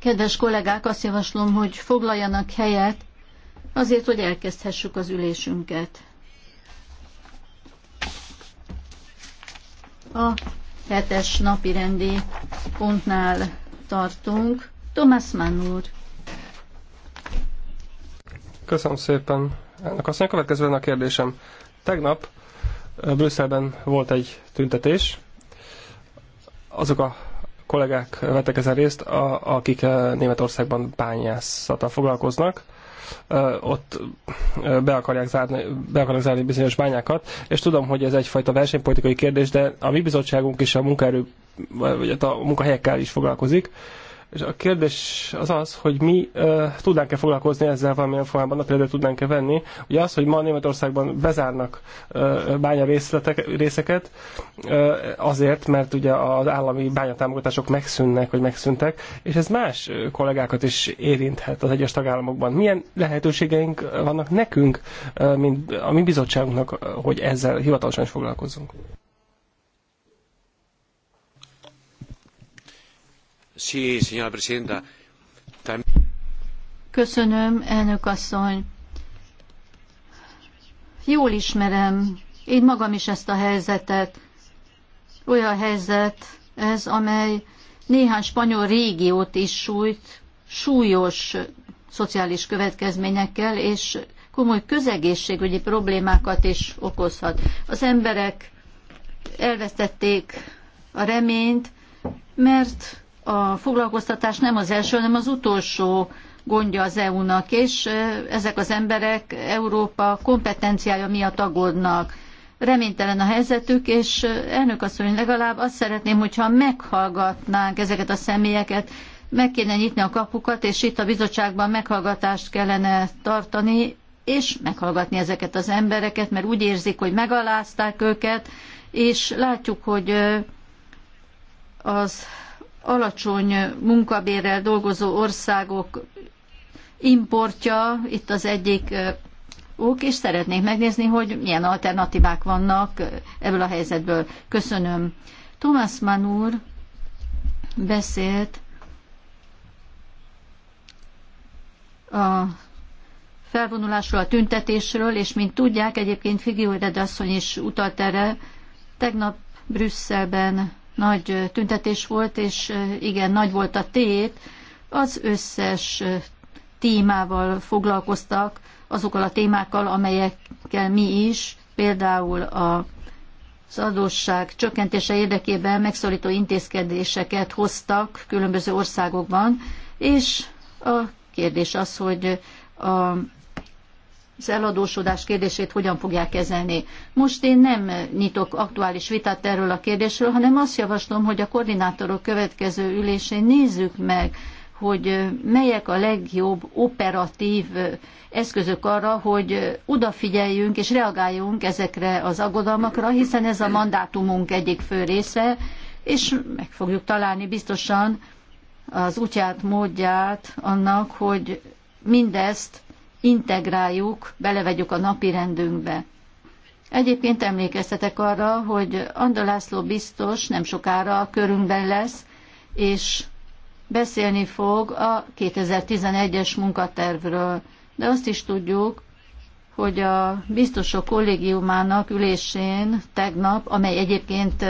Kedves kollégák, azt javaslom, hogy foglaljanak helyet, azért, hogy elkezdhessük az ülésünket. A hetes napi rendi pontnál tartunk. Thomas Mann úr. Köszönöm szépen. Ennek aztán következően a kérdésem. Tegnap Brüsszelben volt egy tüntetés. Azok a kollégák vettek ezen részt, a, akik eh, Németországban bányászattal foglalkoznak. Eh, ott eh, be akarják, zárni, be akarják zárni bizonyos bányákat, és tudom, hogy ez egyfajta versenypolitikai kérdés, de a mi bizottságunk is a munkaerő, vagy a munkahelyekkel is foglalkozik és a kérdés az az, hogy mi uh, tudnánk-e foglalkozni ezzel valamilyen formában, például tudnánk-e venni. Ugye az, hogy ma Németországban bezárnak uh, bánya részeket, uh, azért, mert ugye az állami bányatámogatások megszűnnek, vagy megszűntek, és ez más kollégákat is érinthet az egyes tagállamokban. Milyen lehetőségeink vannak nekünk, uh, mint a mi bizottságunknak, hogy ezzel hivatalosan is foglalkozzunk? Köszönöm, elnök asszony. Jól ismerem, én magam is ezt a helyzetet. Olyan helyzet ez, amely néhány spanyol régiót is sújt, súlyos szociális következményekkel, és komoly közegészségügyi problémákat is okozhat. Az emberek elvesztették a reményt, mert a foglalkoztatás nem az első, hanem az utolsó gondja az EU-nak, és ezek az emberek Európa kompetenciája miatt aggódnak. Reménytelen a helyzetük, és elnök asszony, legalább azt szeretném, hogyha meghallgatnánk ezeket a személyeket, meg kéne nyitni a kapukat, és itt a bizottságban meghallgatást kellene tartani, és meghallgatni ezeket az embereket, mert úgy érzik, hogy megalázták őket, és látjuk, hogy az alacsony munkabérrel dolgozó országok importja itt az egyik ok, és szeretnék megnézni, hogy milyen alternatívák vannak ebből a helyzetből. Köszönöm. Thomas Mann úr beszélt a felvonulásról, a tüntetésről, és mint tudják, egyébként Figyőred asszony is utalt erre, tegnap Brüsszelben nagy tüntetés volt, és igen, nagy volt a tét, az összes témával foglalkoztak, azokkal a témákkal, amelyekkel mi is, például a az adósság csökkentése érdekében megszorító intézkedéseket hoztak különböző országokban, és a kérdés az, hogy a az eladósodás kérdését hogyan fogják kezelni. Most én nem nyitok aktuális vitát erről a kérdésről, hanem azt javaslom, hogy a koordinátorok következő ülésén nézzük meg, hogy melyek a legjobb operatív eszközök arra, hogy odafigyeljünk és reagáljunk ezekre az aggodalmakra, hiszen ez a mandátumunk egyik fő része, és meg fogjuk találni biztosan az útját, módját annak, hogy mindezt integráljuk, belevegyük a napi rendünkbe. Egyébként emlékeztetek arra, hogy Anda László biztos nem sokára a körünkben lesz, és beszélni fog a 2011-es munkatervről. De azt is tudjuk, hogy a biztosok kollégiumának ülésén tegnap, amely egyébként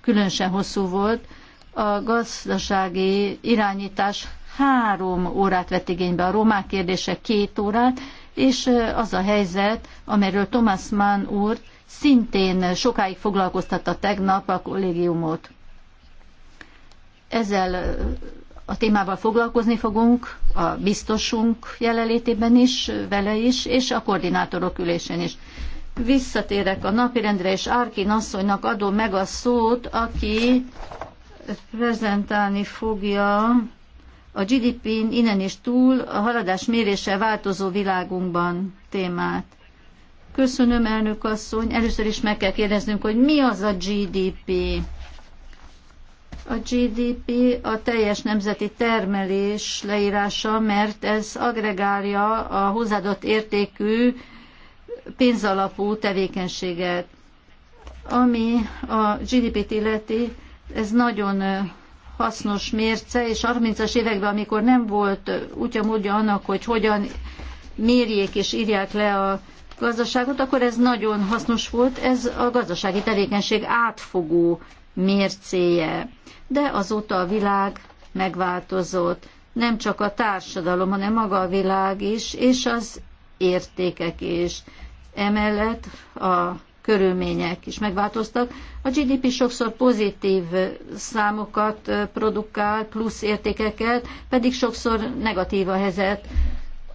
különösen hosszú volt, a gazdasági irányítás három órát vett igénybe, a romák kérdése két órát, és az a helyzet, amelyről Thomas Mann úr szintén sokáig foglalkoztatta tegnap a kollégiumot. Ezzel a témával foglalkozni fogunk, a biztosunk jelenlétében is, vele is, és a koordinátorok ülésén is. Visszatérek a napirendre, és Árkin asszonynak adom meg a szót, aki prezentálni fogja a GDP-n innen és túl a haladás mérése változó világunkban témát. Köszönöm, elnök asszony. Először is meg kell kérdeznünk, hogy mi az a GDP? A GDP a teljes nemzeti termelés leírása, mert ez agregálja a hozzáadott értékű pénzalapú tevékenységet. Ami a GDP-t illeti, ez nagyon hasznos mérce, és 30-as években, amikor nem volt útja módja annak, hogy hogyan mérjék és írják le a gazdaságot, akkor ez nagyon hasznos volt, ez a gazdasági tevékenység átfogó mércéje. De azóta a világ megváltozott, nem csak a társadalom, hanem maga a világ is, és az értékek is. Emellett a körülmények is megváltoztak. A GDP sokszor pozitív számokat produkál, plusz értékeket, pedig sokszor negatív a helyzet.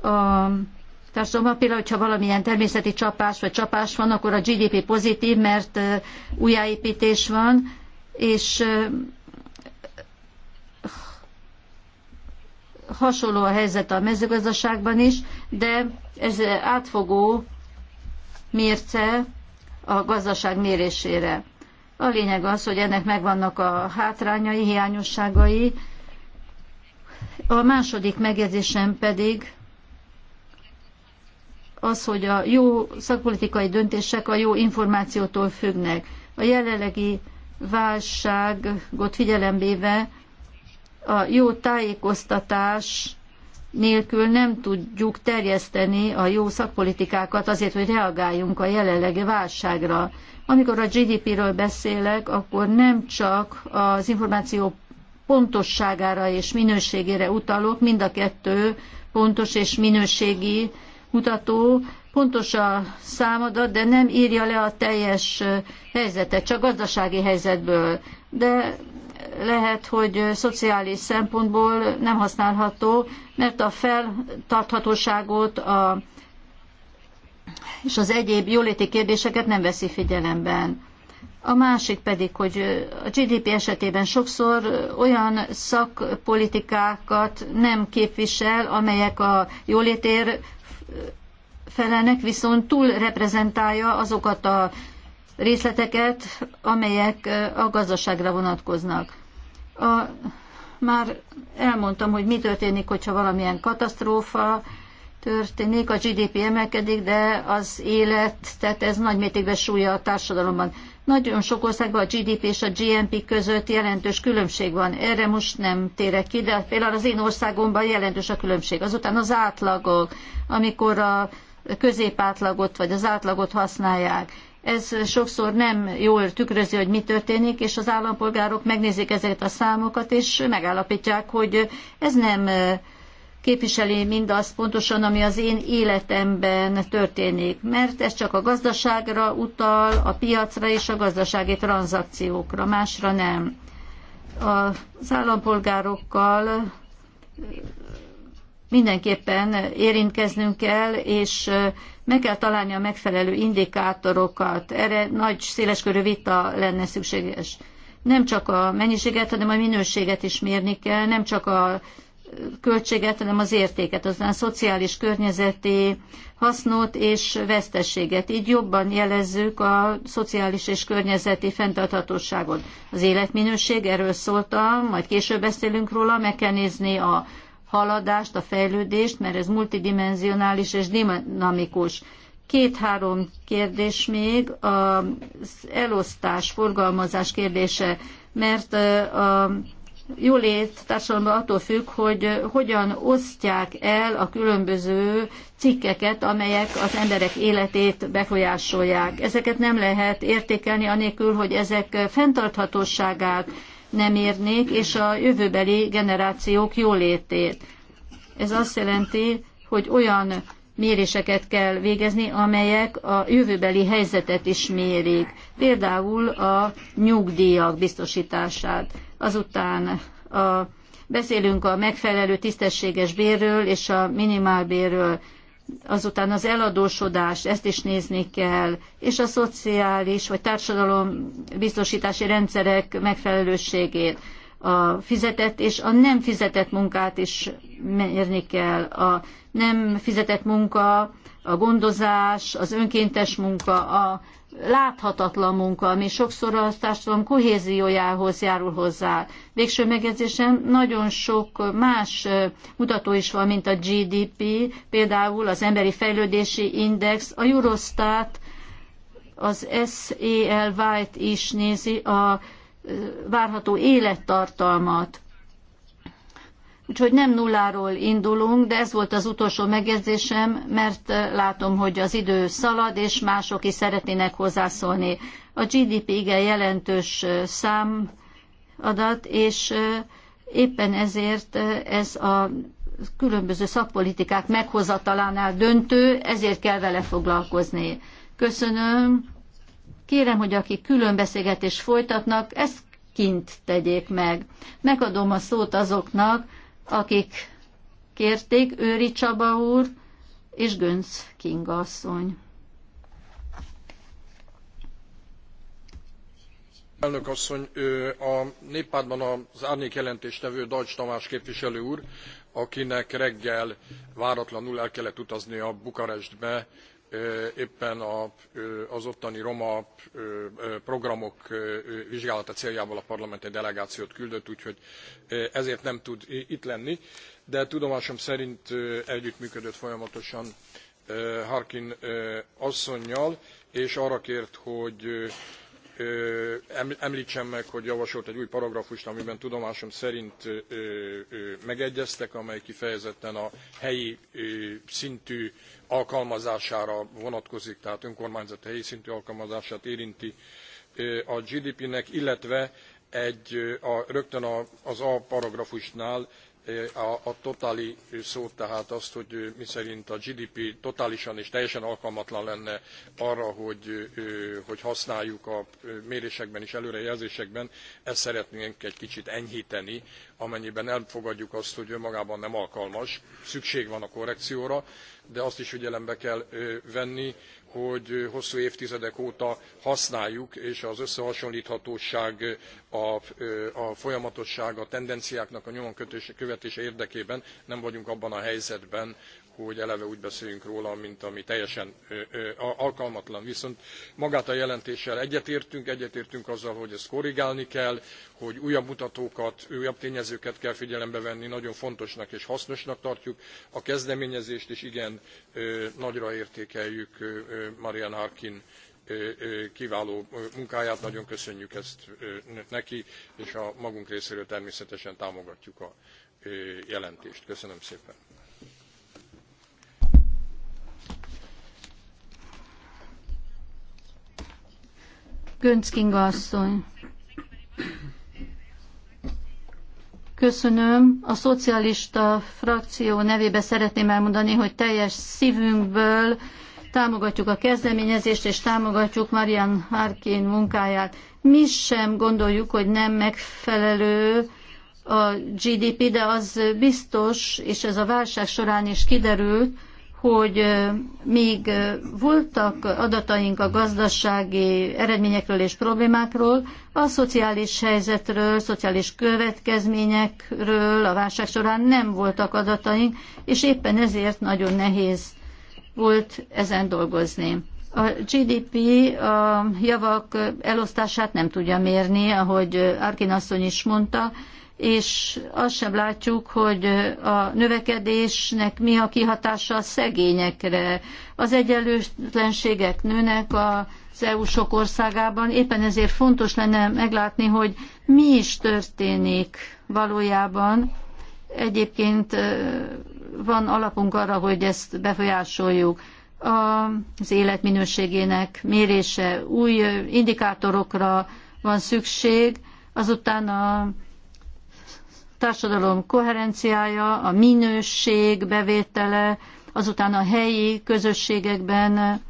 A társadalomban például, hogyha valamilyen természeti csapás vagy csapás van, akkor a GDP pozitív, mert újjáépítés van, és hasonló a helyzet a mezőgazdaságban is, de ez átfogó mérce, a gazdaság mérésére. A lényeg az, hogy ennek megvannak a hátrányai, hiányosságai. A második megjegyzésem pedig az, hogy a jó szakpolitikai döntések a jó információtól függnek. A jelenlegi válságot figyelembe véve a jó tájékoztatás nélkül nem tudjuk terjeszteni a jó szakpolitikákat azért, hogy reagáljunk a jelenlegi válságra. Amikor a GDP-ről beszélek, akkor nem csak az információ pontosságára és minőségére utalok, mind a kettő pontos és minőségi mutató, pontos a számadat, de nem írja le a teljes helyzetet, csak gazdasági helyzetből. De lehet, hogy szociális szempontból nem használható, mert a feltarthatóságot a, és az egyéb jóléti kérdéseket nem veszi figyelemben. A másik pedig, hogy a GDP esetében sokszor olyan szakpolitikákat nem képvisel, amelyek a jólétér felelnek, viszont túl reprezentálja azokat a részleteket, amelyek a gazdaságra vonatkoznak. A, már elmondtam, hogy mi történik, hogyha valamilyen katasztrófa történik, a GDP emelkedik, de az élet, tehát ez nagy mértékben súlya a társadalomban. Nagyon sok országban a GDP és a GNP között jelentős különbség van. Erre most nem térek ki, de például az én országomban jelentős a különbség. Azután az átlagok, amikor a középátlagot vagy az átlagot használják ez sokszor nem jól tükrözi, hogy mi történik, és az állampolgárok megnézik ezeket a számokat, és megállapítják, hogy ez nem képviseli mindazt pontosan, ami az én életemben történik, mert ez csak a gazdaságra utal, a piacra és a gazdasági tranzakciókra, másra nem. Az állampolgárokkal mindenképpen érintkeznünk kell, és meg kell találni a megfelelő indikátorokat, erre nagy széleskörű vita lenne szükséges. Nem csak a mennyiséget, hanem a minőséget is mérni kell, nem csak a költséget, hanem az értéket, aztán szociális környezeti hasznot és vesztességet. Így jobban jelezzük a szociális és környezeti fenntarthatóságot. Az életminőség, erről szóltam, majd később beszélünk róla, meg kell nézni a haladást, a fejlődést, mert ez multidimensionális és dinamikus. Két-három kérdés még, az elosztás, forgalmazás kérdése, mert a jólét társadalomban attól függ, hogy hogyan osztják el a különböző cikkeket, amelyek az emberek életét befolyásolják. Ezeket nem lehet értékelni anélkül, hogy ezek fenntarthatóságát, nem érnék, és a jövőbeli generációk jólétét. Ez azt jelenti, hogy olyan méréseket kell végezni, amelyek a jövőbeli helyzetet is mérik. Például a nyugdíjak biztosítását. Azután a, beszélünk a megfelelő tisztességes bérről és a minimálbérről azután az eladósodást, ezt is nézni kell, és a szociális vagy társadalom biztosítási rendszerek megfelelőségét, a fizetett és a nem fizetett munkát is mérni kell. A nem fizetett munka, a gondozás, az önkéntes munka, a láthatatlan munka, ami sokszor a társadalom kohéziójához járul hozzá. Végső megjegyzésem, nagyon sok más mutató is van, mint a GDP, például az emberi fejlődési index, a Eurostat, az SEL-t is nézi, a várható élettartalmat. Úgyhogy nem nulláról indulunk, de ez volt az utolsó megjegyzésem, mert eh, látom, hogy az idő szalad, és mások is szeretnének hozzászólni. A GDP igen jelentős eh, számadat, és eh, éppen ezért ez a különböző szakpolitikák meghozatalánál döntő, ezért kell vele foglalkozni. Köszönöm. Kérem, hogy akik külön beszélgetést folytatnak, ezt kint tegyék meg. Megadom a szót azoknak, akik kérték, Őri Csaba úr és Gönc Kinga asszony. Elnök asszony, a néppártban az árnyék tevő Dajcs Tamás képviselő úr, akinek reggel váratlanul el kellett utaznia Bukarestbe, éppen az ottani roma programok vizsgálata céljából a parlament egy delegációt küldött, úgyhogy ezért nem tud itt lenni, de tudomásom szerint együttműködött folyamatosan Harkin asszonnyal és arra kért, hogy emltsem meg, hogy javasolt egy új paragrafust, amiben tudomásom szerint megegyeztek, amely kifejezetten a helyi szintű alkalmazására vonatkozik, tehát önkormányzat helyi szintű alkalmazását érinti a GDP-nek, illetve egy, rögtön az A paragrafusnál a, a totali szót, tehát azt, hogy miszerint a GDP totálisan és teljesen alkalmatlan lenne arra, hogy, hogy használjuk a mérésekben és előrejelzésekben, ezt szeretnénk egy kicsit enyhíteni, amennyiben elfogadjuk azt, hogy önmagában nem alkalmas, szükség van a korrekcióra, de azt is figyelembe kell venni, hogy hosszú évtizedek óta használjuk, és az összehasonlíthatóság, a, a folyamatosság, a tendenciáknak a nyomon követése érdekében nem vagyunk abban a helyzetben, hogy eleve úgy beszéljünk róla, mint ami teljesen alkalmatlan. Viszont magát a jelentéssel egyetértünk, egyetértünk azzal, hogy ezt korrigálni kell, hogy újabb mutatókat, újabb tényezőket kell figyelembe venni, nagyon fontosnak és hasznosnak tartjuk. A kezdeményezést és igen nagyra értékeljük Marian Harkin kiváló munkáját, nagyon köszönjük ezt neki, és a magunk részéről természetesen támogatjuk a jelentést. Köszönöm szépen! asszony. Köszönöm. A szocialista frakció nevébe szeretném elmondani, hogy teljes szívünkből támogatjuk a kezdeményezést, és támogatjuk Marian Harkin munkáját. Mi sem gondoljuk, hogy nem megfelelő a GDP, de az biztos, és ez a válság során is kiderült, hogy még voltak adataink a gazdasági eredményekről és problémákról, a szociális helyzetről, szociális következményekről a válság során nem voltak adataink, és éppen ezért nagyon nehéz volt ezen dolgozni. A GDP a javak elosztását nem tudja mérni, ahogy Arkin asszony is mondta, és azt sem látjuk, hogy a növekedésnek mi a kihatása a szegényekre. Az egyenlőtlenségek nőnek az EU sok országában, éppen ezért fontos lenne meglátni, hogy mi is történik valójában. Egyébként van alapunk arra, hogy ezt befolyásoljuk. Az életminőségének mérése új indikátorokra van szükség, azután a társadalom koherenciája, a minőség bevétele, azután a helyi közösségekben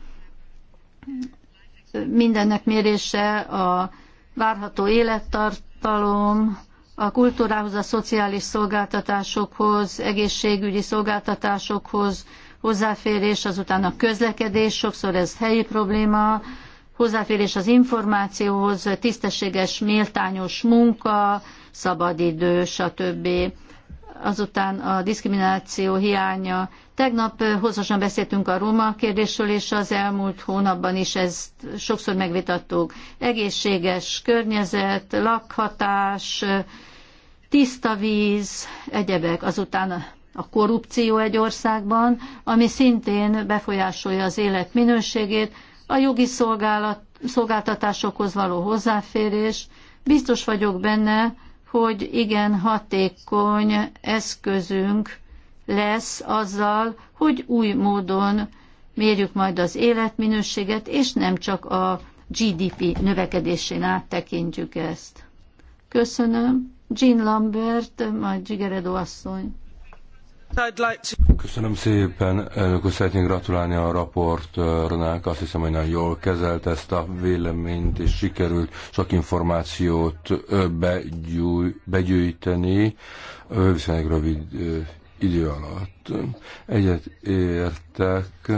mindennek mérése a várható élettartalom, a kultúrához, a szociális szolgáltatásokhoz, egészségügyi szolgáltatásokhoz hozzáférés, azután a közlekedés, sokszor ez helyi probléma, hozzáférés az információhoz, tisztességes, méltányos munka, szabadidő, stb. Azután a diszkrimináció hiánya. Tegnap eh, hosszasan beszéltünk a Róma kérdésről, és az elmúlt hónapban is ezt sokszor megvitattuk. Egészséges környezet, lakhatás, tiszta víz, egyebek. Azután a korrupció egy országban, ami szintén befolyásolja az élet minőségét, a jogi szolgálat, szolgáltatásokhoz való hozzáférés. Biztos vagyok benne, hogy igen hatékony eszközünk lesz azzal, hogy új módon mérjük majd az életminőséget, és nem csak a GDP növekedésén áttekintjük ezt. Köszönöm. Jean Lambert, majd Zsigeredó asszony. Köszönöm szépen, elnök szeretnék gratulálni a raportőrnek, azt hiszem, hogy nagyon jól kezelt ezt a véleményt, és sikerült sok információt begyűjteni viszonylag rövid idő alatt. Egyet értek,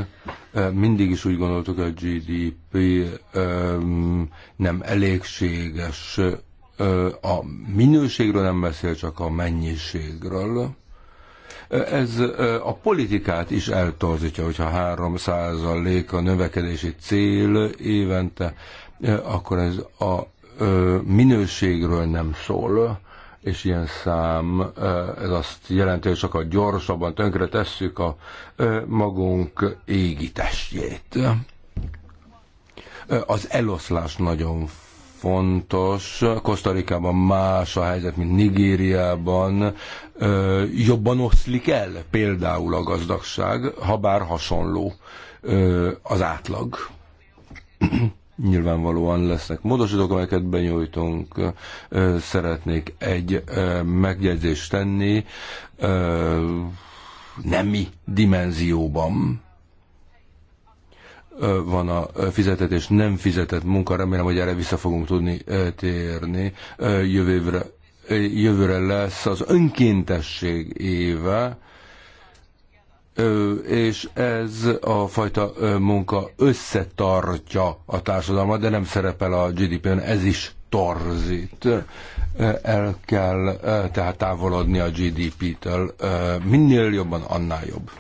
mindig is úgy gondoltuk, a GDP nem elégséges, a minőségről nem beszél, csak a mennyiségről ez a politikát is eltorzítja, hogyha 3% a növekedési cél évente, akkor ez a minőségről nem szól, és ilyen szám, ez azt jelenti, hogy sokkal gyorsabban tönkre tesszük a magunk testjét. Az eloszlás nagyon fontos. Kosztarikában más a helyzet, mint Nigériában jobban oszlik el például a gazdagság, ha bár hasonló az átlag. Nyilvánvalóan lesznek módosítók, amelyeket benyújtunk. Szeretnék egy megjegyzést tenni nemi dimenzióban van a fizetett és nem fizetett munka. Remélem, hogy erre vissza fogunk tudni térni. Jövő évre jövőre lesz az önkéntesség éve, és ez a fajta munka összetartja a társadalmat, de nem szerepel a GDP-n, ez is torzít. El kell tehát távolodni a GDP-től. Minél jobban, annál jobb.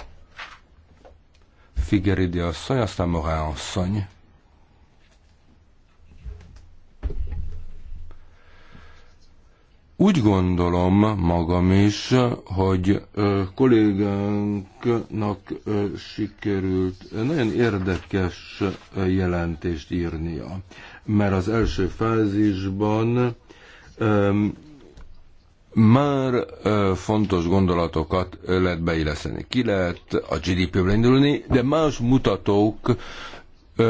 Figeridi asszony, aztán Morán asszony. Úgy gondolom magam is, hogy kollégánknak sikerült nagyon érdekes jelentést írnia, mert az első fázisban már fontos gondolatokat lehet beilleszteni. Ki lehet a GDP-ből indulni, de más mutatók,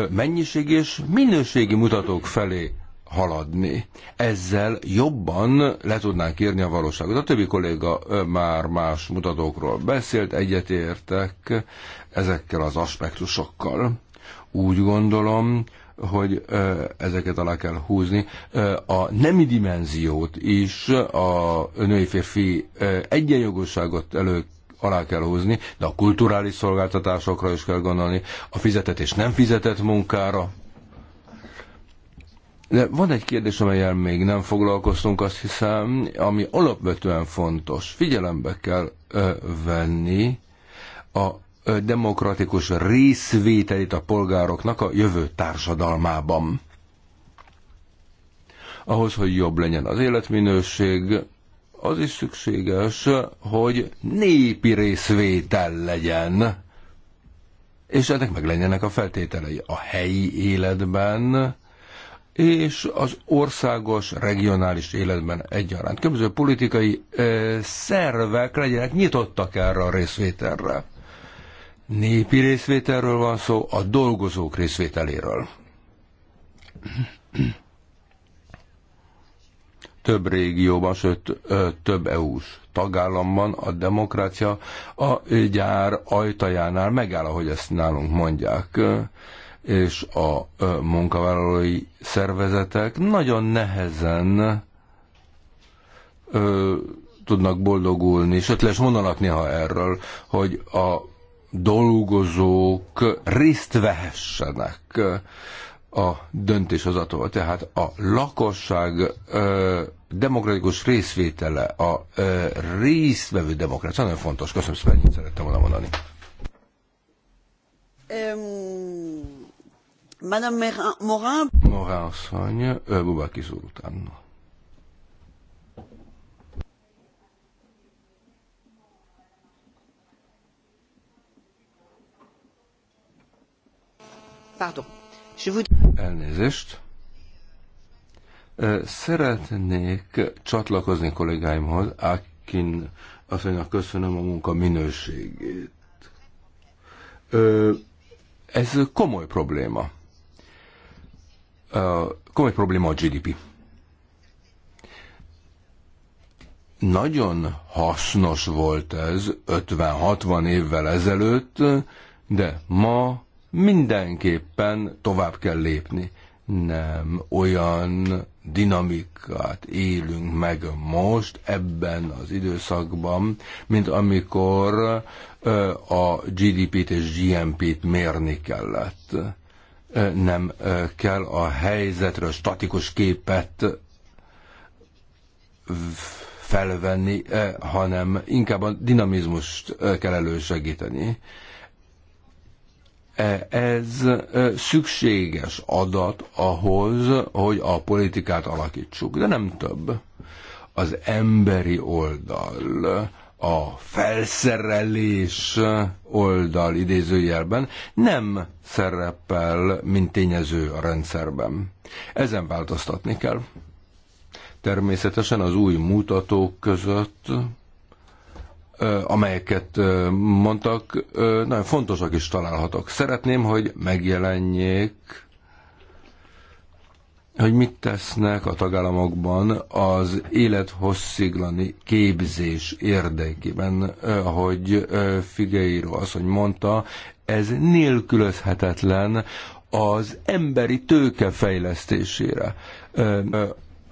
mennyiségi és minőségi mutatók felé haladni. Ezzel jobban le tudnánk írni a valóságot. A többi kolléga már más mutatókról beszélt, egyetértek ezekkel az aspektusokkal. Úgy gondolom, hogy ezeket alá kell húzni. A nemi dimenziót is a női férfi egyenjogosságot elő alá kell húzni, de a kulturális szolgáltatásokra is kell gondolni, a fizetett és nem fizetett munkára, de van egy kérdés, amelyel még nem foglalkoztunk, azt hiszem, ami alapvetően fontos. Figyelembe kell ö, venni a ö, demokratikus részvételét a polgároknak a jövő társadalmában. Ahhoz, hogy jobb legyen az életminőség, az is szükséges, hogy népi részvétel legyen, és ennek meg legyenek a feltételei a helyi életben, és az országos, regionális életben egyaránt. Különböző politikai ö, szervek legyenek nyitottak erre a részvételre. Népi részvételről van szó, a dolgozók részvételéről. Több régióban, sőt ö, több EU-s tagállamban a demokrácia a gyár ajtajánál megáll, ahogy ezt nálunk mondják és a munkavállalói szervezetek nagyon nehezen ö, tudnak boldogulni, sőt, le mondanak néha erről, hogy a dolgozók részt vehessenek a döntéshozatól. Tehát a lakosság ö, demokratikus részvétele, a ö, résztvevő demokrácia nagyon fontos. Köszönöm szépen, szerettem volna mondani. Um Madame Morin. Morin asszony, Bubaki úr Pardon. Je vous... Elnézést. Szeretnék csatlakozni kollégáimhoz, akin asszonynak köszönöm a munka minőségét. Ez komoly probléma komoly probléma a GDP. Nagyon hasznos volt ez 50-60 évvel ezelőtt, de ma mindenképpen tovább kell lépni. Nem olyan dinamikát élünk meg most ebben az időszakban, mint amikor a GDP-t és GNP-t mérni kellett nem kell a helyzetről statikus képet felvenni, hanem inkább a dinamizmust kell elősegíteni. Ez szükséges adat ahhoz, hogy a politikát alakítsuk, de nem több. Az emberi oldal a felszerelés oldal idézőjelben nem szerepel, mint tényező a rendszerben. Ezen változtatni kell. Természetesen az új mutatók között amelyeket mondtak, nagyon fontosak is találhatok. Szeretném, hogy megjelenjék hogy mit tesznek a tagállamokban az élethossziglani képzés érdekében, hogy Figeiro azt, hogy mondta, ez nélkülözhetetlen az emberi tőke fejlesztésére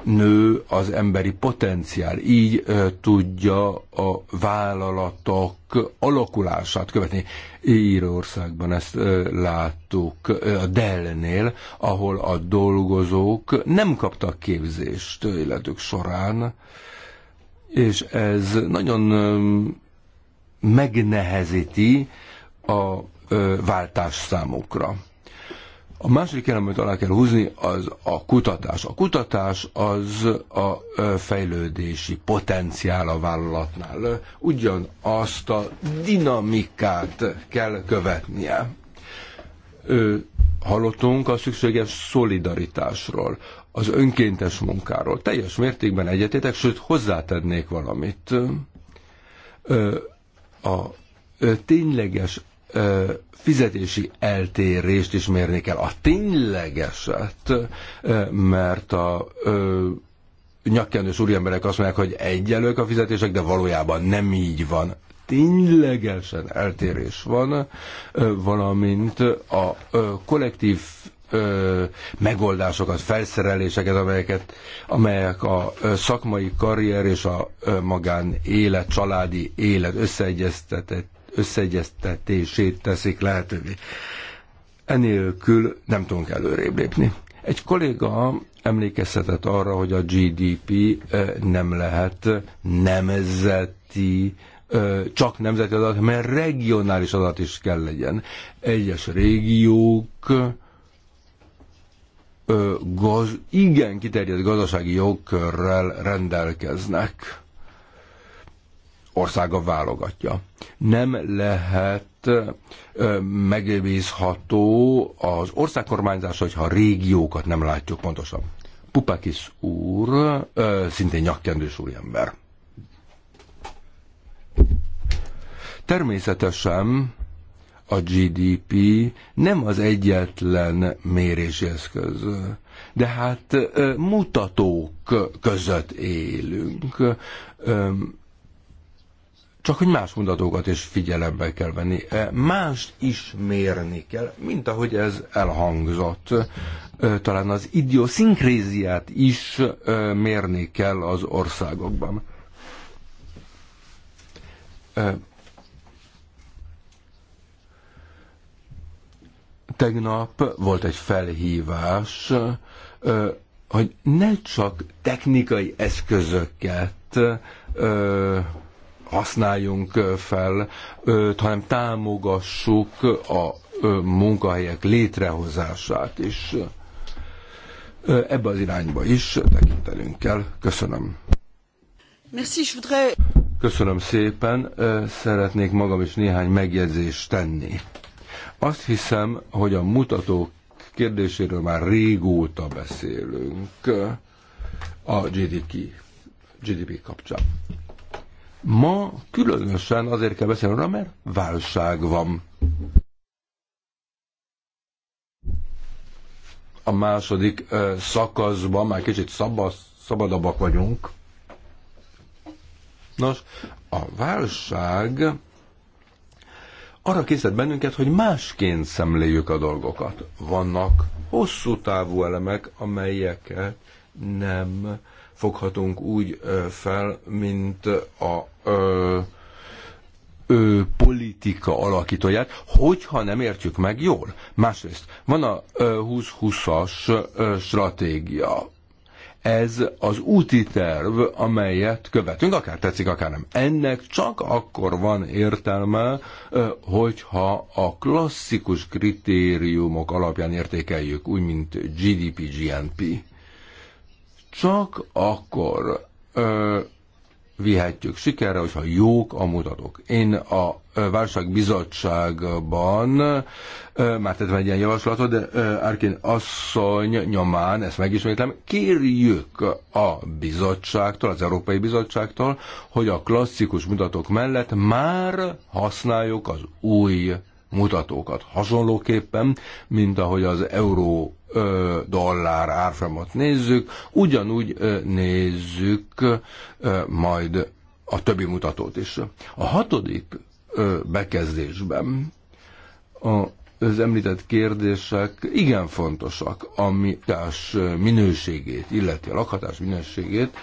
nő az emberi potenciál, így tudja a vállalatok alakulását követni. Írországban ezt láttuk a Dell-nél, ahol a dolgozók nem kaptak képzést életük során, és ez nagyon megnehezíti a váltás számukra. A második elem, amit alá kell húzni, az a kutatás. A kutatás az a fejlődési potenciál a vállalatnál. Ugyanazt a dinamikát kell követnie. hallottunk a szükséges szolidaritásról, az önkéntes munkáról. Teljes mértékben egyetétek, sőt hozzátennék valamit. a tényleges fizetési eltérést is mérni kell. A ténylegeset, mert a nyakkenős úriemberek azt mondják, hogy egyelők a fizetések, de valójában nem így van. Ténylegesen eltérés van, valamint a kollektív megoldásokat, felszereléseket, amelyeket, amelyek a szakmai karrier és a magán élet, családi élet összeegyeztetett összeegyeztetését teszik lehetővé. Enélkül nem tudunk előrébb lépni. Egy kolléga emlékeztetett arra, hogy a GDP nem lehet nemzeti csak nemzeti adat, mert regionális adat is kell legyen. Egyes régiók igen kiterjedt gazdasági jogkörrel rendelkeznek országa válogatja. Nem lehet megbízható az országkormányzás, hogyha a régiókat nem látjuk pontosan. Pupakis úr, szintén nyakkendős úriember. Természetesen a GDP nem az egyetlen mérési eszköz, de hát mutatók között élünk csak hogy más mutatókat is figyelembe kell venni. E, mást is mérni kell, mint ahogy ez elhangzott. E, talán az idioszinkréziát is e, mérni kell az országokban tegnap volt egy felhívás, hogy ne csak technikai eszközöket használjunk fel, hanem támogassuk a munkahelyek létrehozását is. Ebbe az irányba is tekintelünk kell. Köszönöm. Merci, je voudrais... Köszönöm szépen. Szeretnék magam is néhány megjegyzést tenni. Azt hiszem, hogy a mutatók kérdéséről már régóta beszélünk a GDP, GDP kapcsán. Ma különösen azért kell beszélni róla, mert válság van. A második ö, szakaszban már kicsit szabasz, szabadabbak vagyunk. Nos, a válság arra készít bennünket, hogy másként szemléljük a dolgokat. Vannak hosszú távú elemek, amelyeket nem foghatunk úgy fel, mint a ö, ö, politika alakítóját, hogyha nem értjük meg jól. Másrészt van a 20-20-as stratégia. Ez az úti terv, amelyet követünk, akár tetszik, akár nem. Ennek csak akkor van értelme, hogyha a klasszikus kritériumok alapján értékeljük, úgy mint GDP, GNP csak akkor ö, vihetjük sikerre, hogyha jók a mutatók. Én a válságbizottságban már tettem egy ilyen javaslatot, de Árkén asszony nyomán, ezt megismétlem, kérjük a bizottságtól, az Európai Bizottságtól, hogy a klasszikus mutatók mellett már használjuk az új mutatókat. Hasonlóképpen, mint ahogy az euró dollár árfolyamot nézzük, ugyanúgy nézzük majd a többi mutatót is. A hatodik bekezdésben a az említett kérdések igen fontosak, ami tás minőségét, illeti a lakhatás minőségét,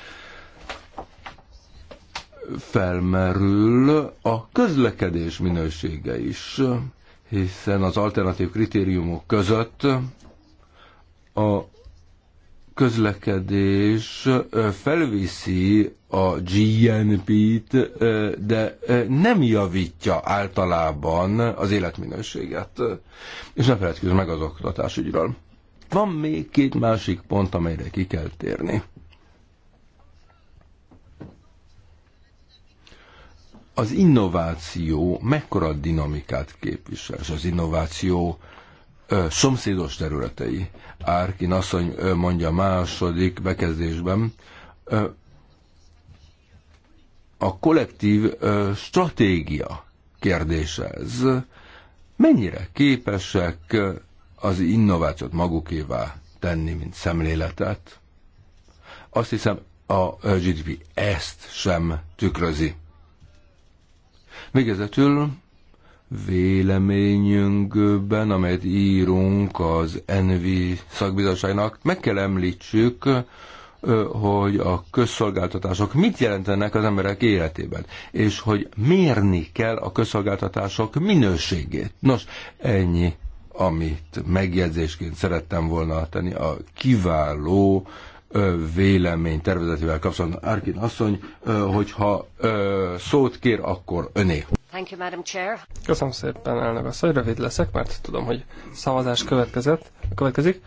felmerül a közlekedés minősége is hiszen az alternatív kritériumok között a közlekedés felviszi a GNP-t, de nem javítja általában az életminőséget. És ne feledkezzünk meg az oktatásügyről. Van még két másik pont, amelyre ki kell térni. az innováció mekkora dinamikát képvisel, és az innováció ö, szomszédos területei. Árkin asszony ö, mondja a második bekezdésben, ö, a kollektív ö, stratégia kérdése ez. Mennyire képesek az innovációt magukévá tenni, mint szemléletet? Azt hiszem, a GDP ezt sem tükrözi. Végezetül véleményünkben, amelyet írunk az Envi szakbizottságnak, meg kell említsük, hogy a közszolgáltatások mit jelentenek az emberek életében, és hogy mérni kell a közszolgáltatások minőségét. Nos, ennyi, amit megjegyzésként szerettem volna tenni a kiváló vélemény tervezetével kapcsolatban. Arkin asszony, hogyha szót kér, akkor öné. Thank you, Madam Chair. Köszönöm szépen, elnök asszony, rövid leszek, mert tudom, hogy szavazás következett, következik.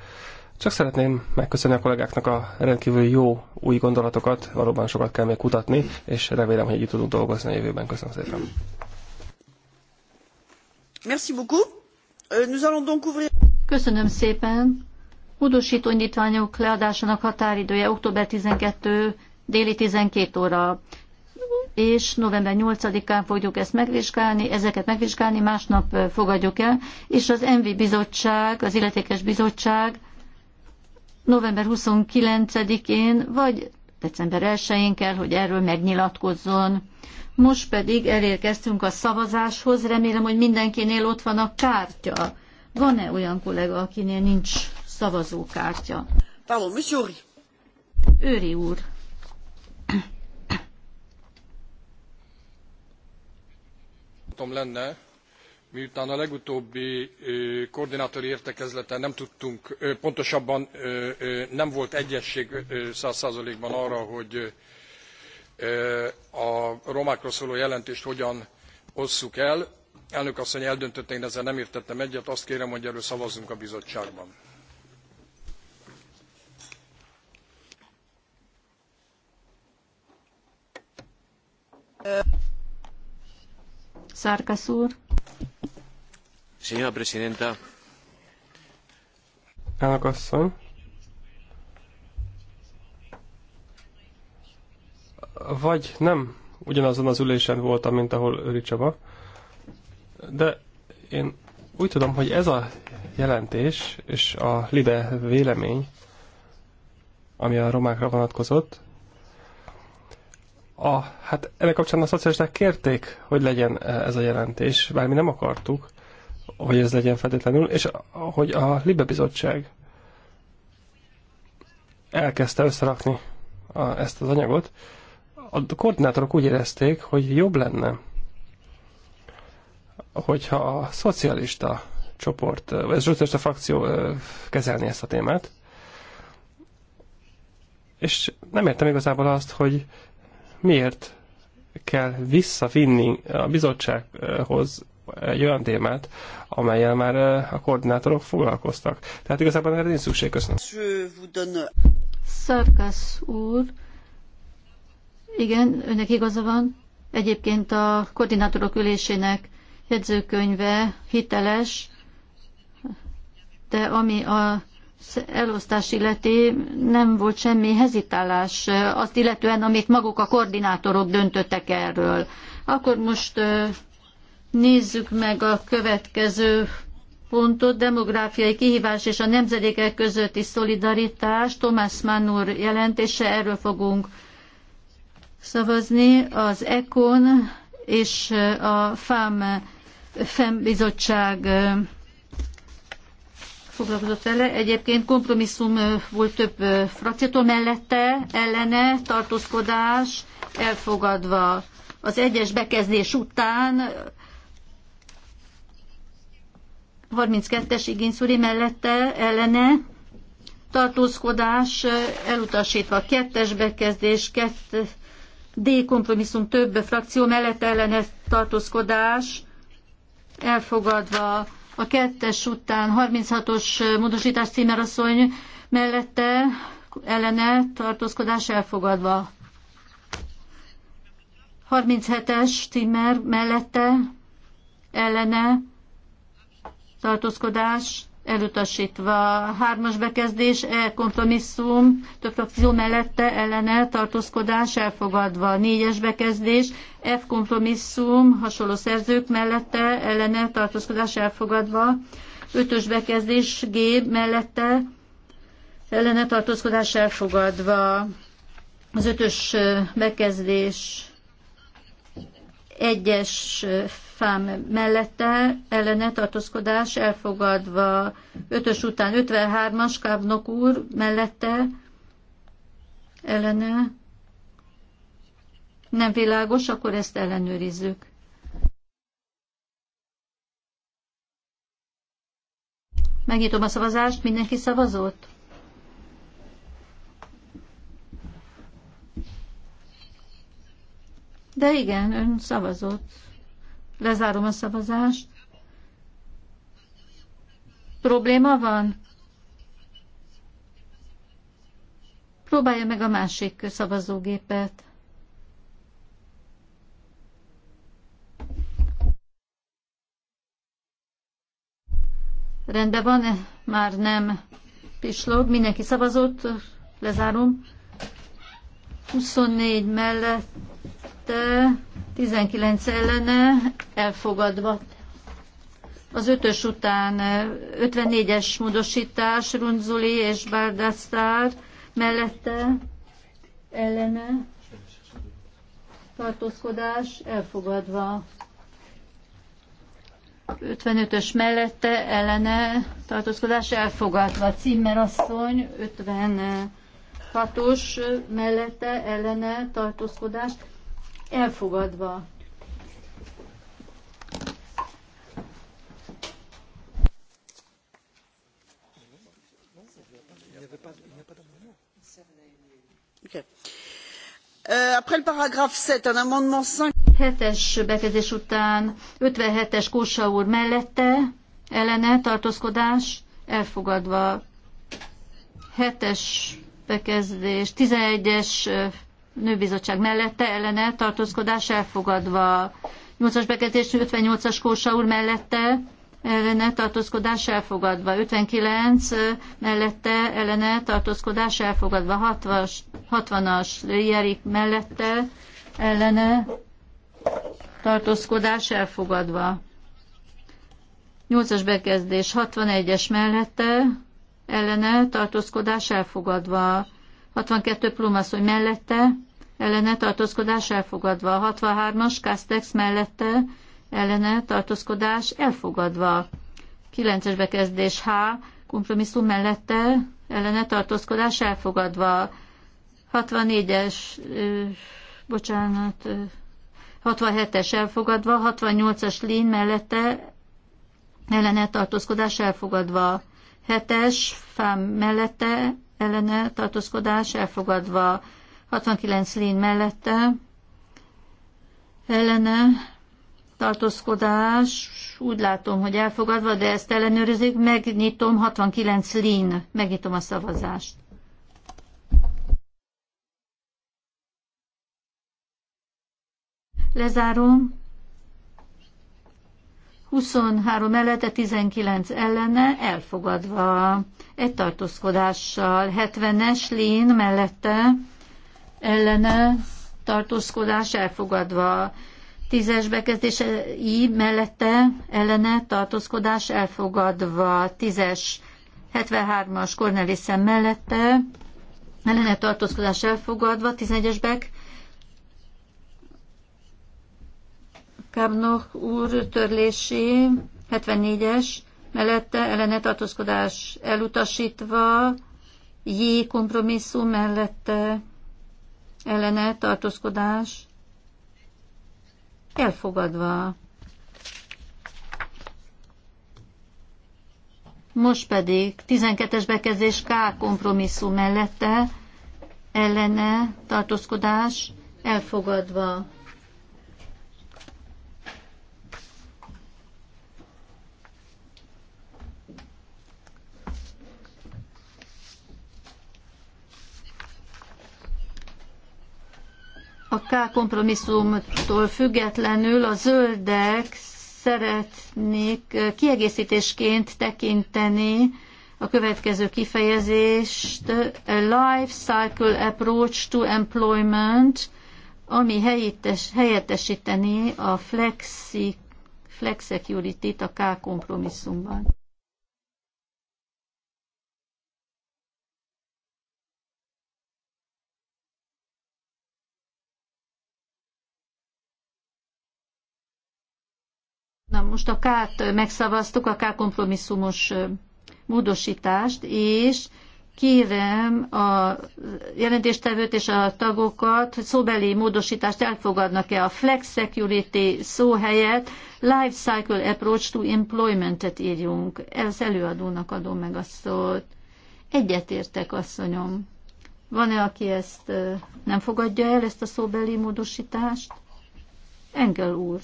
Csak szeretném megköszönni a kollégáknak a rendkívül jó új gondolatokat, valóban sokat kell még kutatni, és remélem, hogy így tudunk dolgozni a jövőben. Köszönöm szépen. Merci beaucoup. Euh, nous allons donc ouvrir... Köszönöm szépen. Módosító indítványok leadásának határidője október 12 déli 12 óra, és november 8-án fogjuk ezt megvizsgálni, ezeket megvizsgálni, másnap fogadjuk el, és az MV bizottság, az illetékes bizottság november 29-én, vagy december 1-én kell, hogy erről megnyilatkozzon. Most pedig elérkeztünk a szavazáshoz, remélem, hogy mindenkinél ott van a kártya. Van-e olyan kollega, akinél nincs szavazókártya. Pardon, monsieur Őri úr. lenne, miután a legutóbbi koordinátori értekezleten nem tudtunk, pontosabban nem volt egyesség százalékban arra, hogy a romákról szóló jelentést hogyan osszuk el. Elnök asszony eldöntötte, én ezzel nem értettem egyet, azt kérem, hogy erről szavazzunk a bizottságban. Señora Presidenta. Elnök asszony. Vagy nem ugyanazon az ülésen voltam, mint ahol Öri Csaba, de én úgy tudom, hogy ez a jelentés és a LIDE vélemény, ami a romákra vonatkozott, a, hát ennek kapcsán a szocialisták kérték, hogy legyen e, ez a jelentés, bár mi nem akartuk, hogy ez legyen feltétlenül, és hogy a Libe Bizottság elkezdte összerakni a, ezt az anyagot, a koordinátorok úgy érezték, hogy jobb lenne, hogyha a szocialista csoport, e, vagy a szocialista frakció e, kezelni ezt a témát, és nem értem igazából azt, hogy miért kell visszavinni a bizottsághoz egy olyan témát, amelyel már eh, a koordinátorok foglalkoztak. Tehát igazából erre nincs szükség. Köszönöm. Szarkasz úr, igen, önnek igaza van. Egyébként a koordinátorok ülésének jegyzőkönyve hiteles, de ami a elosztás illeti nem volt semmi hezitálás azt illetően, amit maguk a koordinátorok döntöttek erről. Akkor most nézzük meg a következő pontot, demográfiai kihívás és a nemzedékek közötti szolidaritás. Tomás Mann úr jelentése, erről fogunk szavazni. Az ECON és a FAM, FEM bizottság foglalkozott vele. Egyébként kompromisszum volt több frakciótól mellette, ellene, tartózkodás, elfogadva. Az egyes bekezdés után 32-es igényszúri mellette, ellene, tartózkodás, elutasítva. Kettes bekezdés, kett, D kompromisszum több frakció mellett ellene tartózkodás, elfogadva a kettes után 36-os módosítás címerasszony mellette ellene tartózkodás elfogadva. 37-es Timmer mellette ellene tartózkodás elutasítva. Hármas bekezdés, e kompromisszum, több frakció mellette ellene tartózkodás elfogadva. Négyes bekezdés, F kompromisszum, hasonló szerzők mellette ellene tartózkodás elfogadva. Ötös bekezdés, G mellette ellene tartózkodás elfogadva. Az ötös e, bekezdés egyes fám mellette ellene tartózkodás elfogadva, ötös után 53-as kávnok úr mellette ellene nem világos, akkor ezt ellenőrizzük. Megnyitom a szavazást, mindenki szavazott? De igen, ön szavazott. Lezárom a szavazást. Probléma van? Próbálja meg a másik szavazógépet. Rendben van, -e? már nem pislog. Mindenki szavazott, lezárom. 24 mellett mellette, 19 ellene elfogadva. Az ötös után 54-es módosítás, Runzuli és Bárdásztár mellette ellene tartózkodás elfogadva. 55-ös mellette ellene tartózkodás elfogadva. Címmerasszony 56-os mellette ellene tartózkodás elfogadva. Euh, après le paragraphe 7, un amendement 5. 7-es bekezdés után 57-es Kósa úr mellette ellene tartózkodás elfogadva. 7-es bekezdés, 11-es nőbizottság mellette, ellene, tartózkodás elfogadva. 8-as bekezdés 58-as Kósa úr mellette, ellene, tartózkodás elfogadva. 59 mellette, ellene, tartózkodás elfogadva. 60-as, 60 Jerik mellette, ellene, tartózkodás elfogadva. 8-as bekezdés 61-es mellette, ellene, tartózkodás elfogadva. 62 plumaszony mellette, ellene tartózkodás elfogadva. 63-as Kastex mellette, ellene tartózkodás elfogadva. 9-es bekezdés H, kompromisszum mellette, ellene tartózkodás elfogadva. 64-es, bocsánat, 67-es elfogadva, 68-as lény mellette ellene tartózkodás elfogadva, 7-es fám mellette ellene tartózkodás elfogadva 69 lény mellette, ellene tartózkodás, úgy látom, hogy elfogadva, de ezt ellenőrizik, megnyitom 69 lén, megnyitom a szavazást. Lezárom, 23 mellette 19 ellene elfogadva. Egy tartózkodással. 70-es lén mellette ellene tartózkodás elfogadva. 10-es bekezdés I mellette ellene tartózkodás elfogadva. 10-es 73-as Cornelissen mellette ellene tartózkodás elfogadva. 11-es bek Kábnok úr törlési 74-es, mellette ellene tartózkodás elutasítva, J kompromisszum mellette ellene tartózkodás elfogadva. Most pedig 12-es bekezdés K kompromisszum mellette ellene tartózkodás elfogadva. a K kompromisszumtól függetlenül a zöldek szeretnék kiegészítésként tekinteni a következő kifejezést, a life cycle approach to employment, ami helyettesíteni a flexi, t a K kompromisszumban. Na most a K-t megszavaztuk, a K kompromisszumos módosítást, és kérem a jelentéstevőt és a tagokat, hogy szóbeli módosítást elfogadnak-e a flex security szó helyett life cycle approach to employment-et írjunk. Ez előadónak adom meg a szót. Egyetértek, asszonyom. Van-e, aki ezt nem fogadja el, ezt a szóbeli módosítást? Engel úr.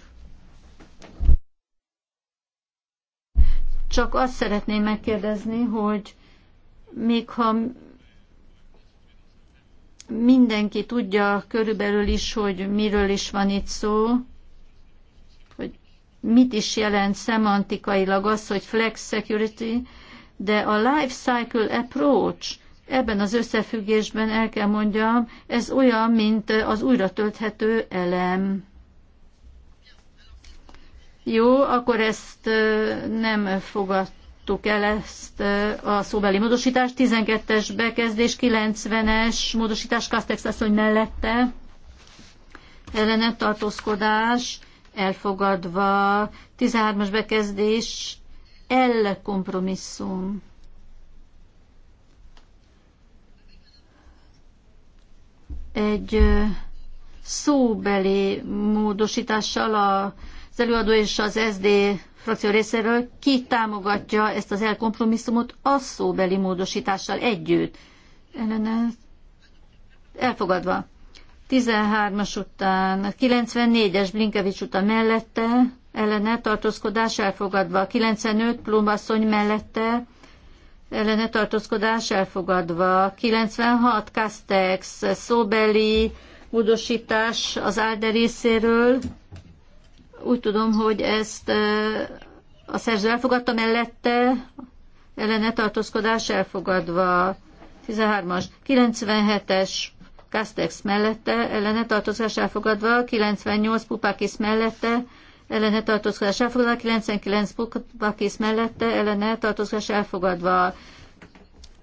Csak azt szeretném megkérdezni, hogy még ha mindenki tudja körülbelül is, hogy miről is van itt szó, hogy mit is jelent szemantikailag az, hogy flex security, de a life cycle approach ebben az összefüggésben el kell mondjam, ez olyan, mint az újra tölthető elem. Jó, akkor ezt nem fogadtuk el ezt a szóbeli módosítást. 12-es bekezdés, 90-es módosítás, Kastex asszony mellette. Ellene tartózkodás, elfogadva. 13-as bekezdés, L kompromisszum. Egy szóbeli módosítással a az előadó és az SD frakció részéről, ki támogatja ezt az elkompromisszumot a szóbeli módosítással együtt. Ellene elfogadva. 13-as után, 94-es Blinkevics után mellette, ellene tartózkodás elfogadva. 95 Plumbasszony mellette, ellene tartózkodás elfogadva. 96 Castex szóbeli módosítás az Álde részéről, úgy tudom, hogy ezt a szerző elfogadta mellette, ellene tartózkodás elfogadva. 13-as, 97-es Castex mellette, ellene tartózkodás elfogadva, 98 Pupakis mellette, ellene tartózkodás elfogadva, 99 Pupakis mellette, ellene tartózkodás elfogadva,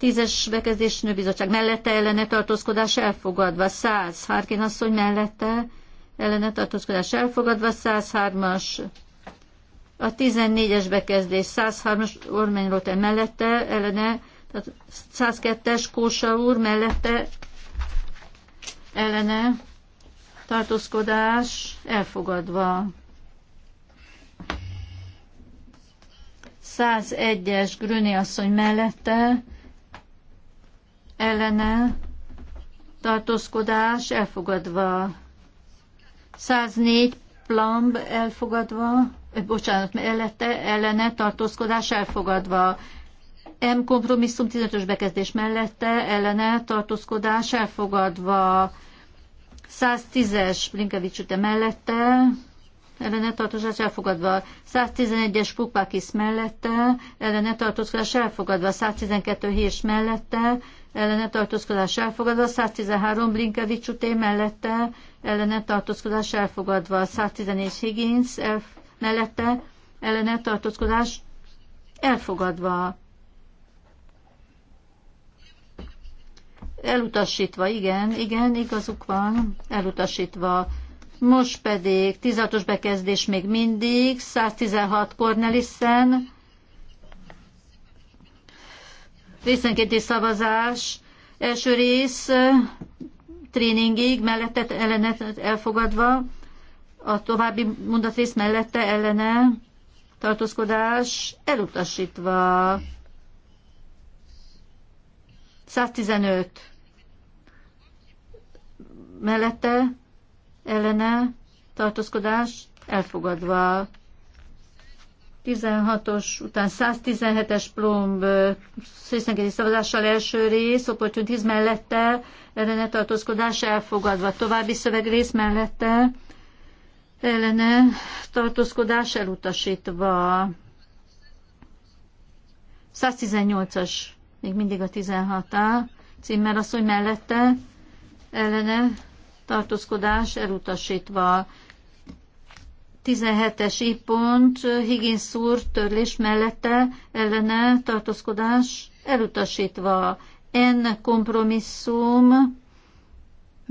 10-es bekezdés nőbizottság mellette, ellene tartózkodás elfogadva, 100 Harkin asszony mellette, ellene tartózkodás elfogadva, 103-as, a 14-es bekezdés, 103-as Ormány Rote mellette, ellene, tehát 102-es Kósa úr mellette, ellene, tartózkodás elfogadva. 101-es Gröni asszony mellette, ellene, tartózkodás elfogadva. 104 plamb elfogadva, eh, bocsánat, ellette, ellene tartózkodás elfogadva. M kompromisszum 15-ös bekezdés mellette ellene tartózkodás elfogadva. 110-es Blinkevics üte mellette ellene tartózkodás elfogadva. 111-es Pupakis mellette ellene tartózkodás elfogadva. 112 Hírs mellette ellene tartózkodás elfogadva. 113 Blinkevics üté mellette ellene tartózkodás elfogadva, 114 Higgins elf, mellette ellene tartózkodás elfogadva. Elutasítva, igen, igen, igazuk van, elutasítva. Most pedig 16-os bekezdés még mindig, 116 Cornelissen, részenkénti szavazás, első rész tréningig, mellette ellene elfogadva, a további mondatrész mellette ellene tartózkodás elutasítva. 115 mellette ellene tartózkodás elfogadva. 16-os után 117-es plomb szészengedi szavazással első rész, opportunizm mellette, ellene tartózkodás elfogadva. További szövegrész mellette, ellene tartózkodás elutasítva. 118-as, még mindig a 16-á, címmel hogy mellette, ellene tartózkodás elutasítva. 17-es pont Higgins úr törlés mellette ellene tartózkodás elutasítva. N kompromisszum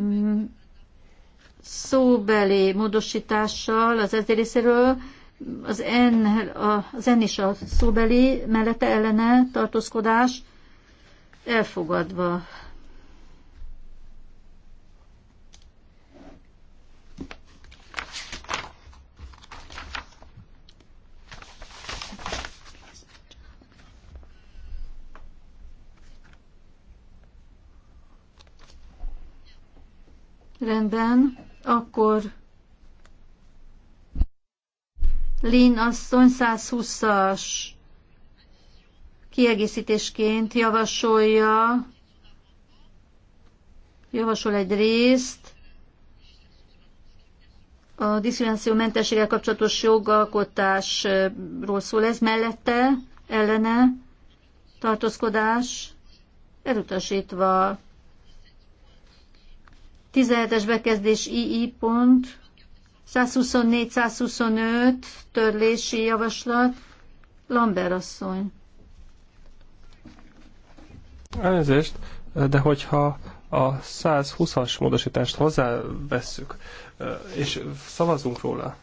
mm, szóbeli módosítással az ez részéről, az N, az N is a szóbeli mellette ellene tartózkodás elfogadva. Rendben, akkor Lin asszony 120-as kiegészítésként javasolja, javasol egy részt, a diszkrimináció mentességgel kapcsolatos jogalkotásról szól ez, mellette, ellene, tartózkodás, elutasítva 17-es bekezdés II pont, 124-125 törlési javaslat, Lambert asszony. Elnézést, de hogyha a 120-as módosítást hozzávesszük, és szavazunk róla,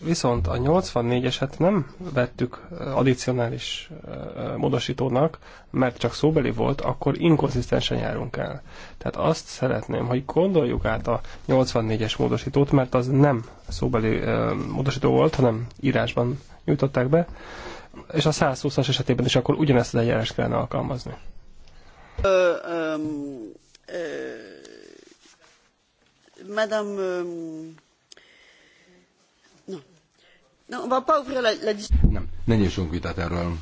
Viszont a 84-eset nem vettük addicionális módosítónak, mert csak szóbeli volt, akkor inkonzisztensen járunk el. Tehát azt szeretném, hogy gondoljuk át a 84-es módosítót, mert az nem szóbeli módosító volt, hanem írásban nyújtották be, és a 120-as esetében is akkor ugyanezt az eljárást kellene alkalmazni. Ö, ö, ö, madame nem, ne nyissunk vitát erről.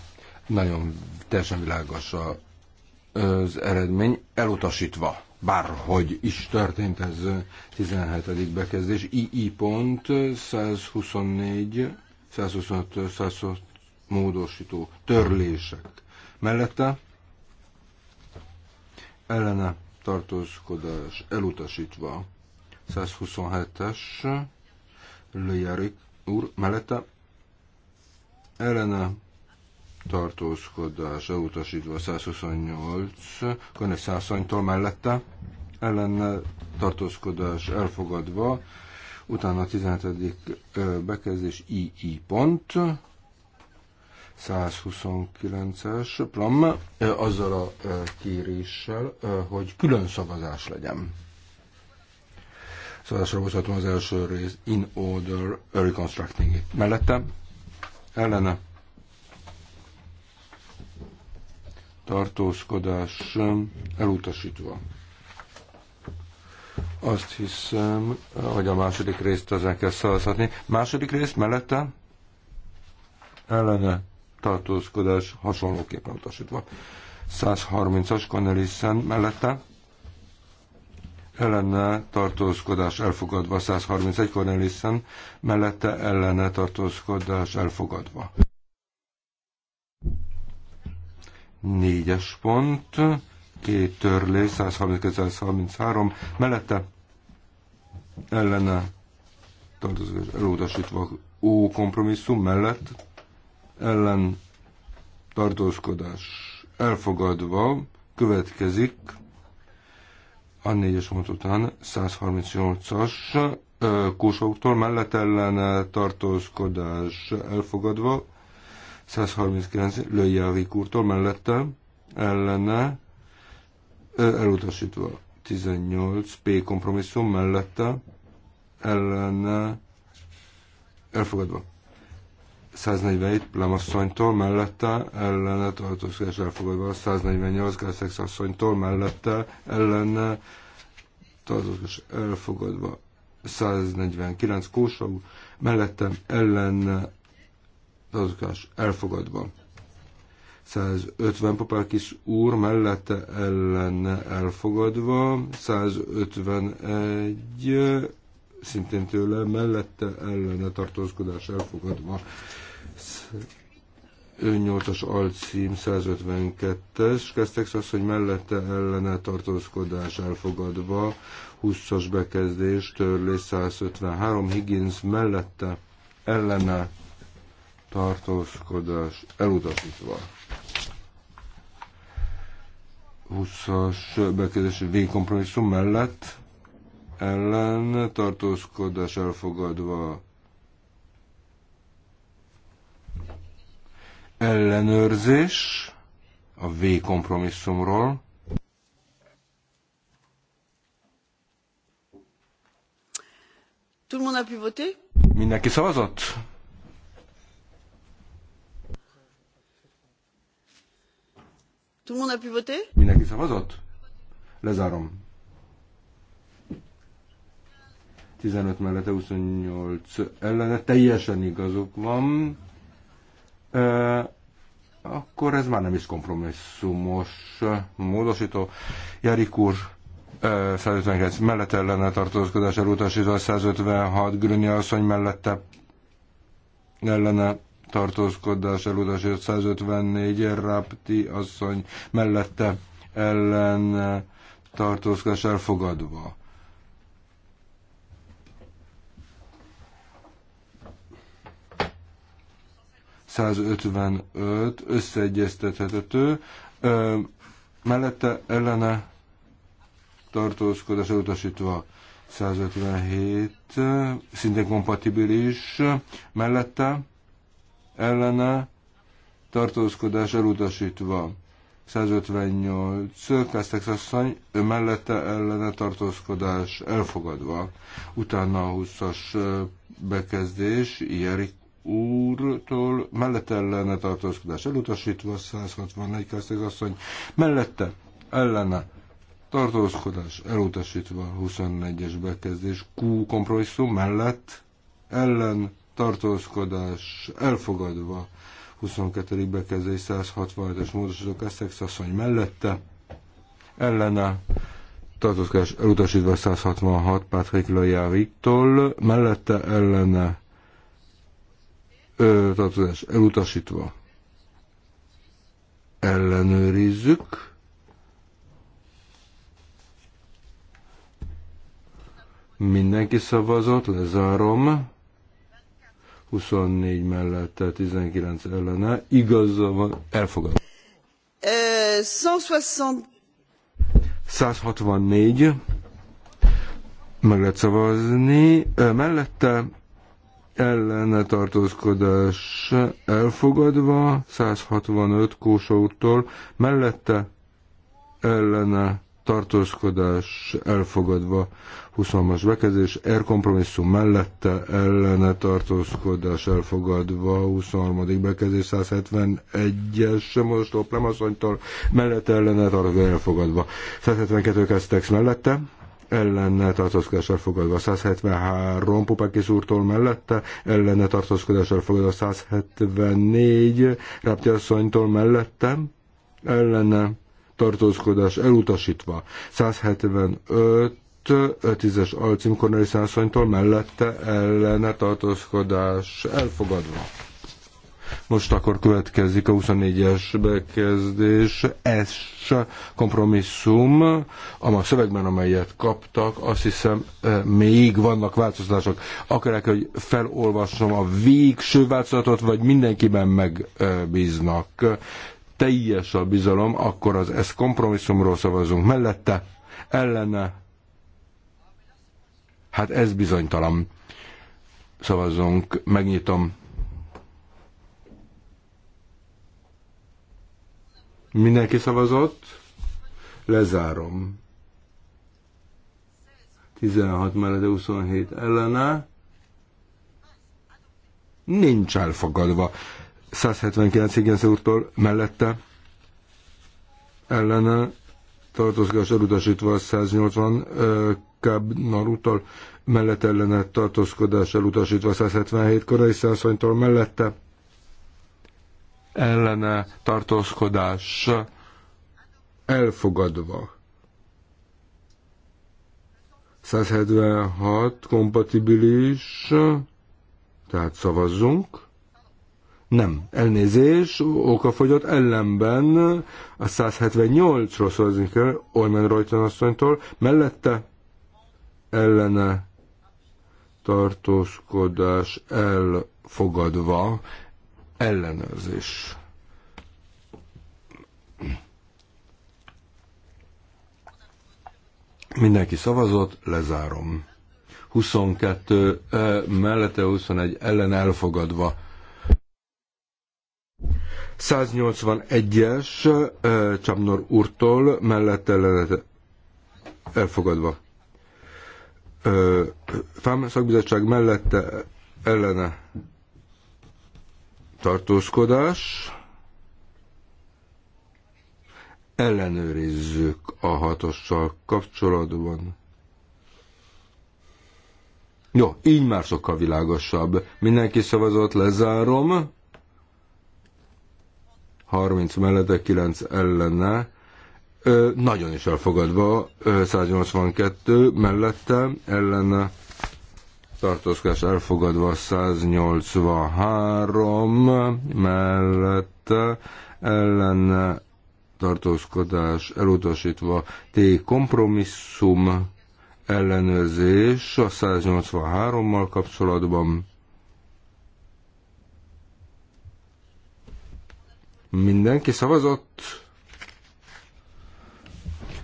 Nagyon teljesen világos az eredmény. Elutasítva, bárhogy is történt ez 17. bekezdés, II pont 124, 125, 125 módosító törlések mellette ellene tartózkodás elutasítva 127-es lőjárik úr mellette ellene tartózkodás elutasítva 128, könyv Szászonytól mellette ellene tartózkodás elfogadva, utána 17. bekezdés II pont, 129-es plam, azzal a kéréssel, hogy külön szavazás legyen. Szólásra bocsátom az első rész, in order, reconstructing it. Mellette, ellene, tartózkodás elutasítva. Azt hiszem, hogy a második részt ezen kell szavazhatni. Második rész mellette ellene tartózkodás hasonlóképpen utasítva. 130-as Connelly szem mellette ellene tartózkodás elfogadva, 131 Cornelissen mellette ellene tartózkodás elfogadva. Négyes pont, két törlés, 132-133, mellette ellene tartózkodás elutasítva, ó kompromisszum mellett ellen tartózkodás elfogadva következik a es volt után 138-as kósoktól mellett ellen tartózkodás elfogadva, 139 Löjjelvik úrtól mellette ellene elutasítva, 18 P kompromisszum mellette ellene elfogadva. 147 plemasszonytól mellette ellene tartózkodás elfogadva, 148 Gászex asszonytól mellette ellene tartózkodás elfogadva, 149 kósaú mellette ellene tartózkodás elfogadva. 150 Papákis úr mellette ellene elfogadva, 151 szintén tőle mellette ellene tartózkodás elfogadva, 8-as alcím 152-es, kezdtek az, hogy mellette ellene tartózkodás elfogadva, 20-as bekezdés, törlés 153, Higgins mellette ellene tartózkodás elutasítva. 20-as bekezdés végkompromisszum mellett ellen tartózkodás elfogadva Ellenőrzés a V kompromisszumról. Tout le monde a pu voter? Mindenki szavazott? Tout le monde a pu voter? Mindenki szavazott? Lezárom. 15 mellette 28 ellene, teljesen igazuk van akkor ez már nem is kompromisszumos módosító. Jarik úr 159 mellett ellene tartózkodás elutasítva, 156 Grüni asszony mellette ellene tartózkodás elutasítva, 154 Rapti asszony mellette ellen tartózkodás elfogadva. 155 összeegyeztethető, mellette ellene tartózkodás elutasítva 157, szintén kompatibilis, mellette ellene tartózkodás elutasítva 158, Kastex asszony, ő mellette ellene tartózkodás elfogadva. Utána a 20-as bekezdés, Jerik úrtól, mellette ellene tartózkodás elutasítva, 164 Kásztéz asszony, mellette ellene tartózkodás elutasítva, 24-es bekezdés, Q kompromisszum mellett ellen tartózkodás elfogadva, 22. bekezdés, 165-es módosítók Esztex asszony mellette ellene tartózkodás elutasítva 166 Pátrik Lajáviktól, mellette ellene tartozás elutasítva. Ellenőrizzük. Mindenki szavazott, lezárom. 24 mellette, 19 ellene. Igaza van, elfogad. 164. Meg lehet szavazni. Mellette ellene tartózkodás elfogadva, 165 Kósa úttól, mellette ellene tartózkodás elfogadva, 23-as bekezdés, R kompromisszum mellette ellene tartózkodás elfogadva, 23. bekezdés, 171-es most Oprem mellette ellene tartózkodás elfogadva, 172 kezdtex mellette ellenne tartózkodással fogadva 173, Popakis úrtól mellette ellenne tartózkodással fogadva 174, Rápti asszonytól mellette ellenne tartózkodás elutasítva 175, 10-es alcim Cornelis asszonytól mellette ellene tartózkodás elfogadva. Most akkor következik a 24-es bekezdés, Ez kompromisszum, a szövegben, amelyet kaptak, azt hiszem még vannak változtatások. Akarják, hogy felolvassam a végső változatot, vagy mindenkiben megbíznak. Teljes a bizalom, akkor az ez kompromisszumról szavazunk mellette, ellene, hát ez bizonytalan szavazzunk, megnyitom Mindenki szavazott? Lezárom. 16 mellette 27 ellene. Nincs elfogadva. 179 igen úrtól mellette ellene tartózkodás elutasítva 180 Káb Narutal mellett ellene tartózkodás elutasítva 177 Korai Szászonytól mellette ellene tartózkodás elfogadva. 176 kompatibilis, tehát szavazzunk. Nem, elnézés, okafogyott ellenben a 178-ról szavazni kell, Olmen Reuton asszonytól, mellette ellene tartózkodás elfogadva, ellenőrzés. Mindenki szavazott, lezárom. 22 mellette 21 ellen elfogadva. 181-es Csapnor úrtól mellette ellen elfogadva. Fám szakbizottság mellette ellene tartózkodás, ellenőrizzük a hatossal kapcsolatban. Jó, így már sokkal világosabb. Mindenki szavazott, lezárom. 30 mellette, 9 ellene. Ö, nagyon is elfogadva, 182 mellette, ellene tartózkodás elfogadva 183 mellett ellen tartózkodás elutasítva T kompromisszum ellenőrzés a 183-mal kapcsolatban mindenki szavazott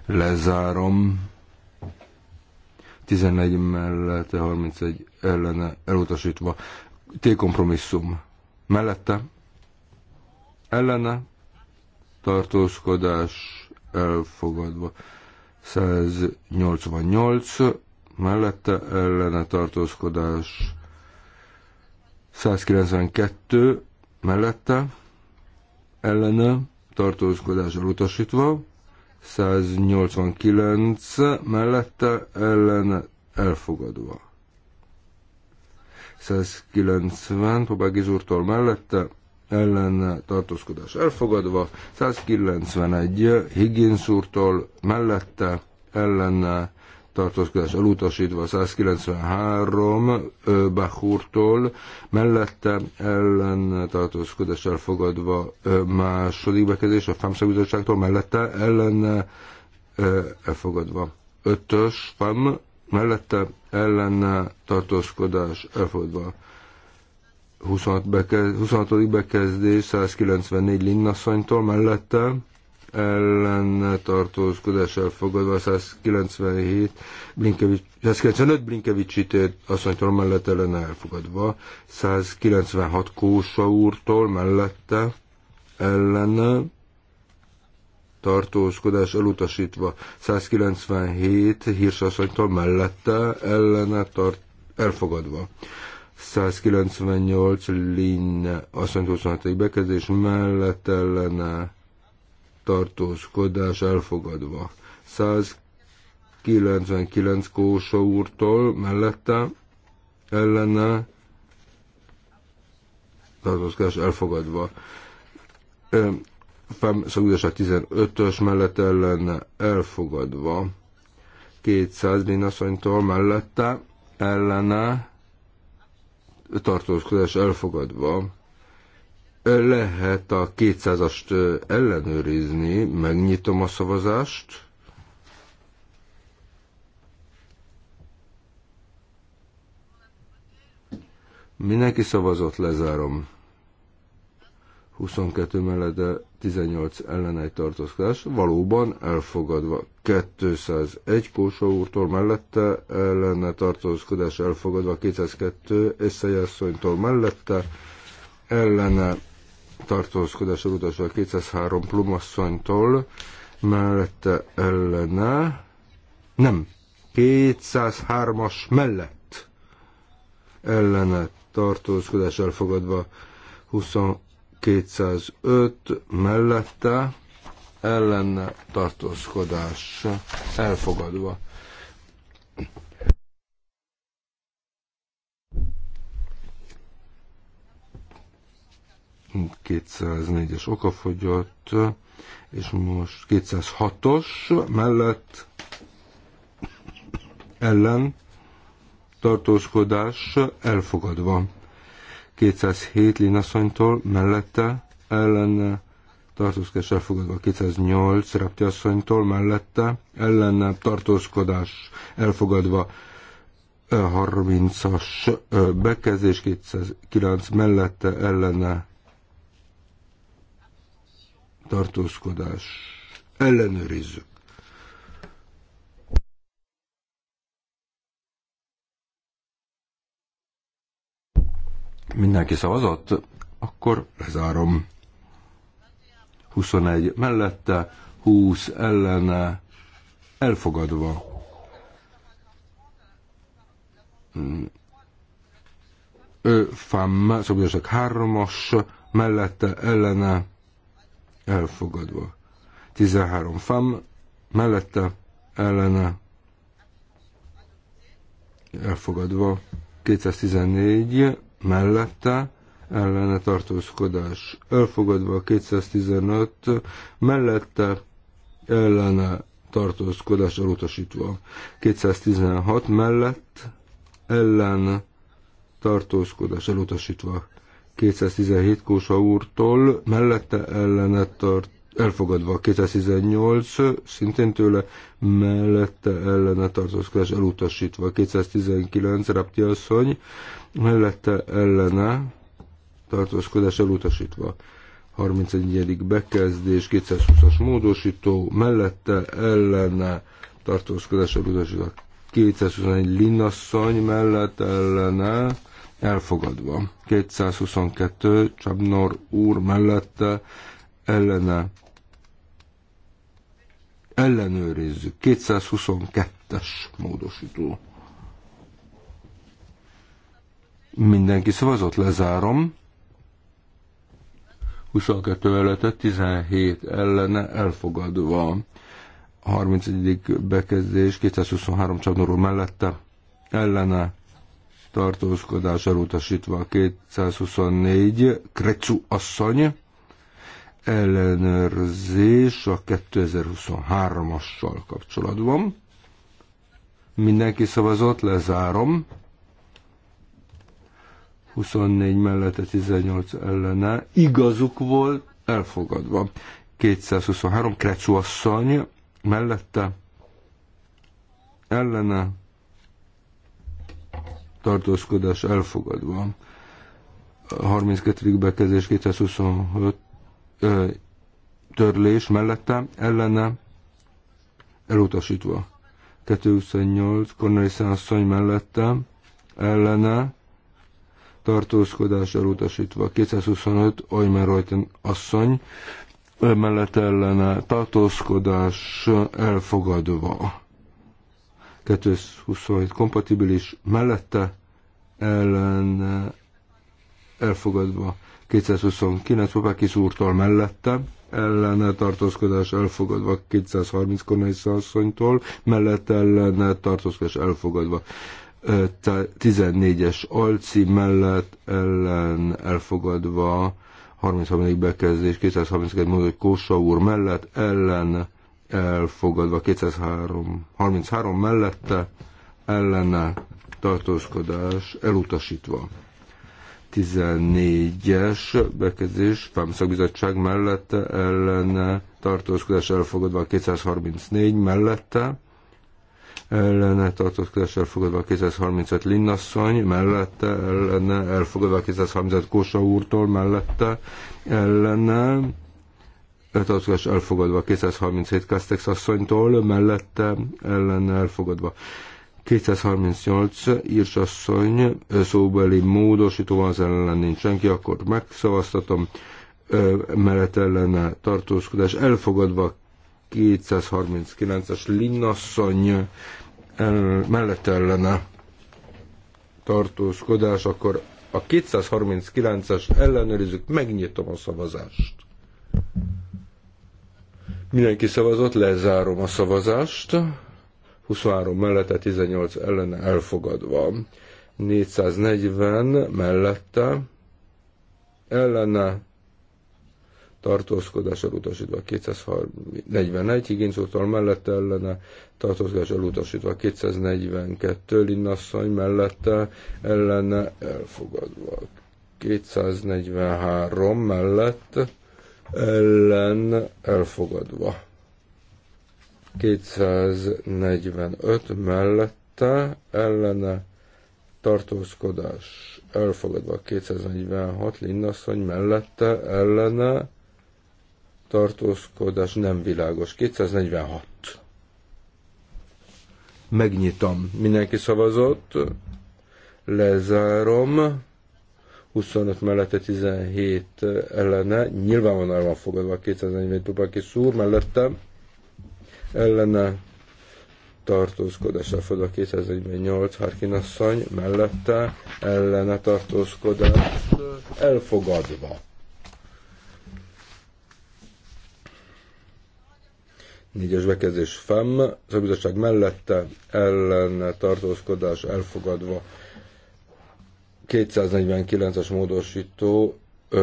lezárom 11 mellett 31 ellene elutasítva. T kompromisszum mellette ellene tartózkodás elfogadva. 188 mellette ellene tartózkodás 192 mellette ellene tartózkodás elutasítva, 189 mellette ellene elfogadva. 190 Tobágiz úrtól mellette ellen tartózkodás elfogadva, 191 Higgins úrtól mellette ellen tartózkodás elutasítva, 193 Bachurtól, mellette ellen tartózkodás elfogadva második bekezdés a bizottságtól mellette ellen elfogadva. Ötös FAM mellette ellenne tartózkodás elfogadva. 26. Bekez, 26. bekezdés 194 linnasszonytól mellette ellenne tartózkodás elfogadva 197 Blinkevics, 195 Blinkevicsitét asszonytól mellette ellenne elfogadva 196 Kósa úrtól mellette ellenne tartózkodás elutasítva. 197 hírsasszonytól mellette ellene tart, elfogadva. 198 linne asszony 26. bekezdés mellett ellene tartózkodás elfogadva. 199 Kósa úrtól mellette ellene tartózkodás elfogadva. FEM 15-ös mellett ellen elfogadva. 200 bénasszonytól mellette ellene tartózkodás elfogadva. Lehet a 200-ast ellenőrizni, megnyitom a szavazást. Mindenki szavazott, lezárom. 22 mellette 18 ellen egy tartózkodás, valóban elfogadva. 201 Kósa úrtól mellette ellene tartózkodás elfogadva, 202 Eszejasszonytól mellette ellene tartózkodás elutasva, 203 Plumasszonytól mellette ellene, nem, 203-as mellett ellene tartózkodás elfogadva, 20 205 mellette ellenne tartózkodás elfogadva. ...204-es okafogyott, és most 206-os mellett ellen tartózkodás elfogadva. 207 Linasszonytól, mellette ellenne tartózkodás elfogadva 208 Repti asszonytól, mellette ellenne tartózkodás elfogadva 30-as bekezdés 209 mellette ellene tartózkodás ellenőrizzük. Mindenki szavazott? Akkor lezárom. 21 mellette, 20 ellene, elfogadva. Ö, fám, szabadság hármas, mellette, ellene, elfogadva. 13 fám, mellette, ellene, elfogadva. 214 mellette, ellene tartózkodás elfogadva 215, mellette ellene tartózkodás elutasítva 216, mellett ellen tartózkodás elutasítva 217 Kósa úrtól, mellette ellene tart elfogadva 218, szintén tőle, mellette ellene tartózkodás elutasítva 219, Rapti asszony, mellette ellene tartózkodás elutasítva 31. bekezdés, 220-as módosító, mellette ellene tartózkodás elutasítva 221 linasszony mellett ellene elfogadva. 222 Csabnor úr mellette ellene ellenőrizzük. 222-es módosító. Mindenki szavazott, lezárom. 22 előtt 17 ellene elfogadva. 31. bekezdés 223 csapnoró mellette ellene tartózkodás elutasítva 224 Krecu asszony ellenőrzés a 2023-assal kapcsolatban. Mindenki szavazott, lezárom. 24 mellette 18 ellene. Igazuk volt, elfogadva. 223 Krecu asszony mellette ellene tartózkodás elfogadva. 32. bekezdés 225 törlés mellette ellene elutasítva. 228 Cornelissen asszony mellette ellene tartózkodás elutasítva. 225 Oimer Reuten asszony mellett ellene tartózkodás elfogadva. 227 kompatibilis mellette ellen elfogadva. 229 Popákis úrtól mellette, ellene tartózkodás elfogadva 230 Kornelissa asszonytól, mellette ellene tartózkodás elfogadva 14-es alci mellett ellen elfogadva 33. bekezdés 232 módon Kósa úr mellett ellen elfogadva 203, 33 mellette ellene tartózkodás elutasítva. 14-es bekezdés, Fámszakbizottság mellette ellene tartózkodás elfogadva a 234 mellette, ellene tartózkodás elfogadva a 235 Linnasszony, mellette ellene elfogadva a 235 Kósa úrtól, mellette ellene tartózkodás elfogadva a 237 Kastex asszonytól, mellette ellene elfogadva 238 írsasszony szóbeli módosítóval az ellen nincs senki, akkor megszavaztatom mellett ellene tartózkodás elfogadva 239-es linnasszony el, mellett ellene tartózkodás, akkor a 239-es ellenőrizzük, megnyitom a szavazást. Mindenki szavazott, lezárom a szavazást. 23 mellette, 18 ellene elfogadva. 440 mellette, ellene tartózkodás elutasítva 241, Higgins mellette ellene, tartózkodás elutasítva 242, Linnasszony mellette ellene elfogadva 243 mellett ellen elfogadva. 245 mellette ellene tartózkodás elfogadva 246 linnasszony mellette ellene tartózkodás nem világos 246 megnyitom mindenki szavazott lezárom 25 mellette 17 ellene nyilvánvalóan fogadva 247 Tupaki szúr mellette ellene tartózkodás elföld a 2008 Harkin asszony mellette ellene tartózkodás elfogadva. Négyes bekezdés FEM, bizottság mellette ellene tartózkodás elfogadva 249-es módosító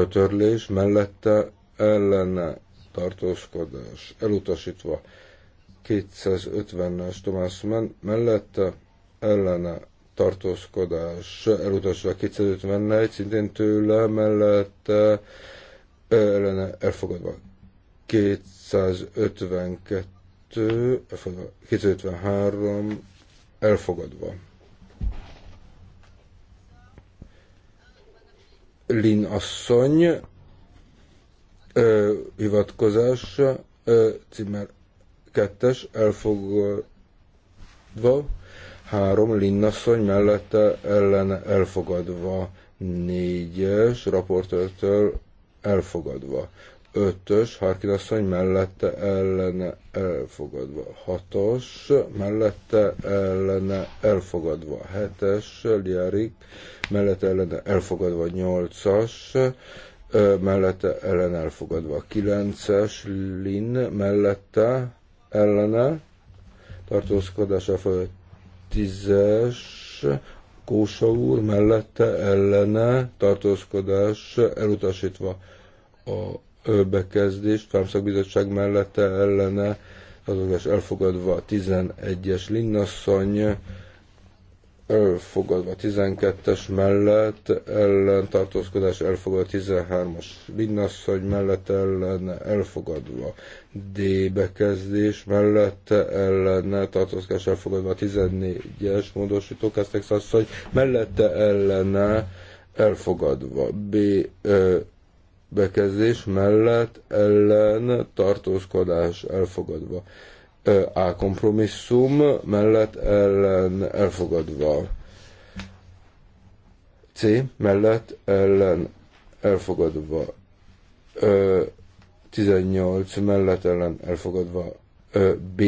törlés mellette ellene tartózkodás elutasítva 250-es Tomás mellette ellene tartózkodás elutasva 251, szintén tőle mellette ellene elfogadva 252, elfogadva, 253 elfogadva. Lin asszony ö, hivatkozása, Cimmer kettes elfogadva, három linnasszony mellette ellen elfogadva, négyes raportőrtől elfogadva, ötös harkinasszony mellette ellene elfogadva, hatos mellette ellene elfogadva, hetes liárik mellette ellene elfogadva, nyolcas mellette ellen elfogadva, kilences lin mellette ellene tartózkodása föl Tízes Kósa úr mellette ellene tartózkodás elutasítva a bekezdés, Tarmszakbizottság mellette ellene tartózkodás elfogadva 11-es Linnasszony elfogadva 12-es mellett, ellen tartózkodás elfogadva 13-as linnasszony mellett ellen elfogadva D bekezdés mellett ellen tartózkodás elfogadva 14-es módosító kezdtek asszony mellette ellene elfogadva B ö, bekezdés mellett ellen tartózkodás elfogadva a kompromisszum mellett ellen elfogadva. C mellett ellen elfogadva. 18 mellett ellen elfogadva. B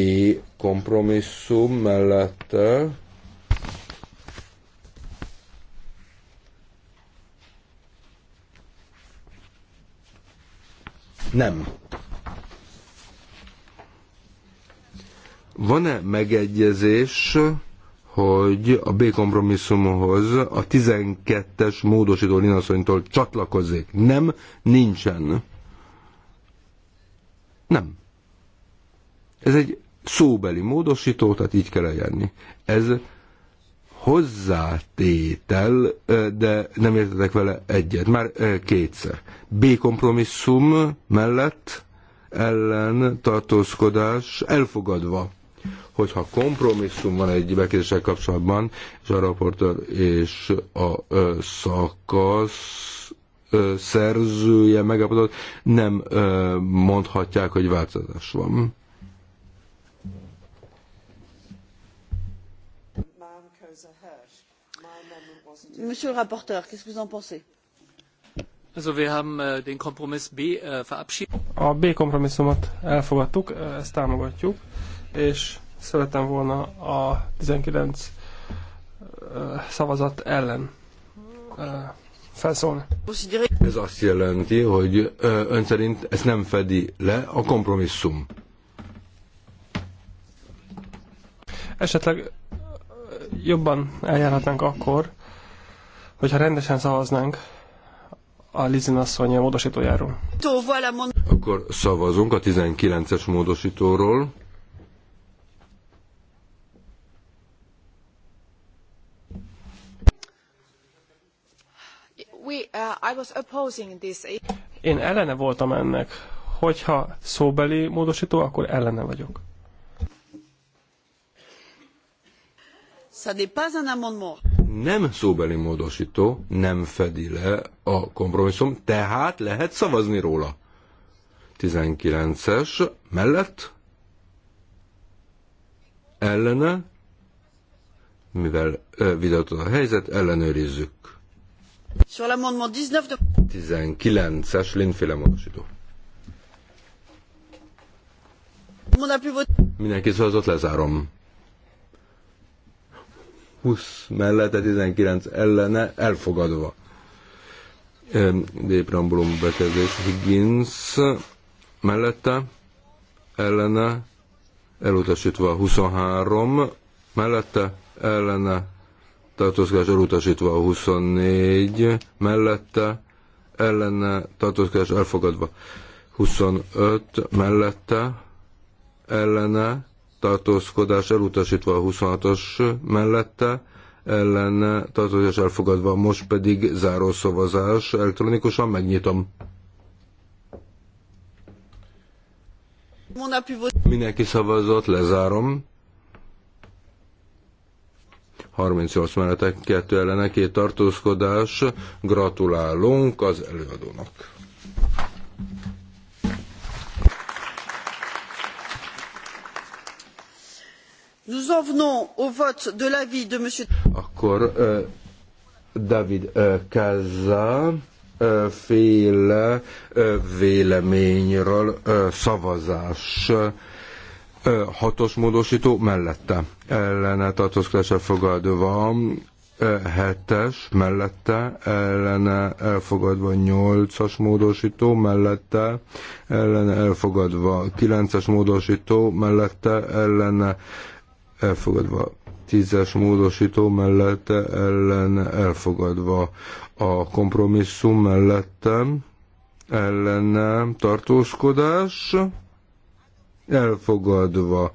kompromisszum mellett. nem. Van-e megegyezés, hogy a B kompromisszumhoz a 12-es módosító linaszonytól csatlakozzék? Nem, nincsen. Nem. Ez egy szóbeli módosító, tehát így kell eljárni. Ez hozzátétel, de nem értetek vele egyet, már kétszer. B kompromisszum mellett ellen tartózkodás elfogadva hogyha kompromisszum van egy bekérdéssel kapcsolatban, és a raportőr és a ö, szakasz ö, szerzője megállapodott, nem ö, mondhatják, hogy változás van. Monsieur le rapporteur, qu'est-ce que vous en pensez? Also wir haben äh, den Kompromiss B äh, verabschiedet. A B kompromissumot elfogadtuk, ezt támogatjuk, és szerettem volna a 19 szavazat ellen felszólni. Ez azt jelenti, hogy ön szerint ezt nem fedi le a kompromisszum. Esetleg jobban eljárhatnánk akkor, hogyha rendesen szavaznánk a Lizin asszony módosítójáról. Akkor szavazunk a 19-es módosítóról. Uh, Én ellene voltam ennek. Hogyha szóbeli módosító, akkor ellene vagyok. Nem szóbeli módosító, nem fedi le a kompromisszum, tehát lehet szavazni róla. 19-es mellett ellene, mivel videót vitatott a helyzet, ellenőrizzük. Sur l'amendement 19 de... 19-es Linféle módosító. Mindenki szavazott, lezárom. 20 mellette, 19 ellene, elfogadva. Déprambulum bekezdés Higgins mellette, ellene, elutasítva 23, mellette, ellene, tartózkodás elutasítva a 24, mellette ellene tartózkodás elfogadva 25, mellette ellene tartózkodás elutasítva a 26-os mellette, ellene tartózkodás elfogadva, most pedig záró szavazás, elektronikusan megnyitom. Mindenki szavazott, lezárom. 38 mellette, kettő ellene, két tartózkodás. Gratulálunk az előadónak. Nous en venons au vote de l'avis de monsieur Akkor euh, David euh, Kaza euh, féle euh, véleményről euh, szavazás euh, Hatos módosító mellette. Ellene fogadva elfogadva. Hetes mellette. Ellene elfogadva. Nyolcas módosító mellette. Ellene elfogadva. Kilences módosító mellette. Ellene elfogadva. Tízes módosító mellette. Ellene elfogadva. A kompromisszum mellette. Ellene tartózkodás elfogadva.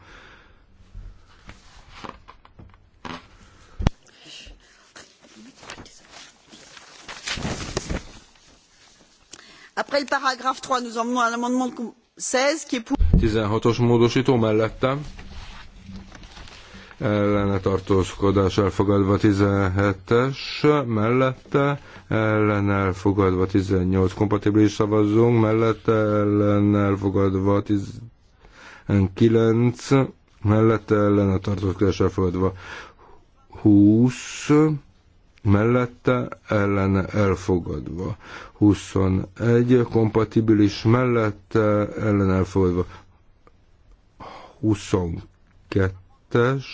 Après le paragraphe 3, nous emmenons à l'amendement 16 qui est pour... 16-os módosító mellette ellene tartózkodás elfogadva 17-es, mellette ellen elfogadva 18 kompatibilis szavazzunk, mellette ellen elfogadva 10 9 mellette ellene tartózkodás elfogadva 20 mellette ellene elfogadva 21 kompatibilis mellette ellene elfogadva 22-es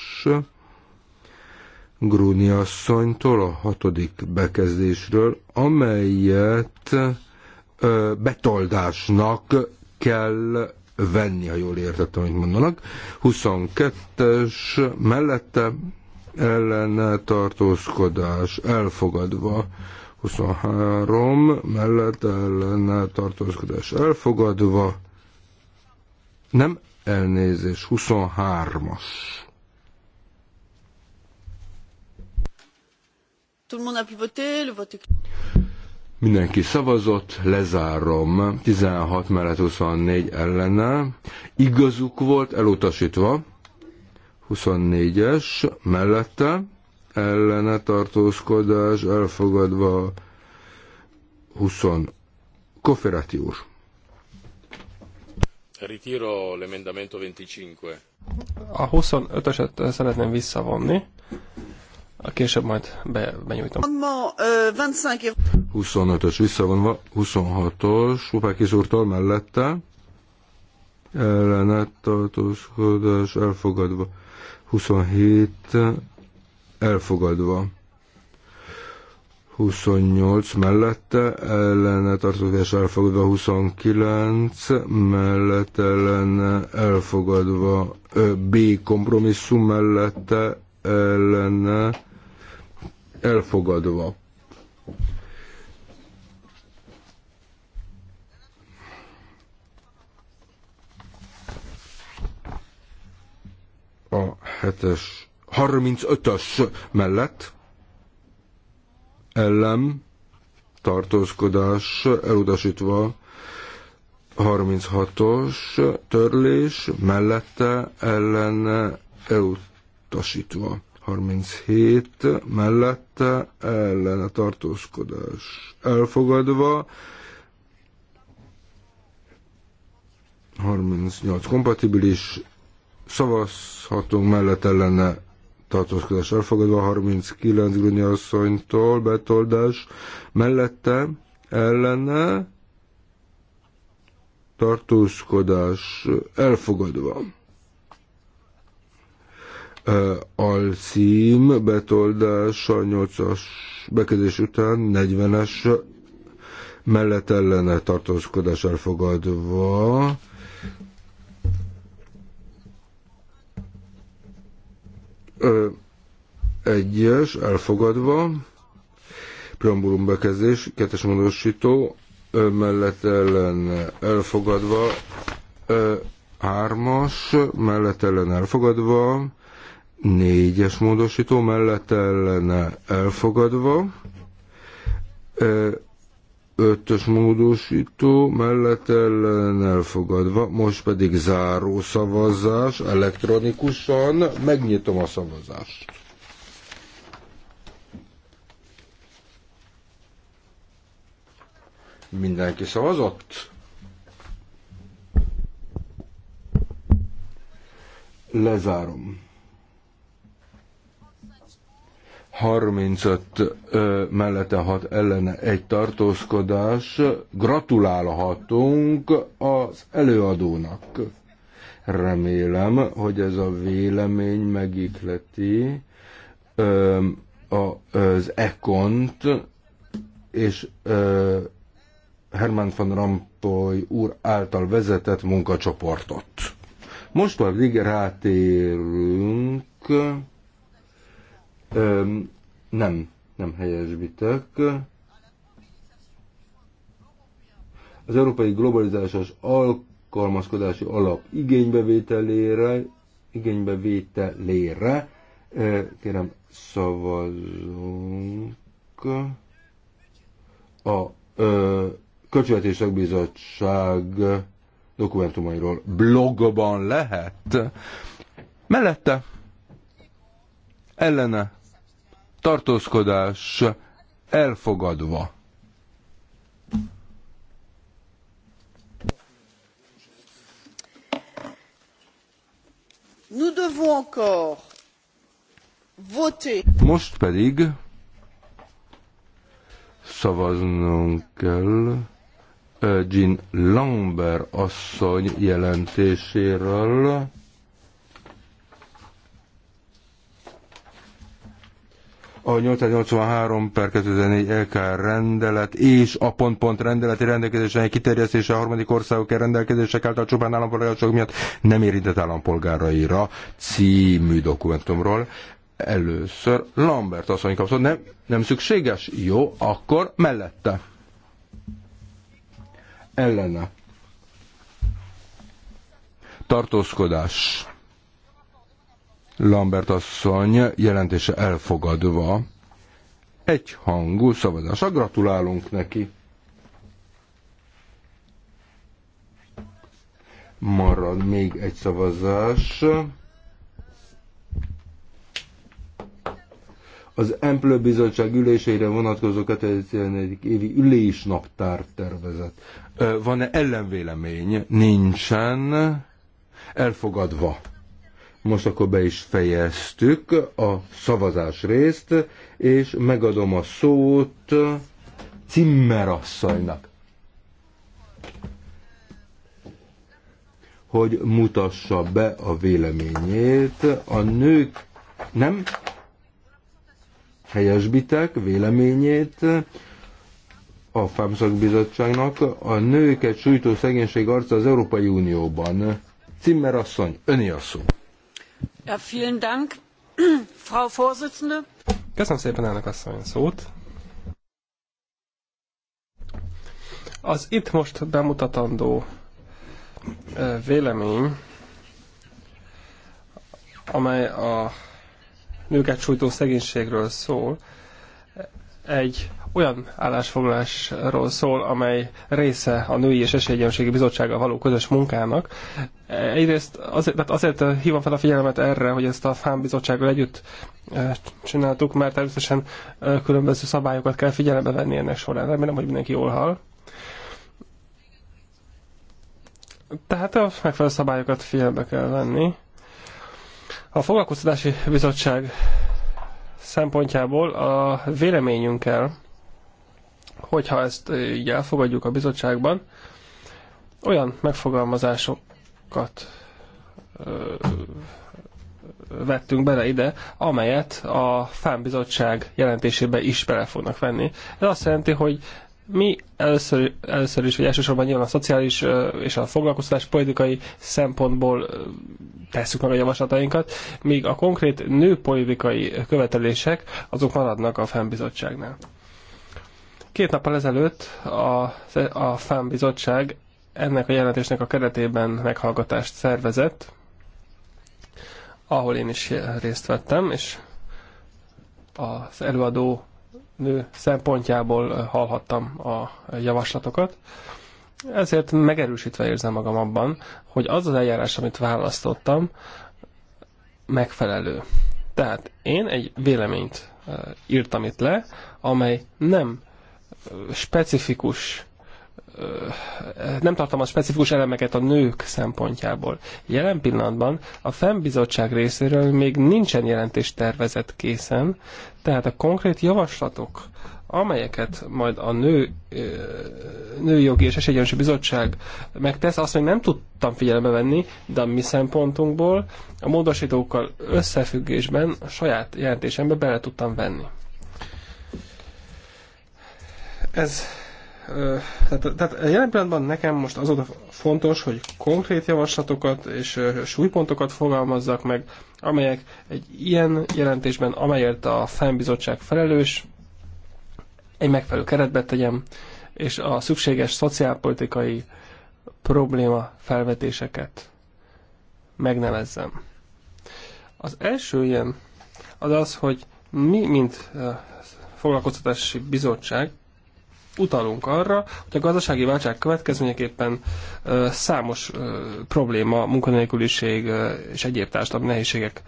Grúni asszonytól a hatodik bekezdésről, amelyet ö, betoldásnak kell venni, ha jól értettem, amit mondanak. 22-es mellette ellene tartózkodás elfogadva. 23 mellett ellene tartózkodás elfogadva. Nem elnézés, 23-as. Tout le monde a pu voter, le vote est Mindenki szavazott, lezárom. 16 mellett 24 ellene. Igazuk volt, elutasítva. 24-es mellette. Ellene tartózkodás, elfogadva. 20. Koferati úr. Ritiro l'emendamento 25. A 25 eset szeretném visszavonni, Később majd be, benyújtom. 25-ös visszavonva, 26-os, Upákis úrtól mellette, ellenet tartózkodás elfogadva, 27 elfogadva. 28 mellette, ellene tartózkodás elfogadva 29, mellette ellene elfogadva B kompromisszum mellette ellene elfogadva. A 7-es, 35-ös mellett ellen tartózkodás elutasítva 36-os törlés mellette ellen elutasítva. 37 mellette ellene tartózkodás elfogadva, 38 kompatibilis, szavazhatunk mellett ellene tartózkodás elfogadva, 39 Grunyi asszonytól betoldás mellette ellene tartózkodás elfogadva alcím betoldása 8-as bekezdés után 40-es mellett ellene tartózkodás elfogadva. egyes elfogadva, preambulum bekezdés, kettes módosító, mellett ellen elfogadva, hármas, mellett ellen elfogadva, Négyes módosító mellett ellene elfogadva. Ötös módosító mellett ellene elfogadva. Most pedig záró szavazás elektronikusan. Megnyitom a szavazást. Mindenki szavazott? Lezárom. 35 mellette 6 ellene egy tartózkodás. Gratulálhatunk az előadónak. Remélem, hogy ez a vélemény megikleti az Ekont és Herman van Rampoy úr által vezetett munkacsoportot. Most pedig rátérünk Öm, nem, nem helyesbitek. Az európai globalizációs alkalmazkodási alap igénybevételére, igénybevételére kérem szavazunk a ö, Költségvetések Bizottság dokumentumairól blogban lehet. Mellette, ellene, tartózkodás elfogadva. Nous devons encore voter. Most pedig szavaznunk kell eh, Jean Lambert asszony jelentéséről. a 883 per 2004 LK rendelet és a pont-pont rendeleti rendelkezésének kiterjesztése a harmadik országok rendelkezések által csupán állampolgárok miatt nem érintett állampolgáraira című dokumentumról. Először Lambert asszony kapszott, nem, nem szükséges? Jó, akkor mellette. Ellene. Tartózkodás Lambert asszony jelentése elfogadva. Egyhangú szavazásra gratulálunk neki. Marad még egy szavazás. az Emplő Bizottság ülésére vonatkozó 2014. évi ülésnaptár tervezet. Van-e ellenvélemény? Nincsen. Elfogadva. Most akkor be is fejeztük a szavazás részt, és megadom a szót Cimmerasszonynak. hogy mutassa be a véleményét. A nők nem helyesbitek véleményét a Fámszak bizottságnak a nőket sújtó szegénység arca az Európai Unióban. Cimmerasszony, öni a szó. Köszönöm szépen, elnök asszony, szót. Az itt most bemutatandó vélemény, amely a nőket sújtó szegénységről szól, egy olyan állásfoglalásról szól, amely része a Női és Esélyegyenlőségi Bizottsággal való közös munkának. Egyrészt azért, tehát azért hívom fel a figyelmet erre, hogy ezt a FAM bizottsággal együtt eh, csináltuk, mert természetesen eh, különböző szabályokat kell figyelembe venni ennek során. Remélem, hogy mindenki jól hall. Tehát a megfelelő szabályokat figyelembe kell venni. A Foglalkoztatási Bizottság szempontjából a véleményünkkel hogyha ezt így elfogadjuk a bizottságban, olyan megfogalmazásokat vettünk bele ide, amelyet a fánbizottság jelentésébe is bele fognak venni. Ez azt jelenti, hogy mi először, először is, vagy elsősorban nyilván a szociális és a foglalkoztatás politikai szempontból tesszük meg a javaslatainkat, míg a konkrét nőpolitikai követelések azok maradnak a fennbizottságnál. Két nappal ezelőtt a, a FAM bizottság ennek a jelentésnek a keretében meghallgatást szervezett, ahol én is részt vettem, és az előadó nő szempontjából hallhattam a javaslatokat. Ezért megerősítve érzem magam abban, hogy az az eljárás, amit választottam, megfelelő. Tehát én egy véleményt írtam itt le, amely nem specifikus nem a specifikus elemeket a nők szempontjából. Jelen pillanatban a FEM bizottság részéről még nincsen jelentés tervezet készen, tehát a konkrét javaslatok, amelyeket majd a nő, Nőjogi és Esélyegyenlőség Bizottság megtesz, azt még nem tudtam figyelembe venni, de a mi szempontunkból a módosítókkal összefüggésben a saját jelentésembe bele tudtam venni. Ez, tehát, tehát jelen pillanatban nekem most az a fontos, hogy konkrét javaslatokat és súlypontokat fogalmazzak meg, amelyek egy ilyen jelentésben, amelyért a fennbizottság felelős, egy megfelelő keretbe tegyem, és a szükséges szociálpolitikai probléma felvetéseket megnevezzem. Az első ilyen az az, hogy mi, mint foglalkoztatási bizottság, utalunk arra, hogy a gazdasági válság következményeképpen ö, számos ö, probléma, munkanélküliség ö, és egyéb társadalmi nehézségek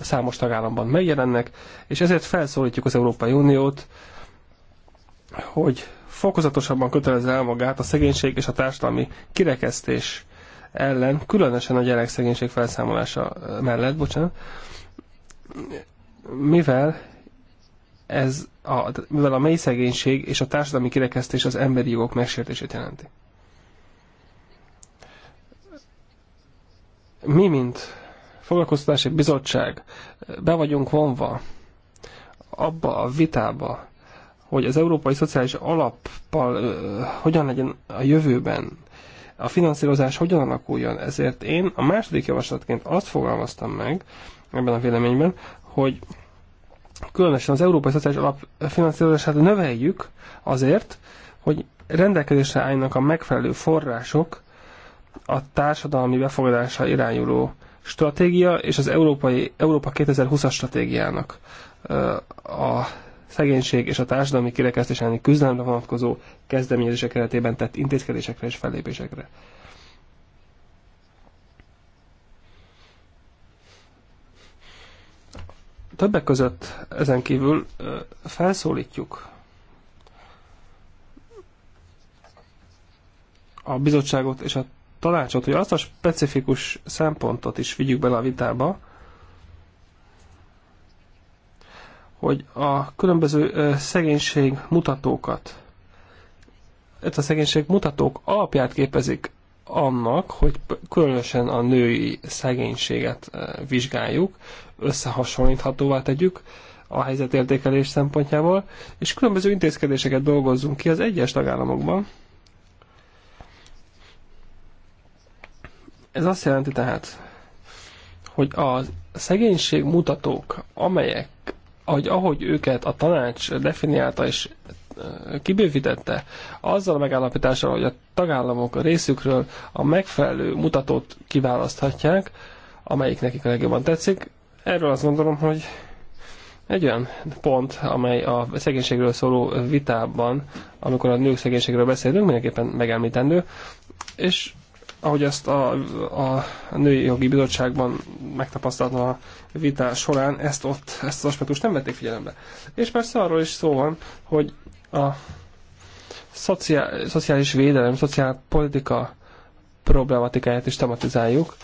számos tagállamban megjelennek, és ezért felszólítjuk az Európai Uniót, hogy fokozatosabban kötelezze el magát a szegénység és a társadalmi kirekesztés ellen, különösen a gyerekszegénység felszámolása mellett, bocsánat, mivel ez a, mivel a mély szegénység és a társadalmi kirekesztés az emberi jogok megsértését jelenti. Mi, mint foglalkoztatási bizottság, be vagyunk vonva abba a vitába, hogy az Európai Szociális Alappal uh, hogyan legyen a jövőben, a finanszírozás hogyan alakuljon. Ezért én a második javaslatként azt fogalmaztam meg ebben a véleményben, hogy különösen az Európai Szociális Alap finanszírozását növeljük azért, hogy rendelkezésre álljanak a megfelelő források a társadalmi befogadásra irányuló stratégia és az Európai, Európa 2020-as stratégiának a szegénység és a társadalmi kirekesztés elleni küzdelemre vonatkozó kezdeményezések keretében tett intézkedésekre és fellépésekre. Többek között ezen kívül felszólítjuk a bizottságot és a tanácsot, hogy azt a specifikus szempontot is vigyük bele a vitába, hogy a különböző szegénység mutatókat, ez a szegénység mutatók alapját képezik annak, hogy különösen a női szegénységet vizsgáljuk, összehasonlíthatóvá tegyük a helyzetértékelés szempontjából, és különböző intézkedéseket dolgozzunk ki az egyes tagállamokban. Ez azt jelenti tehát, hogy a szegénység mutatók, amelyek, ahogy, ahogy őket a tanács definiálta és kibővítette, azzal a megállapítással, hogy a tagállamok a részükről a megfelelő mutatót kiválaszthatják, amelyik nekik a legjobban tetszik, Erről azt gondolom, hogy egy olyan pont, amely a szegénységről szóló vitában, amikor a nők szegénységről beszélünk, mindenképpen megemlítendő, és ahogy ezt a, a Női Jogi Bizottságban megtapasztaltam a vita során, ezt ott, ezt az aspektust nem vették figyelembe. És persze arról is szó van, hogy a szociál, szociális védelem, szociálpolitika problematikáját is tematizáljuk,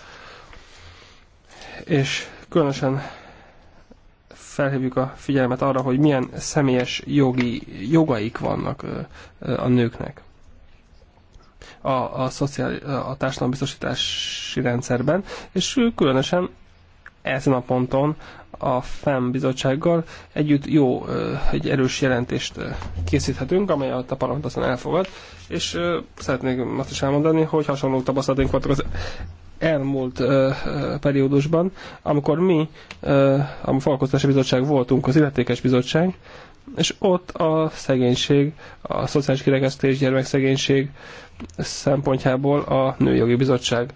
és Különösen felhívjuk a figyelmet arra, hogy milyen személyes jogi, jogaik vannak a nőknek a, a, szociál, a társadalombiztosítási rendszerben, és különösen ezen a ponton a FEM bizottsággal együtt jó, egy erős jelentést készíthetünk, amely a parlament aztán elfogad, és szeretnék azt is elmondani, hogy hasonló tapasztalatunk voltak az elmúlt ö, ö, periódusban, amikor mi, ö, a Falkoztási Bizottság voltunk, az Illetékes Bizottság, és ott a szegénység, a szociális kirekesztés, gyermekszegénység szempontjából a Nőjogi Bizottság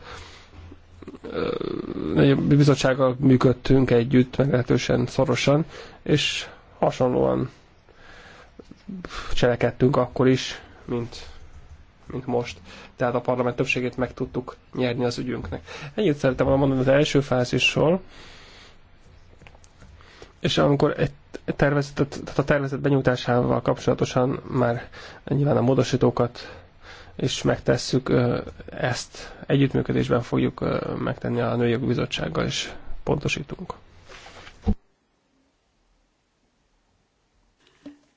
ö, bizottsággal működtünk együtt, meglehetősen szorosan, és hasonlóan cselekedtünk akkor is, mint, mint most tehát a parlament többségét meg tudtuk nyerni az ügyünknek. Ennyit szerettem volna mondani az első fázisról, és amikor egy tervezetet, tehát a tervezet benyújtásával kapcsolatosan már nyilván a módosítókat és megtesszük, ezt együttműködésben fogjuk megtenni a Nőjogi Bizottsággal, és pontosítunk.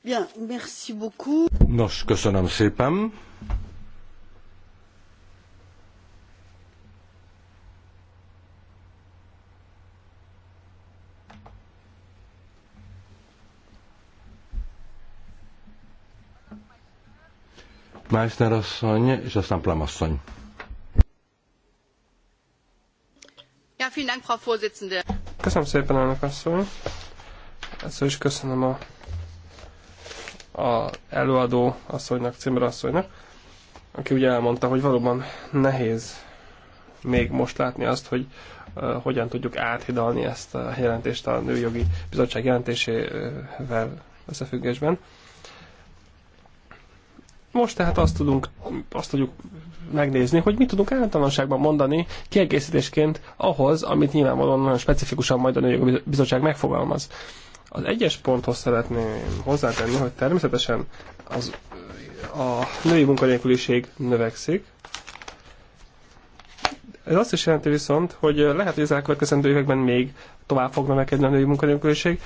Bien, merci beaucoup. Nos, köszönöm szépen. Meissner asszony, és aztán Plam asszony. Ja, Köszönöm szépen, elnök asszony. Ezt is köszönöm a, a előadó asszonynak, Cimber asszonynak, aki ugye elmondta, hogy valóban nehéz még most látni azt, hogy uh, hogyan tudjuk áthidalni ezt a jelentést a Nőjogi Bizottság jelentésével összefüggésben. Most tehát azt tudunk, azt tudjuk megnézni, hogy mit tudunk általánosságban mondani kiegészítésként ahhoz, amit nyilvánvalóan nagyon specifikusan majd a Nőjogi Bizottság megfogalmaz. Az egyes ponthoz szeretném hozzátenni, hogy természetesen az, a női munkanélküliség növekszik, ez azt is jelenti viszont, hogy lehet, hogy az elkövetkezendő években még tovább fog növekedni a női munkanélküliség,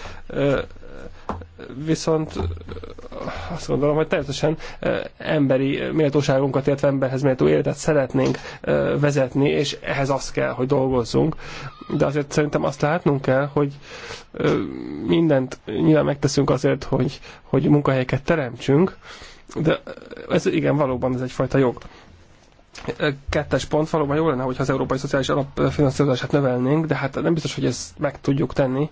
viszont azt gondolom, hogy teljesen emberi méltóságunkat, illetve emberhez méltó életet szeretnénk vezetni, és ehhez azt kell, hogy dolgozzunk. De azért szerintem azt látnunk kell, hogy mindent nyilván megteszünk azért, hogy, hogy munkahelyeket teremtsünk, de ez igen, valóban ez egyfajta jog kettes pont, valóban jó lenne, hogyha az Európai Szociális Alap finanszírozását növelnénk, de hát nem biztos, hogy ezt meg tudjuk tenni.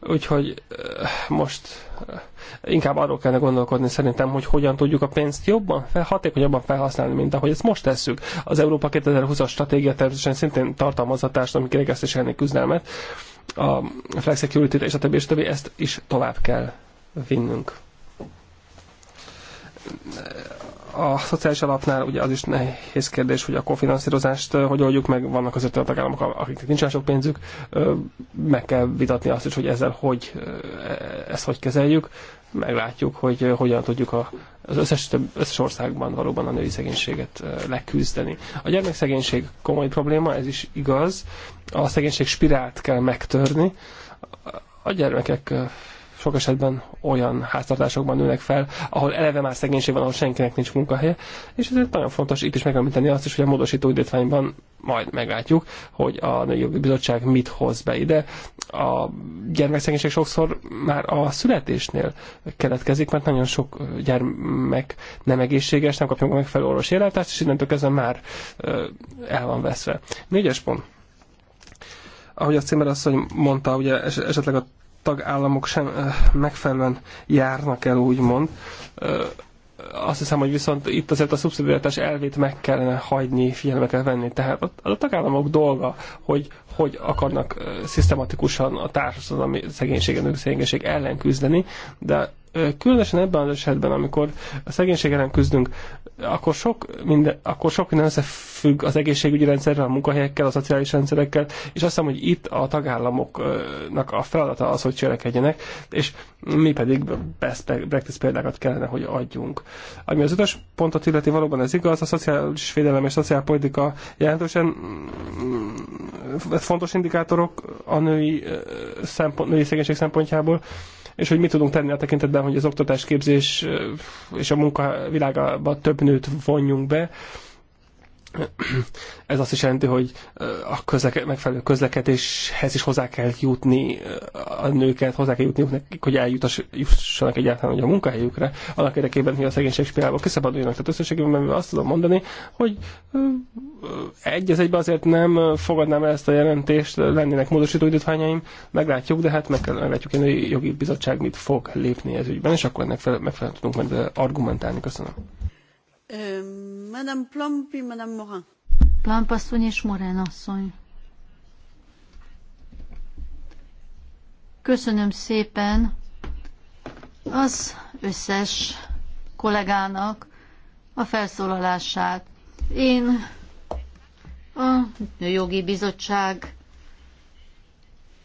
Úgyhogy eh, most eh, inkább arról kellene gondolkodni szerintem, hogy hogyan tudjuk a pénzt jobban, hatékonyabban felhasználni, mint ahogy ezt most tesszük. Az Európa 2020-as stratégia természetesen szintén tartalmazza társadalmi kirekesztés elleni küzdelmet, a flex security és a többi, és a többi, ezt is tovább kell vinnünk a szociális alapnál ugye az is nehéz kérdés, hogy a kofinanszírozást hogy oldjuk meg, vannak az a tagállamok, akiknek nincsen sok pénzük, meg kell vitatni azt is, hogy ezzel hogy, ezt hogy kezeljük, meglátjuk, hogy hogyan tudjuk az összes, összes országban valóban a női szegénységet leküzdeni. A gyermekszegénység komoly probléma, ez is igaz, a szegénység spirált kell megtörni, a gyermekek sok esetben olyan háztartásokban nőnek fel, ahol eleve már szegénység van, ahol senkinek nincs munkahelye, és ezért nagyon fontos itt is megemlíteni azt is, hogy a módosító időtványban majd meglátjuk, hogy a Jogi Bizottság mit hoz be ide. A gyermekszegénység sokszor már a születésnél keletkezik, mert nagyon sok gyermek nem egészséges, nem kapja meg orvosi ellátást, és innentől kezdve már el van veszve. Négyes pont ahogy a Cimmer asszony mondta, ugye esetleg a tagállamok sem eh, megfelelően járnak el, úgymond. Eh, azt hiszem, hogy viszont itt azért a szubszidiaritás elvét meg kellene hagyni, figyelme kell venni. Tehát az a tagállamok dolga, hogy hogy akarnak eh, szisztematikusan a társadalmi szegénység, ellen küzdeni, de különösen ebben az esetben, amikor a szegénység ellen küzdünk, akkor sok minden, akkor sok minden összefügg az egészségügyi rendszerrel, a munkahelyekkel, a szociális rendszerekkel, és azt hiszem, hogy itt a tagállamoknak a feladata az, hogy cselekedjenek, és mi pedig best practice példákat kellene, hogy adjunk. Ami az utas pontot illeti, valóban ez igaz, a szociális védelem és szociálpolitika jelentősen mm, fontos indikátorok a női, szempont, női szegénység szempontjából, és hogy mit tudunk tenni a tekintetben, hogy az oktatás képzés és a munka több nőt vonjunk be, ez azt is jelenti, hogy a közleke, megfelelő közlekedéshez is hozzá kell jutni a nőket, hozzá kell jutniuk nekik, hogy eljutassanak egyáltalán hogy a munkahelyükre, annak érdekében, hogy a szegénység spirálból kiszabaduljanak. Tehát összességében azt tudom mondani, hogy egy az egyben azért nem fogadnám el ezt a jelentést, lennének módosító időtványaim, meglátjuk, de hát meg kell, meglátjuk, hogy a jogi bizottság mit fog lépni ez ügyben, és akkor ennek megfelelően tudunk majd argumentálni. Köszönöm. Ö, euh, Madame Plump, Madame Morin. Plomb asszony és Morán asszony. Köszönöm szépen az összes kollégának a felszólalását. Én a jogi Bizottság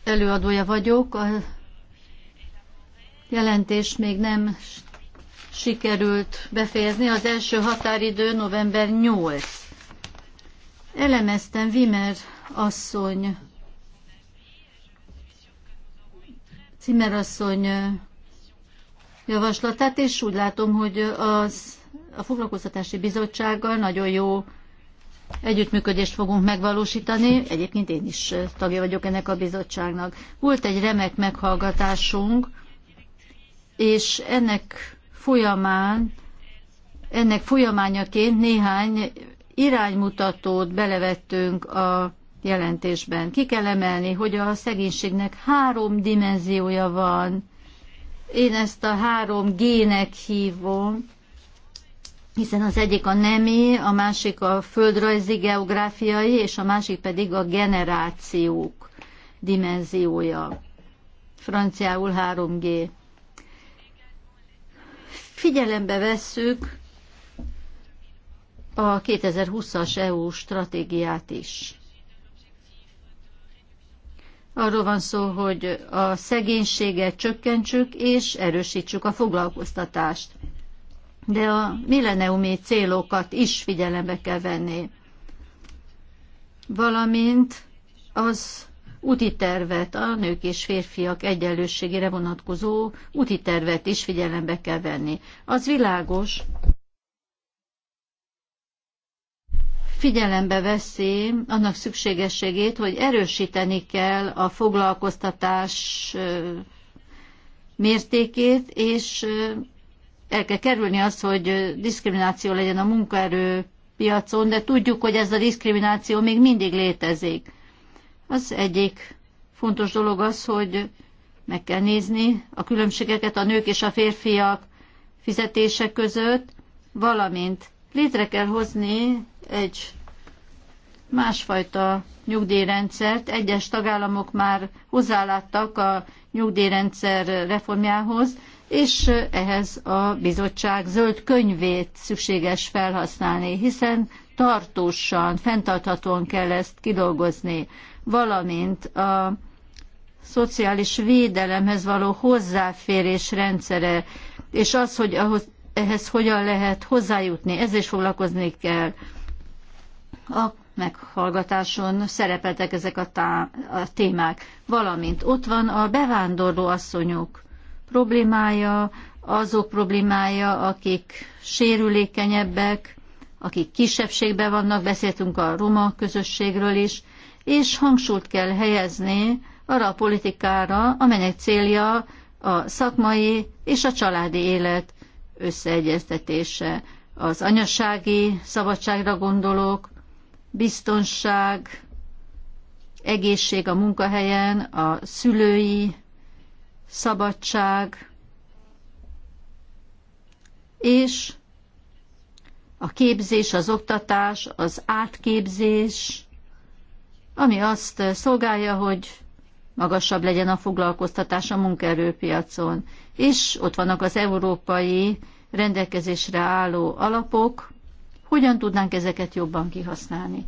előadója vagyok. A jelentés még nem sikerült befejezni. Az első határidő november 8. Elemeztem Vimer asszony, Cimer asszony javaslatát, és úgy látom, hogy az, a foglalkoztatási bizottsággal nagyon jó együttműködést fogunk megvalósítani. Egyébként én is tagja vagyok ennek a bizottságnak. Volt egy remek meghallgatásunk, és ennek folyamán, ennek folyamányaként néhány iránymutatót belevettünk a jelentésben. Ki kell emelni, hogy a szegénységnek három dimenziója van. Én ezt a három gének hívom, hiszen az egyik a nemi, a másik a földrajzi, geográfiai, és a másik pedig a generációk dimenziója. Franciául 3G figyelembe vesszük a 2020-as EU stratégiát is. Arról van szó, hogy a szegénységet csökkentsük és erősítsük a foglalkoztatást. De a milleniumi célokat is figyelembe kell venni. Valamint az úti tervet, a nők és férfiak egyenlőségére vonatkozó úti tervet is figyelembe kell venni. Az világos, figyelembe veszi annak szükségességét, hogy erősíteni kell a foglalkoztatás mértékét, és el kell kerülni azt, hogy diszkrimináció legyen a munkaerő piacon, de tudjuk, hogy ez a diszkrimináció még mindig létezik. Az egyik fontos dolog az, hogy meg kell nézni a különbségeket a nők és a férfiak fizetése között, valamint létre kell hozni egy másfajta nyugdíjrendszert. Egyes tagállamok már hozzáláttak a nyugdíjrendszer reformjához, és ehhez a bizottság zöld könyvét szükséges felhasználni, hiszen tartósan, fenntarthatóan kell ezt kidolgozni valamint a szociális védelemhez való hozzáférés rendszere, és az, hogy ahhoz, ehhez hogyan lehet hozzájutni, ez is foglalkozni kell. A meghallgatáson szerepeltek ezek a, tá- a témák, valamint ott van a bevándorló asszonyok problémája, azok problémája, akik sérülékenyebbek, akik kisebbségben vannak, beszéltünk a roma közösségről is, és hangsúlyt kell helyezni arra a politikára, amelynek célja a szakmai és a családi élet összeegyeztetése. Az anyasági szabadságra gondolok, biztonság, egészség a munkahelyen, a szülői szabadság, és a képzés, az oktatás, az átképzés, ami azt szolgálja, hogy magasabb legyen a foglalkoztatás a munkaerőpiacon. És ott vannak az európai rendelkezésre álló alapok, hogyan tudnánk ezeket jobban kihasználni.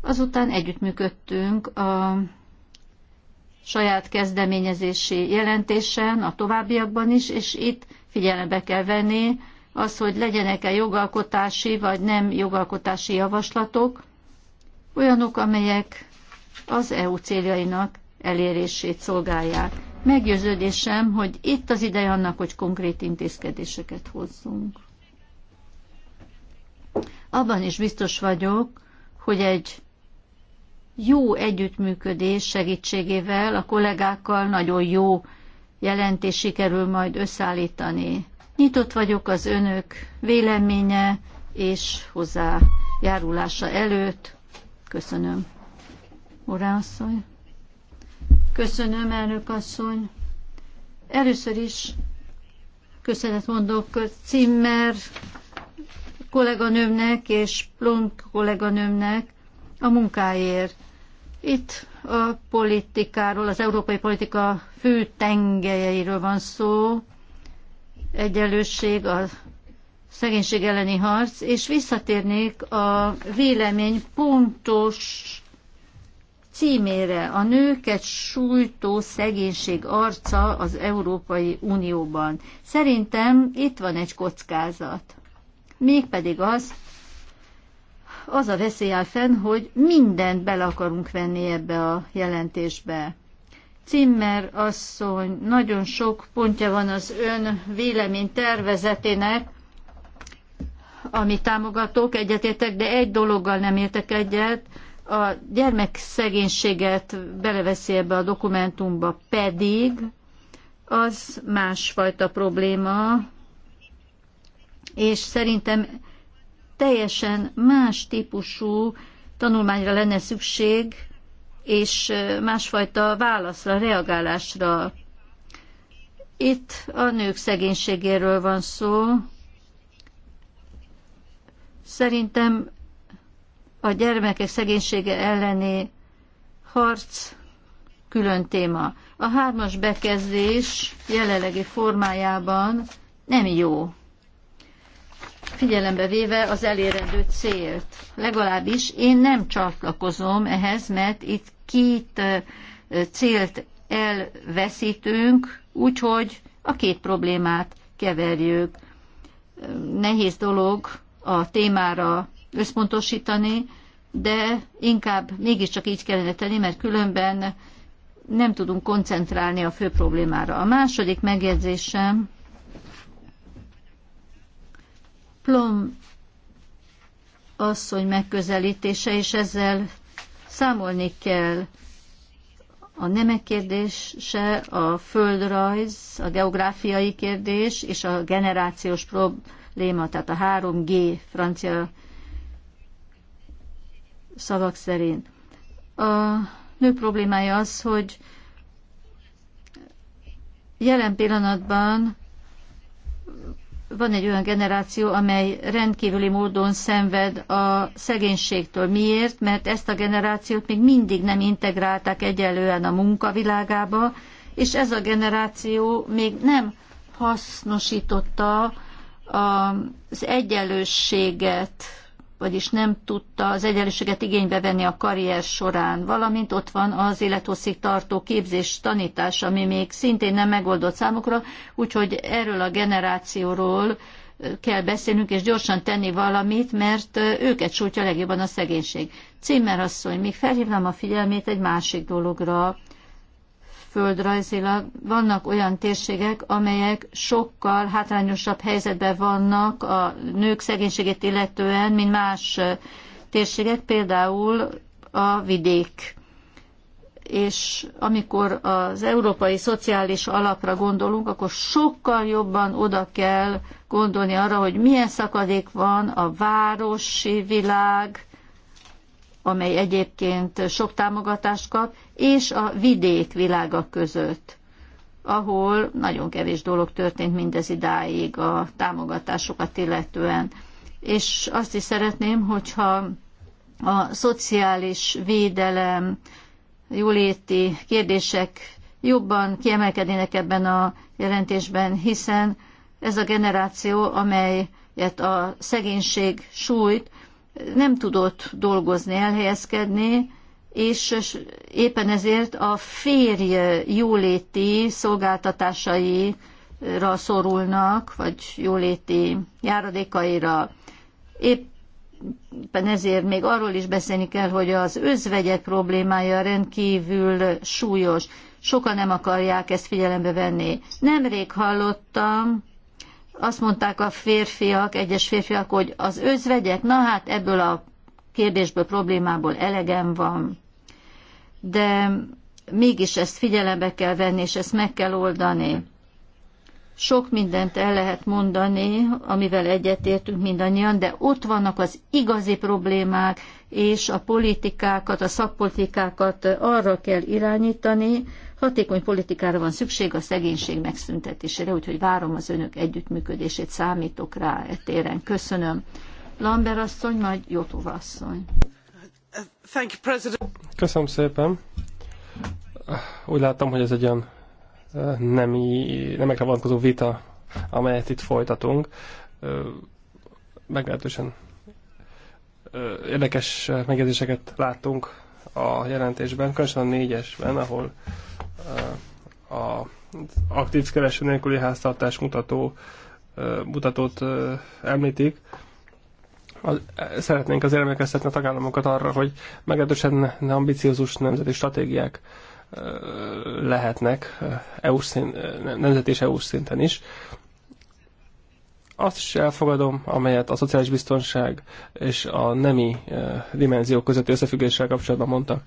Azután együttműködtünk a saját kezdeményezési jelentésen, a továbbiakban is, és itt figyelembe kell venni az, hogy legyenek-e jogalkotási vagy nem jogalkotási javaslatok, olyanok, amelyek az EU céljainak elérését szolgálják. Meggyőződésem, hogy itt az ideje annak, hogy konkrét intézkedéseket hozzunk. Abban is biztos vagyok, hogy egy jó együttműködés segítségével a kollégákkal nagyon jó jelentés sikerül majd összeállítani. Nyitott vagyok az önök véleménye és hozzájárulása előtt. Köszönöm. Urászony. Köszönöm, elnök asszony. Először is köszönet mondok Cimmer kolléganőmnek és plunk kolléganőmnek a munkáért. Itt a politikáról, az európai politika fő tengelyeiről van szó, egyenlőség, a szegénység elleni harc, és visszatérnék a vélemény pontos címére, a nőket sújtó szegénység arca az Európai Unióban. Szerintem itt van egy kockázat. Mégpedig az, az a veszély áll fenn, hogy mindent bele akarunk venni ebbe a jelentésbe. Cimmer asszony, nagyon sok pontja van az ön vélemény tervezetének, ami támogatók egyetértek, de egy dologgal nem értek egyet, a gyermekszegénységet beleveszi ebbe a dokumentumba, pedig az másfajta probléma, és szerintem teljesen más típusú tanulmányra lenne szükség és másfajta válaszra, reagálásra. Itt a nők szegénységéről van szó. Szerintem a gyermekek szegénysége elleni harc külön téma. A hármas bekezdés jelenlegi formájában nem jó. Figyelembe véve az elérendő célt. Legalábbis én nem csatlakozom ehhez, mert itt két célt elveszítünk, úgyhogy a két problémát keverjük. Nehéz dolog a témára összpontosítani, de inkább mégiscsak így kellene tenni, mert különben nem tudunk koncentrálni a fő problémára. A második megjegyzésem Plom asszony megközelítése, és ezzel számolni kell a nemek kérdése, a földrajz, a geográfiai kérdés és a generációs probléma, tehát a 3G francia szavak szerint. A nő problémája az, hogy jelen pillanatban van egy olyan generáció, amely rendkívüli módon szenved a szegénységtől. Miért? Mert ezt a generációt még mindig nem integrálták egyelően a munkavilágába, és ez a generáció még nem hasznosította az egyenlősséget vagyis nem tudta az egyenlőséget igénybe venni a karrier során, valamint ott van az élethosszig tartó képzés tanítás, ami még szintén nem megoldott számukra, úgyhogy erről a generációról kell beszélnünk, és gyorsan tenni valamit, mert őket sújtja legjobban a szegénység. Cimmer asszony, még felhívnám a figyelmét egy másik dologra, földrajzilag vannak olyan térségek, amelyek sokkal hátrányosabb helyzetben vannak a nők szegénységét illetően, mint más térségek, például a vidék. És amikor az európai szociális alapra gondolunk, akkor sokkal jobban oda kell gondolni arra, hogy milyen szakadék van a városi világ, amely egyébként sok támogatást kap, és a vidék világa között, ahol nagyon kevés dolog történt mindez idáig a támogatásokat illetően. És azt is szeretném, hogyha a szociális védelem, jóléti kérdések jobban kiemelkednének ebben a jelentésben, hiszen ez a generáció, amelyet a szegénység sújt, nem tudott dolgozni, elhelyezkedni, és éppen ezért a férj jóléti szolgáltatásaira szorulnak, vagy jóléti járadékaira. Éppen ezért még arról is beszélni kell, hogy az özvegyek problémája rendkívül súlyos. Sokan nem akarják ezt figyelembe venni. Nemrég hallottam azt mondták a férfiak, egyes férfiak, hogy az özvegyek, na hát ebből a kérdésből, problémából elegem van. De mégis ezt figyelembe kell venni, és ezt meg kell oldani. Sok mindent el lehet mondani, amivel egyetértünk mindannyian, de ott vannak az igazi problémák, és a politikákat, a szakpolitikákat arra kell irányítani, Hatékony politikára van szükség a szegénység megszüntetésére, úgyhogy várom az önök együttműködését, számítok rá e téren. Köszönöm. Lambert asszony, majd Jotova asszony. Köszönöm szépen. Úgy láttam, hogy ez egy olyan nemi, nemekre vonatkozó vita, amelyet itt folytatunk. Meglehetősen érdekes megjegyzéseket láttunk a jelentésben, különösen a négyesben, ahol a aktív kereső nélküli háztartás mutató, mutatót említik, szeretnénk az emlékeztetni a tagállamokat arra, hogy meglehetősen ambiciózus nemzeti stratégiák lehetnek EU szint, nemzeti és EU szinten is. Azt is elfogadom, amelyet a szociális biztonság és a nemi dimenzió közötti összefüggéssel kapcsolatban mondtak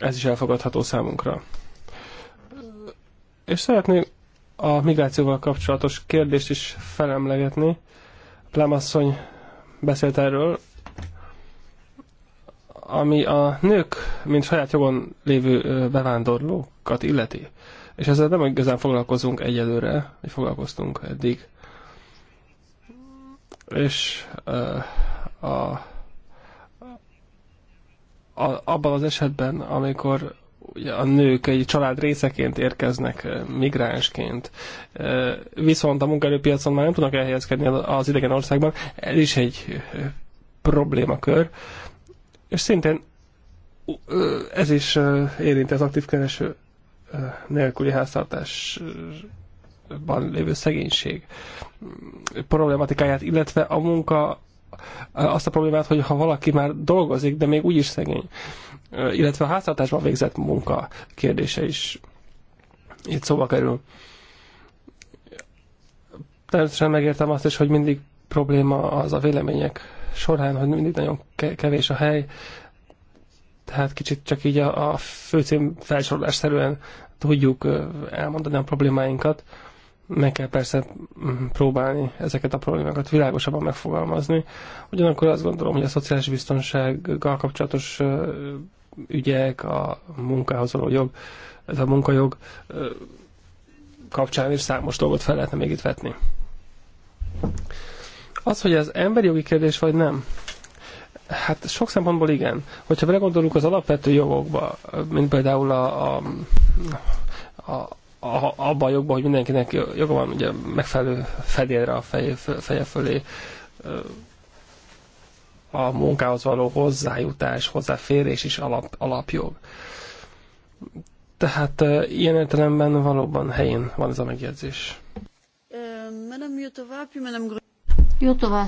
ez is elfogadható számunkra. És szeretném a migrációval kapcsolatos kérdést is felemlegetni. Plámasszony beszélt erről, ami a nők, mint saját jogon lévő bevándorlókat illeti. És ezzel nem igazán foglalkozunk egyelőre, hogy foglalkoztunk eddig. És uh, a a, abban az esetben, amikor a nők egy család részeként érkeznek migránsként, viszont a munkaerőpiacon már nem tudnak elhelyezkedni az idegen országban, ez is egy problémakör, és szintén ez is érinti az aktív kereső nélküli háztartásban lévő szegénység problématikáját, illetve a munka azt a problémát, hogy ha valaki már dolgozik, de még úgyis szegény, illetve a háztartásban végzett munka kérdése is itt szóba kerül. Természetesen megértem azt is, hogy mindig probléma az a vélemények során, hogy mindig nagyon kevés a hely, tehát kicsit csak így a, a főcím felsorolás szerűen tudjuk elmondani a problémáinkat. Meg kell persze mm, próbálni ezeket a problémákat világosabban megfogalmazni. Ugyanakkor azt gondolom, hogy a szociális biztonsággal kapcsolatos ügyek, a munkához való jog, ez a munkajog kapcsán is számos dolgot fel lehetne még itt vetni. Az, hogy ez emberi jogi kérdés vagy nem, hát sok szempontból igen. Hogyha belegondolunk az alapvető jogokba, mint például a, a, a a, abban a jogban, hogy mindenkinek joga van ugye megfelelő fedélre a fej feje fölé a munkához való hozzájutás, hozzáférés is alap, alapjog. Tehát ilyen értelemben valóban helyén van ez a megjegyzés. jó Jotova,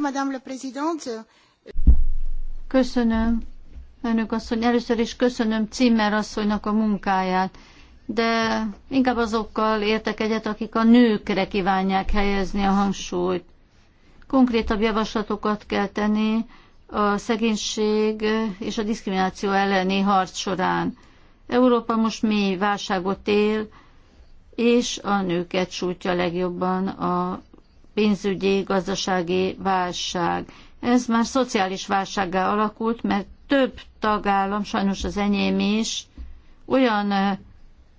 Madame Köszönöm, önök asszony. Először is köszönöm Cimmer asszonynak a munkáját de inkább azokkal értek egyet, akik a nőkre kívánják helyezni a hangsúlyt. Konkrétabb javaslatokat kell tenni a szegénység és a diszkrimináció elleni harc során. Európa most mély válságot él, és a nőket sújtja legjobban a pénzügyi, gazdasági válság. Ez már szociális válsággá alakult, mert több tagállam, sajnos az enyém is, olyan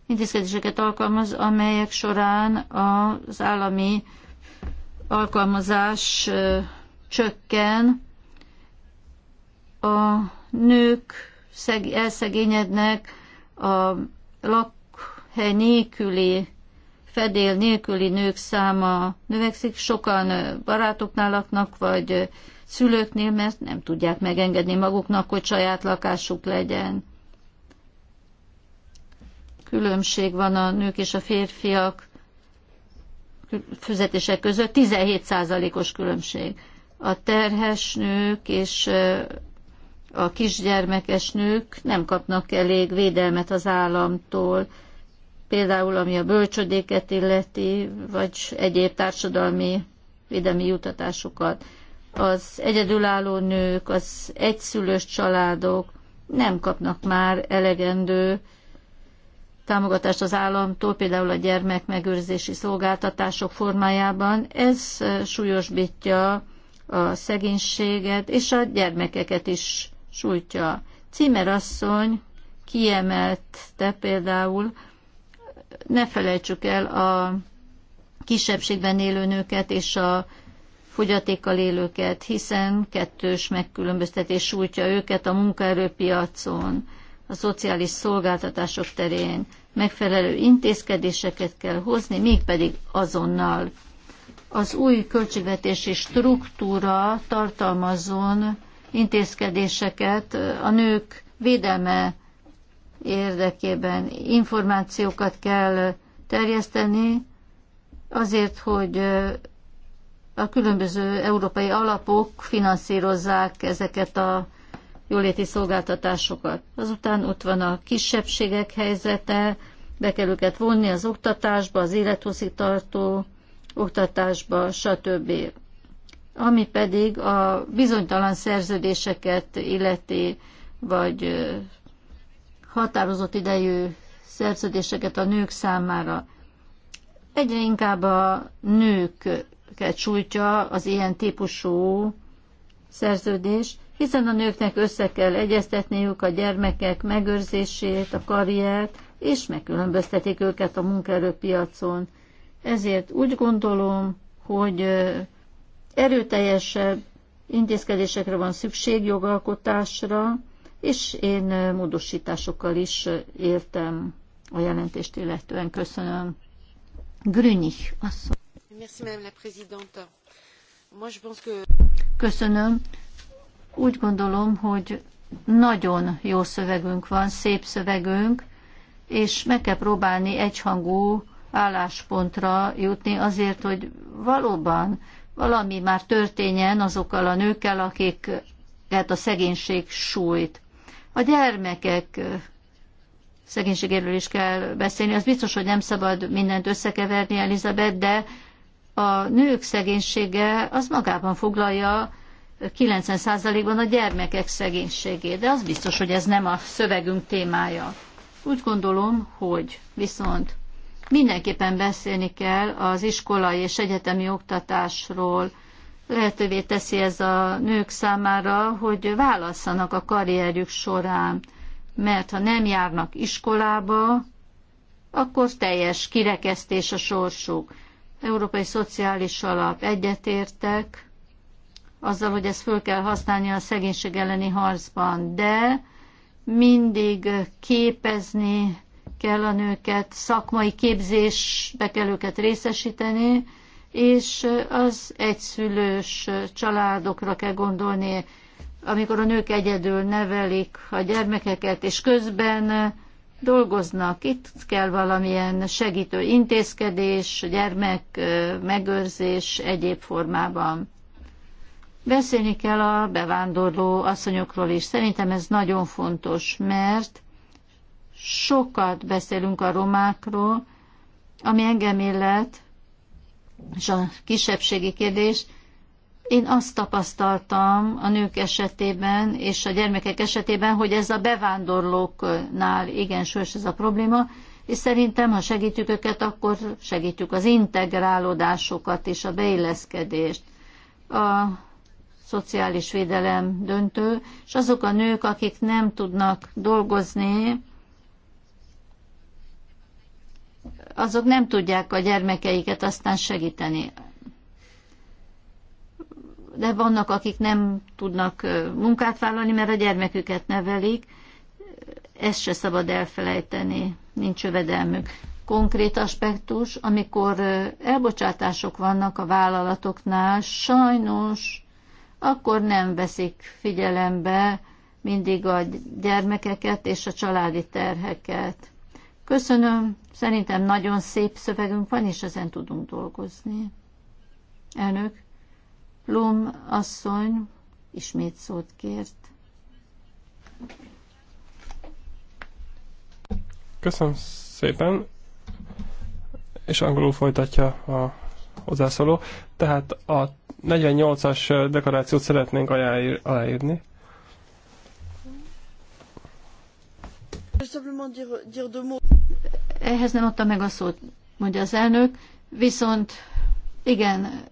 intézkedéseket alkalmaz, amelyek során az állami alkalmazás csökken, a nők elszegényednek, a lakhely nélküli, fedél nélküli nők száma növekszik, sokan barátoknál laknak, vagy szülőknél, mert nem tudják megengedni maguknak, hogy saját lakásuk legyen különbség van a nők és a férfiak fizetések között, 17%-os különbség. A terhes nők és a kisgyermekes nők nem kapnak elég védelmet az államtól, például ami a bölcsödéket illeti, vagy egyéb társadalmi védelmi jutatásokat. Az egyedülálló nők, az egyszülős családok nem kapnak már elegendő támogatást az államtól, például a gyermekmegőrzési szolgáltatások formájában. Ez súlyosbítja a szegénységet, és a gyermekeket is sújtja. Címer asszony kiemelte például, ne felejtsük el a kisebbségben élő nőket és a fogyatékkal élőket, hiszen kettős megkülönböztetés sújtja őket a munkaerőpiacon a szociális szolgáltatások terén megfelelő intézkedéseket kell hozni, mégpedig azonnal. Az új költségvetési struktúra tartalmazon intézkedéseket a nők védelme érdekében információkat kell terjeszteni, azért, hogy a különböző európai alapok finanszírozzák ezeket a jóléti szolgáltatásokat. Azután ott van a kisebbségek helyzete, be kell őket vonni az oktatásba, az élethosszígtartó oktatásba, stb. Ami pedig a bizonytalan szerződéseket illeti, vagy határozott idejű szerződéseket a nők számára. Egyre inkább a nőket sújtja az ilyen típusú szerződés, hiszen a nőknek össze kell egyeztetniük a gyermekek megőrzését, a karriert, és megkülönböztetik őket a munkaerőpiacon. Ezért úgy gondolom, hogy erőteljesebb intézkedésekre van szükség jogalkotásra, és én módosításokkal is értem a jelentést illetően. Köszönöm. Grünich asszony. Köszönöm. Úgy gondolom, hogy nagyon jó szövegünk van, szép szövegünk, és meg kell próbálni egyhangú álláspontra jutni azért, hogy valóban valami már történjen azokkal a nőkkel, akiket a szegénység sújt. A gyermekek szegénységéről is kell beszélni. Az biztos, hogy nem szabad mindent összekeverni, Elizabeth, de a nők szegénysége az magában foglalja 90%-ban a gyermekek szegénységét, de az biztos, hogy ez nem a szövegünk témája. Úgy gondolom, hogy viszont mindenképpen beszélni kell az iskolai és egyetemi oktatásról. Lehetővé teszi ez a nők számára, hogy válasszanak a karrierjük során, mert ha nem járnak iskolába, akkor teljes kirekesztés a sorsuk. Európai Szociális Alap egyetértek, azzal, hogy ezt föl kell használni a szegénység elleni harcban, de mindig képezni kell a nőket, szakmai képzésbe kell őket részesíteni, és az egyszülős családokra kell gondolni, amikor a nők egyedül nevelik a gyermekeket, és közben dolgoznak. Itt kell valamilyen segítő intézkedés, gyermek megőrzés egyéb formában. Beszélni kell a bevándorló asszonyokról is. Szerintem ez nagyon fontos, mert sokat beszélünk a romákról, ami engem illet, és a kisebbségi kérdés, én azt tapasztaltam a nők esetében és a gyermekek esetében, hogy ez a bevándorlóknál igen sős ez a probléma, és szerintem, ha segítjük őket, akkor segítjük az integrálódásokat és a beilleszkedést. A szociális védelem döntő, és azok a nők, akik nem tudnak dolgozni, azok nem tudják a gyermekeiket aztán segíteni. De vannak, akik nem tudnak munkát vállalni, mert a gyermeküket nevelik, ezt se szabad elfelejteni, nincs jövedelmük. Konkrét aspektus, amikor elbocsátások vannak a vállalatoknál, sajnos akkor nem veszik figyelembe mindig a gyermekeket és a családi terheket. Köszönöm, szerintem nagyon szép szövegünk van, és ezen tudunk dolgozni. Elnök, Plum asszony ismét szót kért. Köszönöm szépen, és angolul folytatja a hozzászóló. Tehát a 48-as deklarációt szeretnénk aláír, aláírni. Ehhez nem adta meg a szót, mondja az elnök, viszont igen,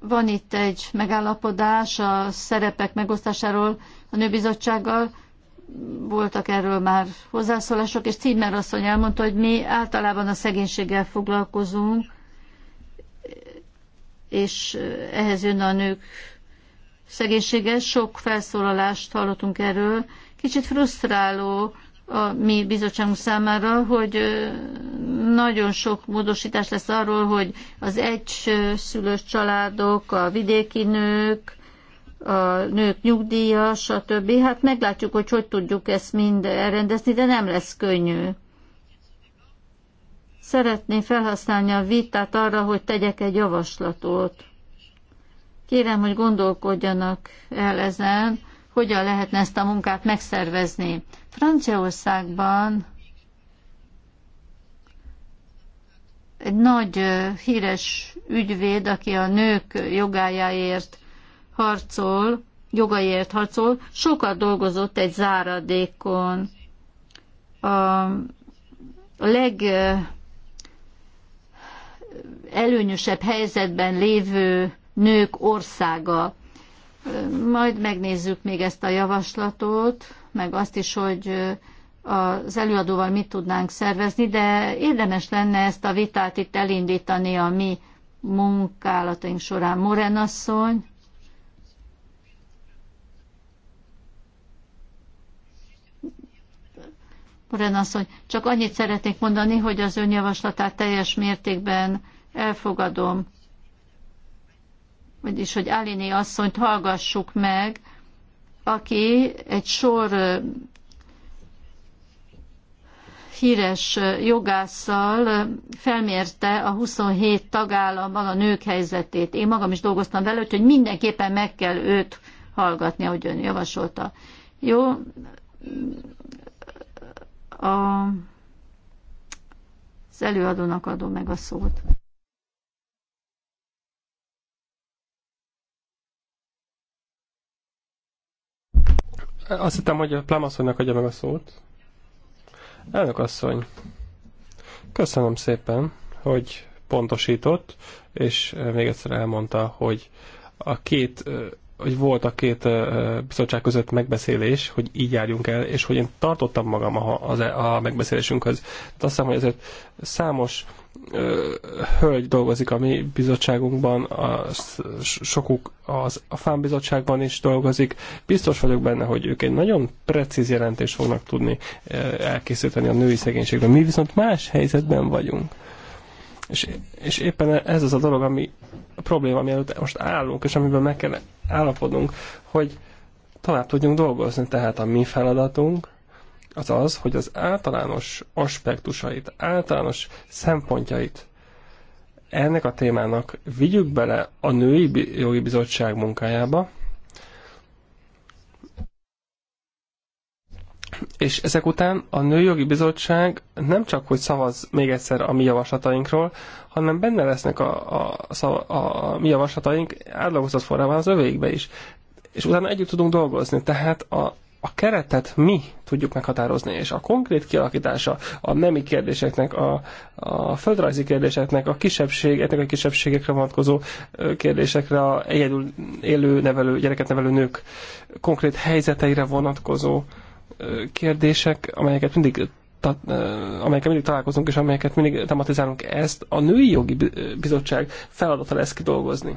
van itt egy megállapodás a szerepek megosztásáról a nőbizottsággal, voltak erről már hozzászólások, és Címer asszony elmondta, hogy mi általában a szegénységgel foglalkozunk, és ehhez jön a nők szegénysége. Sok felszólalást hallottunk erről. Kicsit frusztráló a mi bizottságunk számára, hogy nagyon sok módosítás lesz arról, hogy az egyszülős családok, a vidéki nők, a nők nyugdíja, stb. Hát meglátjuk, hogy hogy tudjuk ezt mind elrendezni, de nem lesz könnyű. Szeretném felhasználni a vitát arra, hogy tegyek egy javaslatot. Kérem, hogy gondolkodjanak el ezen, hogyan lehetne ezt a munkát megszervezni. Franciaországban egy nagy híres ügyvéd, aki a nők jogájáért harcol, jogaiért harcol, sokat dolgozott egy záradékon. A leg előnyösebb helyzetben lévő nők országa. Majd megnézzük még ezt a javaslatot, meg azt is, hogy az előadóval mit tudnánk szervezni, de érdemes lenne ezt a vitát itt elindítani a mi munkálataink során. Morenasszony, Buren asszony, csak annyit szeretnék mondani, hogy az ön javaslatát teljes mértékben elfogadom. Vagyis, hogy Aliné asszonyt hallgassuk meg, aki egy sor híres jogásszal felmérte a 27 tagállamban a nők helyzetét. Én magam is dolgoztam vele, hogy mindenképpen meg kell őt hallgatni, ahogy ön javasolta. Jó, a, az előadónak adom meg a szót. Azt hittem, hogy a Plamasszonynak adja meg a szót. Elnök asszony, köszönöm szépen, hogy pontosított, és még egyszer elmondta, hogy a két hogy volt a két bizottság között megbeszélés, hogy így járjunk el, és hogy én tartottam magam a, a, e, a megbeszélésünkhöz. Tehát azt hiszem, hogy ezért számos ö, hölgy dolgozik a mi bizottságunkban, a, sokuk az, a FAM bizottságban is dolgozik. Biztos vagyok benne, hogy ők egy nagyon precíz jelentést fognak tudni ö, elkészíteni a női szegénységről. Mi viszont más helyzetben vagyunk. És, és éppen ez az a dolog, ami a probléma, mielőtt most állunk, és amiben meg kell állapodnunk, hogy tovább tudjunk dolgozni. Tehát a mi feladatunk az az, hogy az általános aspektusait, általános szempontjait ennek a témának vigyük bele a Női Jogi Bizottság munkájába, és ezek után a Nőjogi Bizottság nem csak, hogy szavaz még egyszer a mi javaslatainkról, hanem benne lesznek a, a, a, a, a mi javaslataink átlagozott formában az övékbe is. És utána együtt tudunk dolgozni. Tehát a, a keretet mi tudjuk meghatározni, és a konkrét kialakítása a nemi kérdéseknek, a, a földrajzi kérdéseknek, a kisebbség, a kisebbségekre vonatkozó kérdésekre, a egyedül élő nevelő, gyereket nevelő nők konkrét helyzeteire vonatkozó kérdések, amelyeket mindig amelyeket amelyekkel mindig találkozunk, és amelyeket mindig tematizálunk, ezt a Női Jogi Bizottság feladata lesz kidolgozni.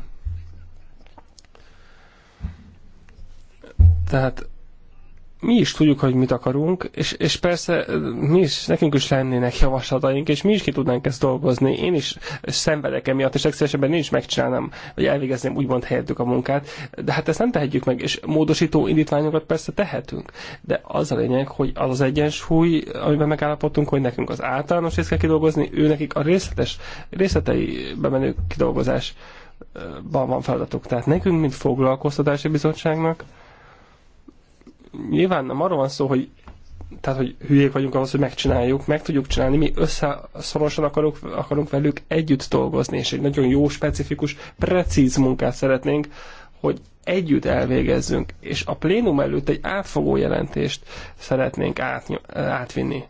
Tehát mi is tudjuk, hogy mit akarunk, és, és persze eh, mi is, nekünk is lennének javaslataink, és mi is ki tudnánk ezt dolgozni. Én is szenvedek emiatt, és legszívesebben nincs megcsinálnám, vagy elvégezném úgymond helyettük a munkát, de hát ezt nem tehetjük meg, és módosító indítványokat persze tehetünk. De az a lényeg, hogy az az egyensúly, amiben megállapodtunk, hogy nekünk az általános részt kell kidolgozni, ő nekik a részletes, részletei bemenő kidolgozásban van feladatuk. Tehát nekünk, mint foglalkoztatási bizottságnak, nyilván nem arról van szó, hogy tehát, hogy hülyék vagyunk ahhoz, hogy megcsináljuk, meg tudjuk csinálni, mi összeszorosan akarunk, akarunk velük együtt dolgozni, és egy nagyon jó, specifikus, precíz munkát szeretnénk, hogy együtt elvégezzünk, és a plénum előtt egy átfogó jelentést szeretnénk átny- átvinni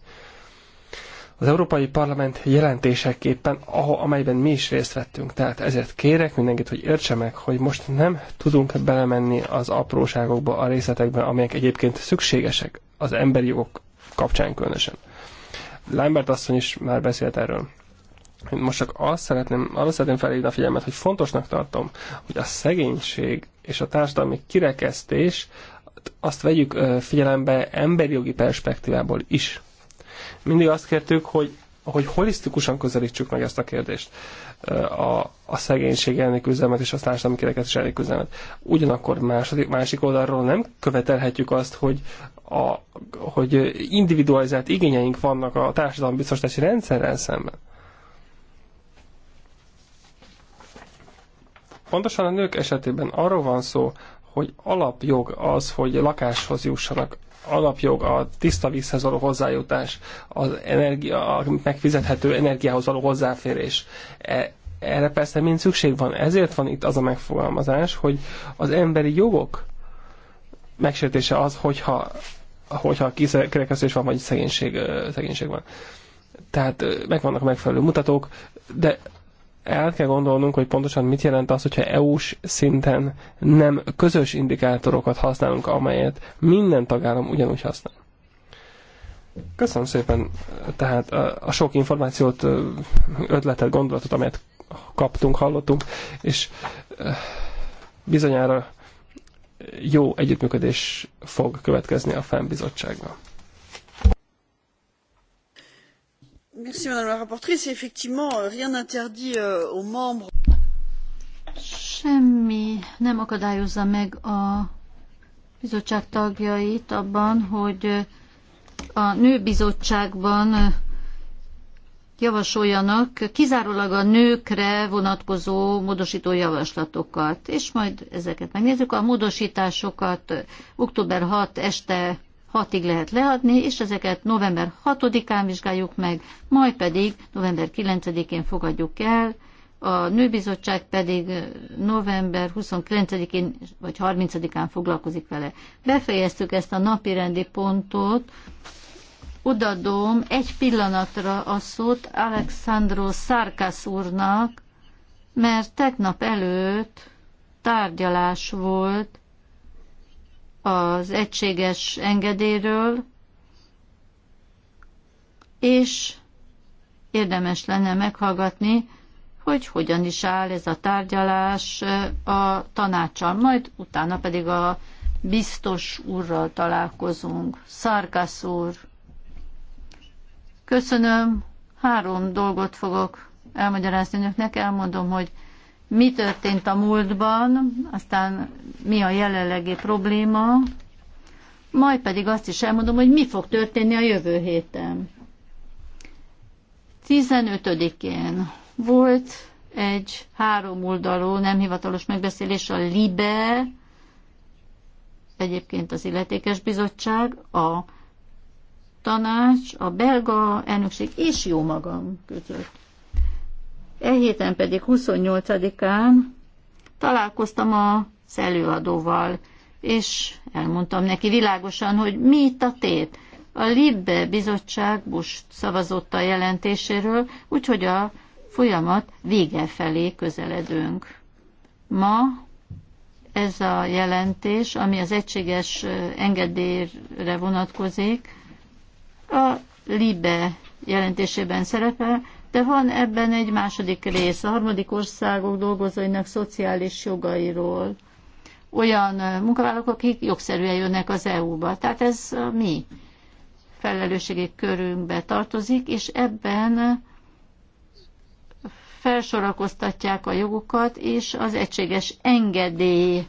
az Európai Parlament jelentéseképpen, amelyben mi is részt vettünk. Tehát ezért kérek mindenkit, hogy értse meg, hogy most nem tudunk belemenni az apróságokba, a részletekbe, amelyek egyébként szükségesek az emberi jogok kapcsán különösen. Lambert asszony is már beszélt erről. Most csak azt szeretném, arra szeretném felhívni a figyelmet, hogy fontosnak tartom, hogy a szegénység és a társadalmi kirekesztés azt vegyük figyelembe emberi jogi perspektívából is mindig azt kértük, hogy, hogy holisztikusan közelítsük meg ezt a kérdést. A, a szegénység elleni küzdelmet és a társadalmi kirekesztés elleni küzdelmet. Ugyanakkor második, másik oldalról nem követelhetjük azt, hogy, a, hogy individualizált igényeink vannak a társadalmi biztosítási rendszerrel szemben. Pontosan a nők esetében arról van szó, hogy alapjog az, hogy lakáshoz jussanak alapjog, a tiszta vízhez való hozzájutás, az energia, a megfizethető energiához való hozzáférés. E, erre persze mind szükség van. Ezért van itt az a megfogalmazás, hogy az emberi jogok megsértése az, hogyha, hogyha kirekesztés van, vagy szegénység, szegénység van. Tehát megvannak megfelelő mutatók, de el kell gondolnunk, hogy pontosan mit jelent az, hogyha EU-s szinten nem közös indikátorokat használunk, amelyet minden tagállam ugyanúgy használ. Köszönöm szépen tehát a, a sok információt, ötletet, gondolatot, amelyet kaptunk, hallottunk, és bizonyára jó együttműködés fog következni a fennbizottságban. Madame la rapporteure. Effectivement, euh, rien n'interdit euh, aux membres. Semmi nem akadályozza meg a bizottság tagjait abban, hogy a nőbizottságban javasoljanak kizárólag a nőkre vonatkozó módosító javaslatokat, és majd ezeket megnézzük. A módosításokat október 6 este 6-ig lehet leadni, és ezeket november 6-án vizsgáljuk meg, majd pedig november 9-én fogadjuk el, a nőbizottság pedig november 29-én vagy 30-án foglalkozik vele. Befejeztük ezt a napirendi pontot, odadom egy pillanatra a szót Alexandro Szárkász úrnak, mert tegnap előtt tárgyalás volt az egységes engedélyről, és érdemes lenne meghallgatni, hogy hogyan is áll ez a tárgyalás a tanácsal, majd utána pedig a biztos úrral találkozunk. Szarkasz úr, köszönöm, három dolgot fogok elmagyarázni önöknek, elmondom, hogy mi történt a múltban, aztán mi a jelenlegi probléma, majd pedig azt is elmondom, hogy mi fog történni a jövő héten. 15-én volt egy három oldalú nem hivatalos megbeszélés a LIBE, egyébként az illetékes bizottság, a tanács, a belga elnökség és jó magam között. E héten pedig 28-án találkoztam az előadóval, és elmondtam neki világosan, hogy mi itt a tét. A Libbe bizottság most szavazott a jelentéséről, úgyhogy a folyamat vége felé közeledünk. Ma ez a jelentés, ami az egységes engedélyre vonatkozik, a LIBE jelentésében szerepel, de van ebben egy második rész, a harmadik országok dolgozóinak szociális jogairól, olyan munkavállalók, akik jogszerűen jönnek az EU-ba. Tehát ez mi felelősségi körünkbe tartozik, és ebben felsorakoztatják a jogokat, és az egységes engedéllyel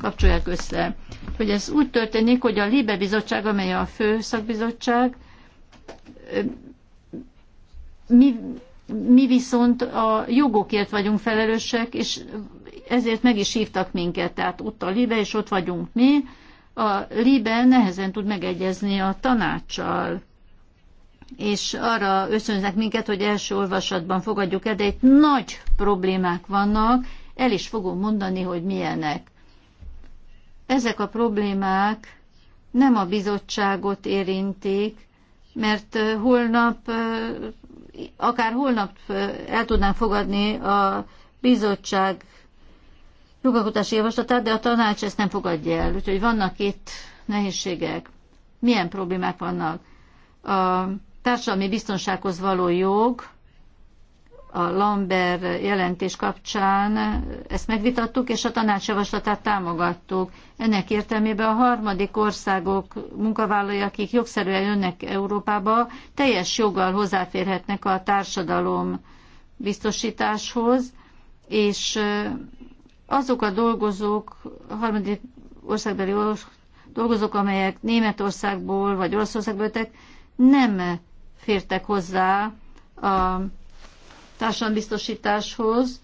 kapcsolják össze. Hogy ez úgy történik, hogy a LIBE bizottság, amely a fő szakbizottság, mi, mi viszont a jogokért vagyunk felelősek, és ezért meg is hívtak minket, tehát ott a Libe, és ott vagyunk mi. A Libe nehezen tud megegyezni a tanácssal, és arra összönznek minket, hogy első olvasatban fogadjuk el, de itt nagy problémák vannak, el is fogom mondani, hogy milyenek. Ezek a problémák nem a bizottságot érintik, mert holnap akár holnap el tudnánk fogadni a bizottság jogalkotási javaslatát, de a tanács ezt nem fogadja el. Úgyhogy vannak itt nehézségek. Milyen problémák vannak? A társadalmi biztonsághoz való jog, a Lambert jelentés kapcsán ezt megvitattuk, és a tanácsjavaslatát támogattuk. Ennek értelmében a harmadik országok munkavállalói, akik jogszerűen jönnek Európába, teljes joggal hozzáférhetnek a társadalom biztosításhoz, és azok a dolgozók, a harmadik országbeli dolgozók, amelyek Németországból vagy Olaszországból jöttek, nem fértek hozzá a társadalombiztosításhoz.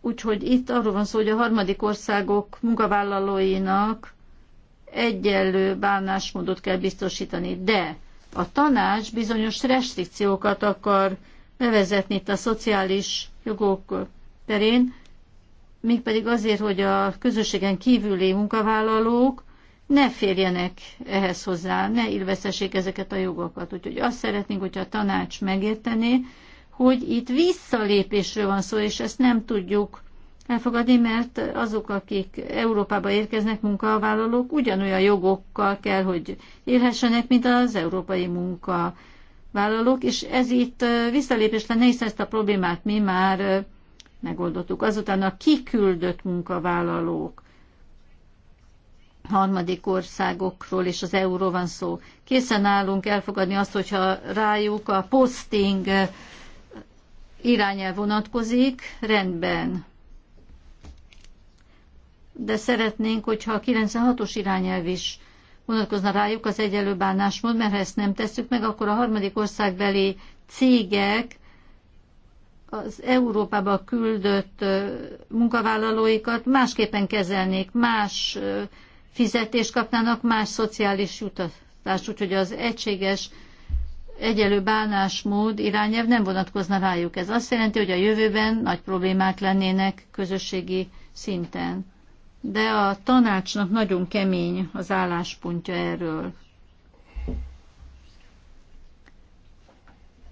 Úgyhogy itt arról van szó, hogy a harmadik országok munkavállalóinak egyenlő bánásmódot kell biztosítani. De a tanács bizonyos restrikciókat akar bevezetni itt a szociális jogok terén, mégpedig azért, hogy a közösségen kívüli munkavállalók ne férjenek ehhez hozzá, ne ilveszessék ezeket a jogokat. Úgyhogy azt szeretnénk, hogyha a tanács megértené, hogy itt visszalépésről van szó, és ezt nem tudjuk elfogadni, mert azok, akik Európába érkeznek, munkavállalók, ugyanolyan jogokkal kell, hogy élhessenek, mint az európai munkavállalók, és ez itt visszalépés lenne, hiszen ezt a problémát mi már megoldottuk. Azután a kiküldött munkavállalók harmadik országokról és az euró van szó. Készen állunk elfogadni azt, hogyha rájuk a posting irányel vonatkozik, rendben. De szeretnénk, hogyha a 96-os irányelv is vonatkozna rájuk az egyelő bánásmód, mert ha ezt nem tesszük meg, akkor a harmadik országbeli cégek az Európába küldött munkavállalóikat másképpen kezelnék, más fizetést kapnának más szociális jutatást, úgyhogy az egységes egyelő bánásmód irányelv nem vonatkozna rájuk. Ez azt jelenti, hogy a jövőben nagy problémák lennének közösségi szinten. De a tanácsnak nagyon kemény az álláspontja erről.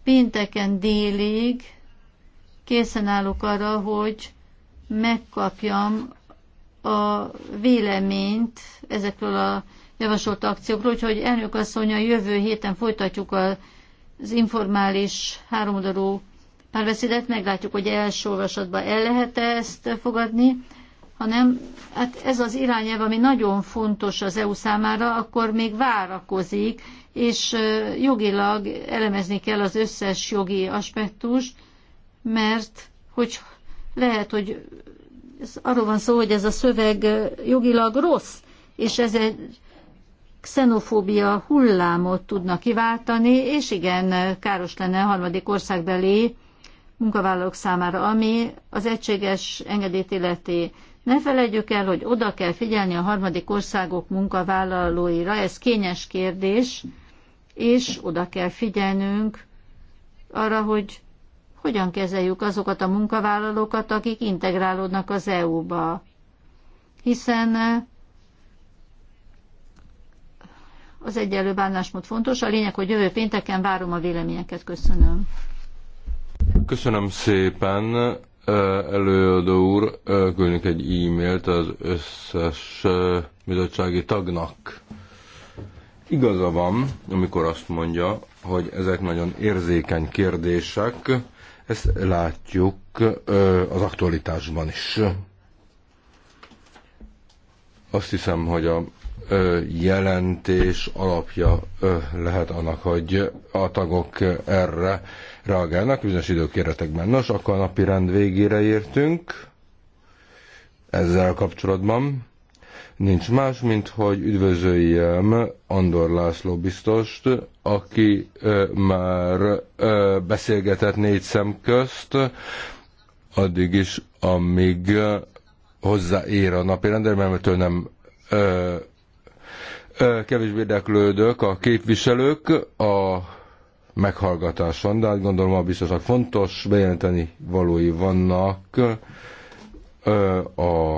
Pénteken délig készen állok arra, hogy megkapjam a véleményt ezekről a javasolt akciókról, úgyhogy elnök asszony, a jövő héten folytatjuk az informális háromoldalú párbeszédet, meglátjuk, hogy első olvasatban el lehet -e ezt fogadni, hanem hát ez az irányelv, ami nagyon fontos az EU számára, akkor még várakozik, és jogilag elemezni kell az összes jogi aspektust, mert hogy lehet, hogy ez arról van szó, hogy ez a szöveg jogilag rossz, és ez egy xenofóbia hullámot tudna kiváltani, és igen, káros lenne a harmadik országbeli munkavállalók számára, ami az egységes engedélyt illeti. Ne felejtjük el, hogy oda kell figyelni a harmadik országok munkavállalóira, ez kényes kérdés, és oda kell figyelnünk arra, hogy hogyan kezeljük azokat a munkavállalókat, akik integrálódnak az EU-ba. Hiszen eh, az egyenlő bánásmód fontos. A lényeg, hogy jövő pénteken várom a véleményeket. Köszönöm. Köszönöm szépen. Eh, előadó úr, eh, küldünk egy e-mailt az összes bizottsági tagnak. Igaza van, amikor azt mondja, hogy ezek nagyon érzékeny kérdések, ezt látjuk az aktualitásban is. Azt hiszem, hogy a jelentés alapja lehet annak, hogy a tagok erre reagálnak bizonyos időkéretekben. Nos, akkor a napi rend végére értünk ezzel kapcsolatban. Nincs más, mint hogy üdvözöljem Andor László biztost, aki már beszélgetett négy szem közt, addig is, amíg hozzáér a napi rendelme, mert ő nem ö, ö, kevésbé érdeklődök a képviselők a meghallgatáson, de hát gondolom biztos, biztosak fontos bejelenteni valói vannak ö, a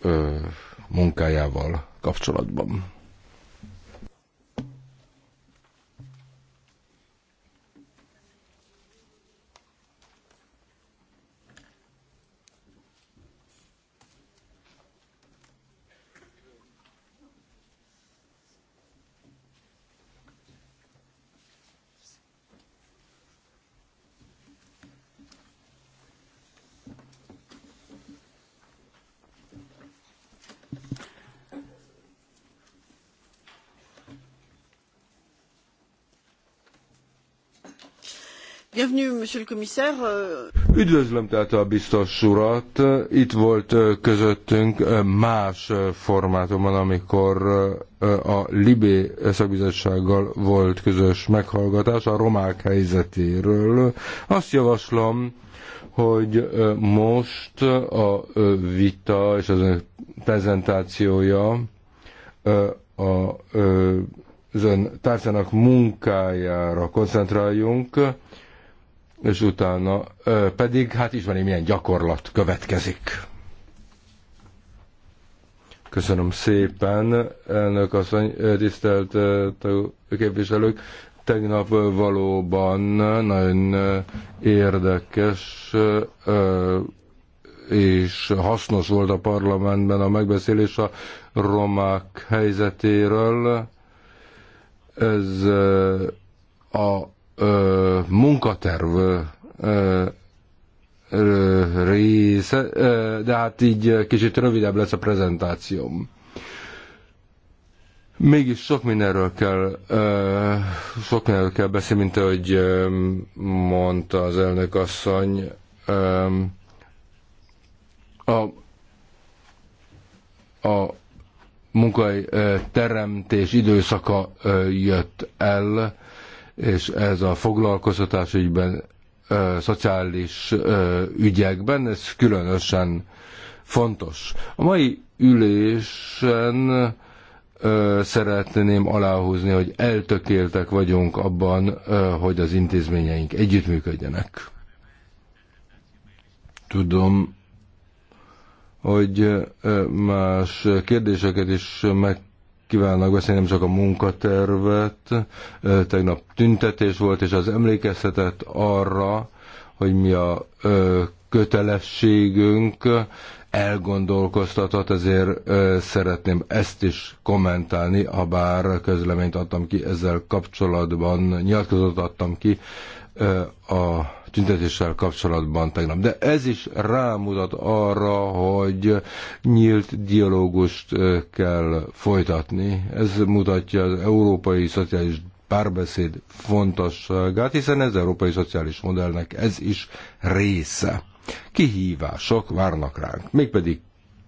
ö, munkájával kapcsolatban. Üdvözlöm tehát a biztos urat. Itt volt közöttünk más formátumban, amikor a Libé szakbizottsággal volt közös meghallgatás a romák helyzetéről. Azt javaslom, hogy most a vita és az ön prezentációja a az ön tárcának munkájára koncentráljunk és utána pedig, hát ismeri, milyen gyakorlat következik. Köszönöm szépen, elnök asszony, tisztelt képviselők. Tegnap valóban nagyon érdekes és hasznos volt a parlamentben a megbeszélés a romák helyzetéről. Ez a ö, munkaterv ö, ö, része, ö, de hát így kicsit rövidebb lesz a prezentációm. Mégis sok mindenről kell, ö, sok mindenről kell beszélni, mint ahogy ö, mondta az elnök asszony. Ö, a, a munkai teremtés időszaka jött el, és ez a foglalkoztatás ügyben, ö, szociális ö, ügyekben, ez különösen fontos. A mai ülésen ö, szeretném aláhúzni, hogy eltökéltek vagyunk abban, ö, hogy az intézményeink együttműködjenek. Tudom, hogy más kérdéseket is meg kívánnak beszélni, nem csak a munkatervet. Tegnap tüntetés volt, és az emlékeztetett arra, hogy mi a kötelességünk elgondolkoztatott, ezért szeretném ezt is kommentálni, ha bár közleményt adtam ki ezzel kapcsolatban, nyilatkozatot adtam ki a tüntetéssel kapcsolatban tegnap. De ez is rámutat arra, hogy nyílt dialógust kell folytatni. Ez mutatja az európai szociális párbeszéd fontosságát, hiszen ez európai szociális modellnek ez is része. Kihívások várnak ránk, mégpedig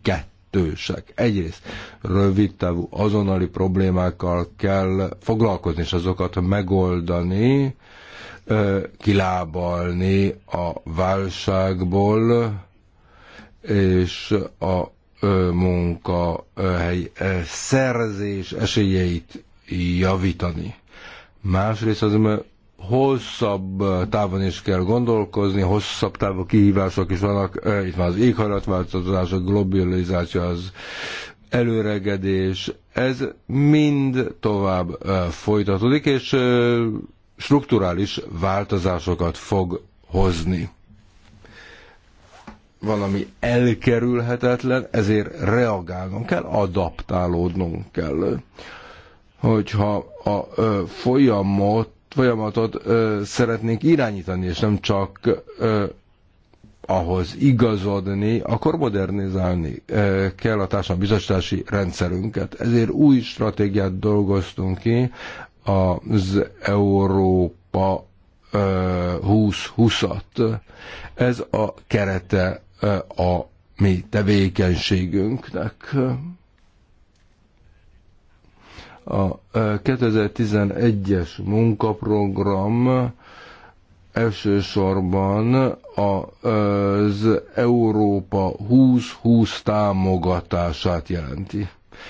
kettő kettősek. Egyrészt rövid távú azonnali problémákkal kell foglalkozni és azokat megoldani, kilábalni a válságból, és a munkahely szerzés esélyeit javítani. Másrészt az hosszabb távon is kell gondolkozni, hosszabb távú kihívások is vannak, itt van az éghajlatváltozás, a globalizáció, az előregedés, ez mind tovább folytatódik, és strukturális változásokat fog hozni. Valami elkerülhetetlen, ezért reagálnunk kell, adaptálódnunk kell. Hogyha a folyamot, folyamatot szeretnénk irányítani, és nem csak ahhoz igazodni, akkor modernizálni kell a társadalmi biztosítási rendszerünket. Ezért új stratégiát dolgoztunk ki, az Európa 20-20-at. Ez a kerete a mi tevékenységünknek. A 2011-es munkaprogram elsősorban az Európa 2020 támogatását jelenti.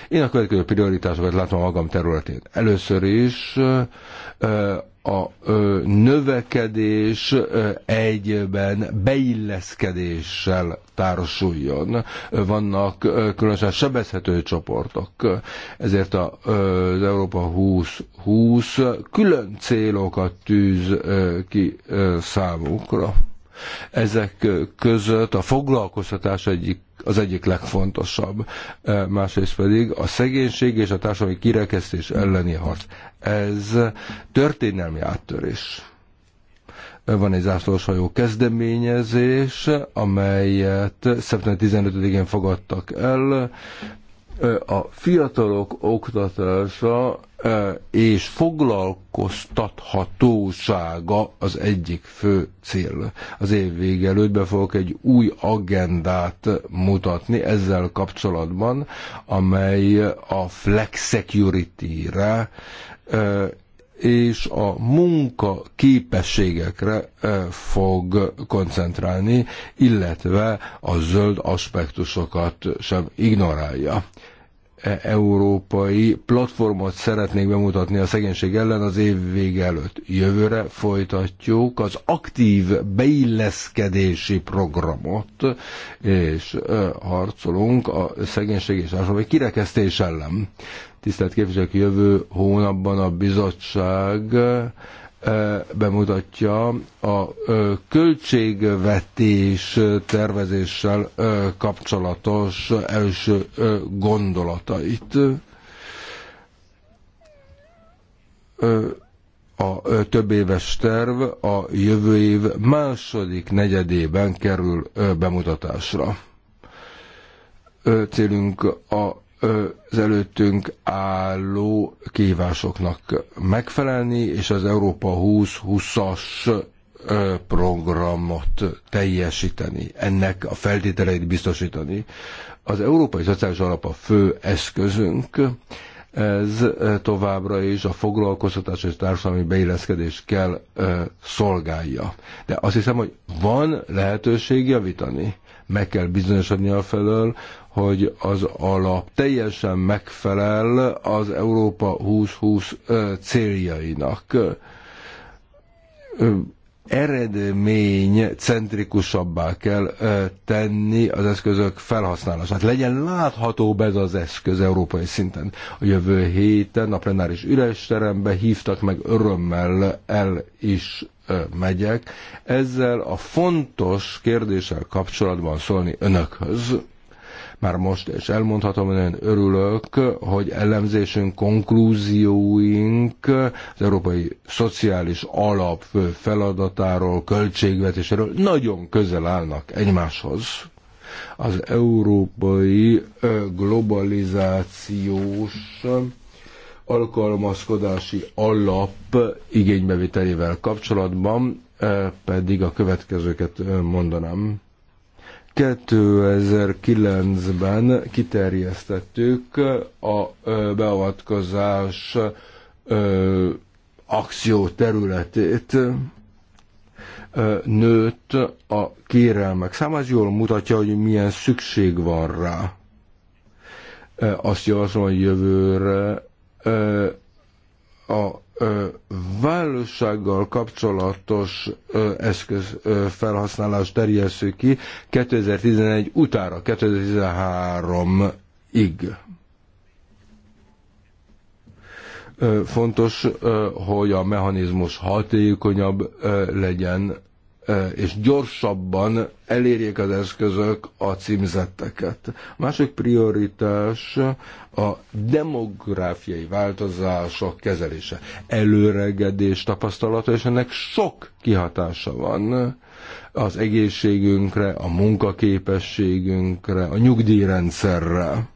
Én a következő prioritásokat látom magam területén. Először is a növekedés egyben beilleszkedéssel társuljon. Vannak különösen sebezhető csoportok, ezért az Európa 20 20 külön célokat tűz ki számukra. Ezek között a foglalkoztatás egyik, az egyik legfontosabb, másrészt pedig a szegénység és a társadalmi kirekesztés elleni harc. Ez történelmi áttörés van egy zászlóshajó kezdeményezés, amelyet szeptember 15-én fogadtak el a fiatalok oktatása és foglalkoztathatósága az egyik fő cél. Az év vége előtt be fogok egy új agendát mutatni ezzel kapcsolatban, amely a flex security-re és a munka képességekre eh, fog koncentrálni, illetve a zöld aspektusokat sem ignorálja európai platformot szeretnék bemutatni a szegénység ellen az év vége előtt. Jövőre folytatjuk az aktív beilleszkedési programot, és harcolunk a szegénység és társadalmi kirekesztés ellen. Tisztelt képviselők, jövő hónapban a bizottság bemutatja a költségvetés tervezéssel kapcsolatos első gondolatait. A több éves terv a jövő év második negyedében kerül bemutatásra. Célunk a az előttünk álló kihívásoknak megfelelni, és az Európa 2020-as programot teljesíteni, ennek a feltételeit biztosítani. Az Európai Szociális Alap a fő eszközünk, ez továbbra is a foglalkoztatás és társadalmi beilleszkedés kell szolgálja. De azt hiszem, hogy van lehetőség javítani. Meg kell bizonyosodni a felől, hogy az alap teljesen megfelel az Európa 2020 céljainak. Eredmény centrikusabbá kell tenni az eszközök felhasználását. Legyen látható ez az eszköz európai szinten. A jövő héten a plenáris üres terembe hívtak meg örömmel el is megyek. Ezzel a fontos kérdéssel kapcsolatban szólni önökhöz már most, és elmondhatom, hogy én örülök, hogy elemzésünk, konklúzióink az Európai Szociális Alap feladatáról, költségvetéséről nagyon közel állnak egymáshoz. Az európai globalizációs alkalmazkodási alap igénybevételével kapcsolatban pedig a következőket mondanám 2009-ben kiterjesztettük a beavatkozás akció területét nőtt a kérelmek száma, ez jól mutatja, hogy milyen szükség van rá. Azt javaslom, hogy jövőre a válossággal kapcsolatos eszköz felhasználás terjesszük ki 2011 utára, 2013-ig. Fontos, hogy a mechanizmus hatékonyabb legyen, és gyorsabban elérjék az eszközök a címzetteket. A másik prioritás a demográfiai változások kezelése. Előregedés tapasztalata, és ennek sok kihatása van az egészségünkre, a munkaképességünkre, a nyugdíjrendszerre.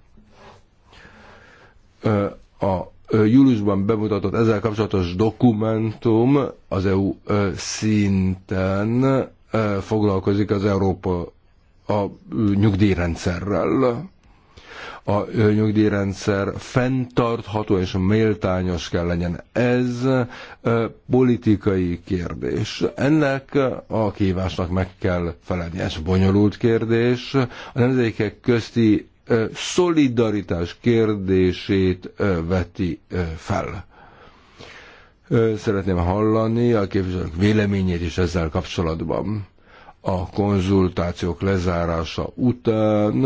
A júliusban bemutatott ezzel kapcsolatos dokumentum az EU szinten foglalkozik az Európa a nyugdíjrendszerrel. A nyugdíjrendszer fenntartható és méltányos kell legyen. Ez politikai kérdés. Ennek a kívásnak meg kell felelni. Ez bonyolult kérdés. A nemzékek közti szolidaritás kérdését veti fel. Szeretném hallani a képviselők véleményét is ezzel kapcsolatban. A konzultációk lezárása után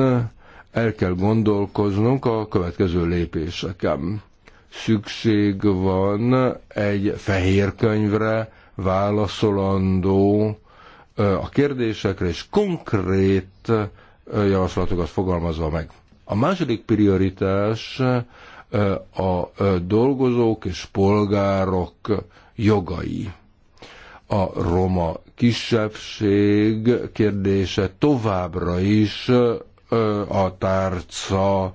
el kell gondolkoznunk a következő lépéseken. Szükség van egy fehér könyvre válaszolandó a kérdésekre, és konkrét javaslatokat fogalmazva meg. A második prioritás a dolgozók és polgárok jogai. A roma kisebbség kérdése továbbra is a tárca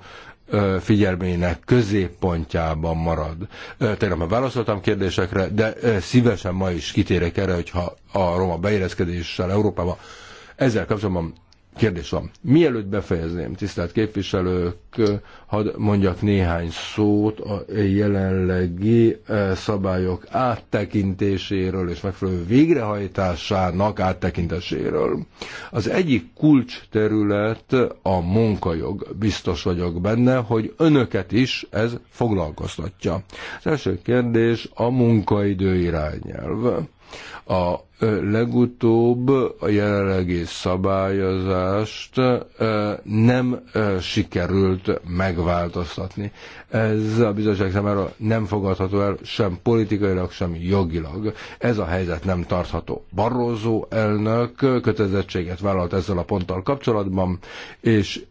figyelmének középpontjában marad. Tegnap már válaszoltam kérdésekre, de szívesen ma is kitérek erre, hogyha a roma beérezkedéssel Európába ezzel kapcsolatban Kérdés van. Mielőtt befejezném, tisztelt képviselők, hadd mondjak néhány szót a jelenlegi szabályok áttekintéséről és megfelelő végrehajtásának áttekintéséről. Az egyik kulcsterület a munkajog. Biztos vagyok benne, hogy önöket is ez foglalkoztatja. Az első kérdés a munkaidő irányelv. A legutóbb a jelenlegi szabályozást nem sikerült megváltoztatni. Ez a bizottság számára nem fogadható el sem politikailag, sem jogilag. Ez a helyzet nem tartható. Barroso elnök kötelezettséget vállalt ezzel a ponttal kapcsolatban, és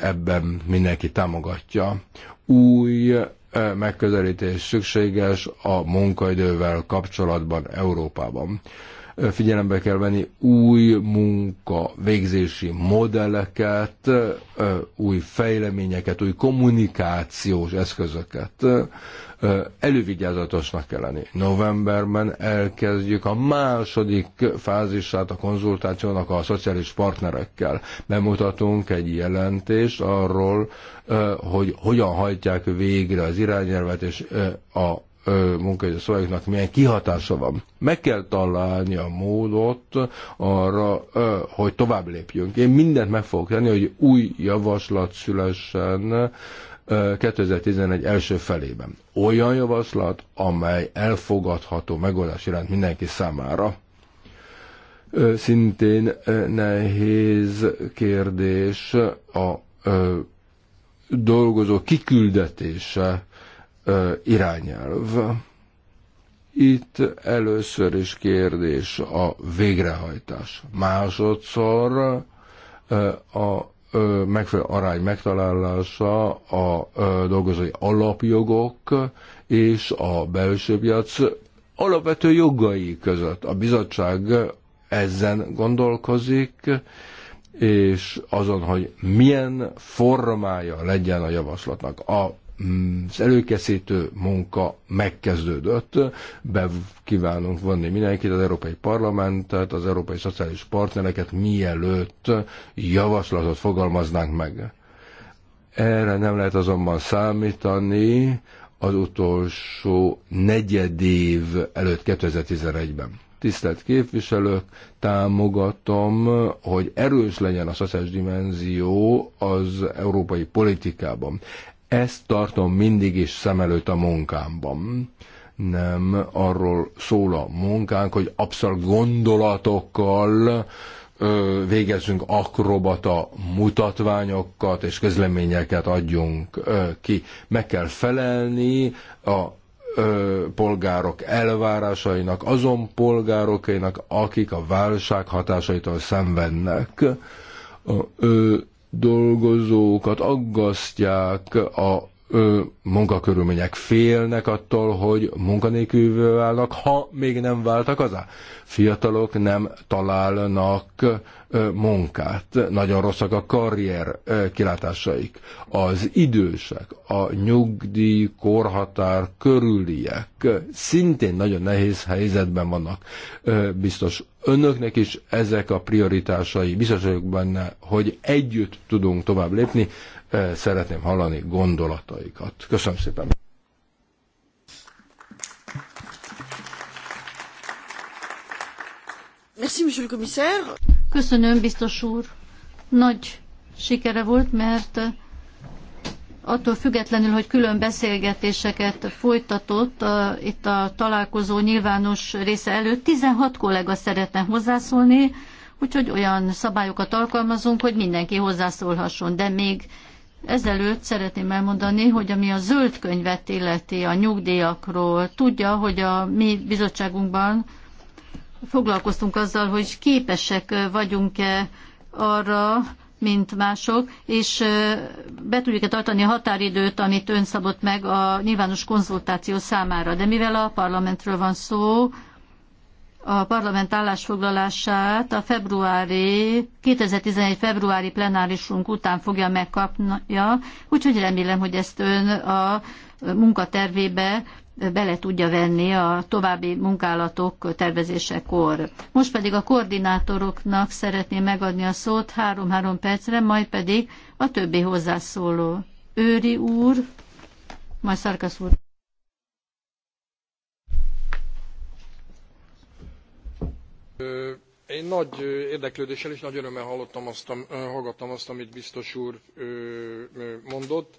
ebben mindenki támogatja. Új megközelítés szükséges a munkaidővel kapcsolatban Európában. Figyelembe kell venni új munka végzési modelleket, új fejleményeket, új kommunikációs eszközöket. Elővigyázatosnak kell lenni. Novemberben elkezdjük a második fázisát a konzultációnak a szociális partnerekkel. Bemutatunk egy jelentést arról, hogy hogyan hajtják végre az irányelvet és a munkai szolgáknak milyen kihatása van. Meg kell találni a módot arra, hogy tovább lépjünk. Én mindent meg fogok tenni, hogy új javaslat szülessen 2011 első felében. Olyan javaslat, amely elfogadható megoldás iránt mindenki számára szintén nehéz kérdés a dolgozó kiküldetése irányelv. Itt először is kérdés a végrehajtás. Másodszor a megfelelő arány megtalálása a dolgozói alapjogok és a belső piac alapvető jogai között. A bizottság ezen gondolkozik, és azon, hogy milyen formája legyen a javaslatnak. A az előkészítő munka megkezdődött. Be kívánunk vonni mindenkit, az Európai Parlamentet, az Európai Szociális Partnereket, mielőtt javaslatot fogalmaznánk meg. Erre nem lehet azonban számítani az utolsó negyedév előtt 2011-ben. Tisztelt képviselők, támogatom, hogy erős legyen a szociális dimenzió az európai politikában. Ezt tartom mindig is szem előtt a munkámban. Nem arról szól a munkánk, hogy abszolút gondolatokkal ö, végezzünk akrobata mutatványokat és közleményeket adjunk ö, ki. Meg kell felelni a ö, polgárok elvárásainak, azon polgárokainak, akik a válság hatásaitól szenvednek. A, ö, dolgozókat aggasztják a ö, munkakörülmények. Félnek attól, hogy munkanélkülvő válnak, ha még nem váltak azá. Fiatalok nem találnak ö, munkát. Nagyon rosszak a karrier ö, kilátásaik. Az idősek, a nyugdíj, korhatár körüliek szintén nagyon nehéz helyzetben vannak. Ö, biztos önöknek is ezek a prioritásai. Biztos vagyok benne, hogy együtt tudunk tovább lépni. Eh, szeretném hallani gondolataikat. Köszönöm szépen! Köszönöm, biztos úr. Nagy sikere volt, mert eh, attól függetlenül, hogy külön beszélgetéseket folytatott eh, itt a találkozó nyilvános része előtt, 16 kollega szeretne hozzászólni, úgyhogy olyan szabályokat alkalmazunk, hogy mindenki hozzászólhasson, de még Ezelőtt szeretném elmondani, hogy ami a zöld könyvet illeti a nyugdíjakról, tudja, hogy a mi bizottságunkban foglalkoztunk azzal, hogy képesek vagyunk-e arra, mint mások, és be tudjuk-e tartani a határidőt, amit ön szabott meg a nyilvános konzultáció számára. De mivel a parlamentről van szó, a parlament állásfoglalását a februári, 2011. februári plenárisunk után fogja megkapnia, úgyhogy remélem, hogy ezt ön a munkatervébe bele tudja venni a további munkálatok tervezésekor. Most pedig a koordinátoroknak szeretném megadni a szót három-három percre, majd pedig a többi hozzászóló. Őri úr, majd Szarkasz úr. Én nagy érdeklődéssel és nagy örömmel hallottam azt, hallgattam azt, amit biztos úr mondott,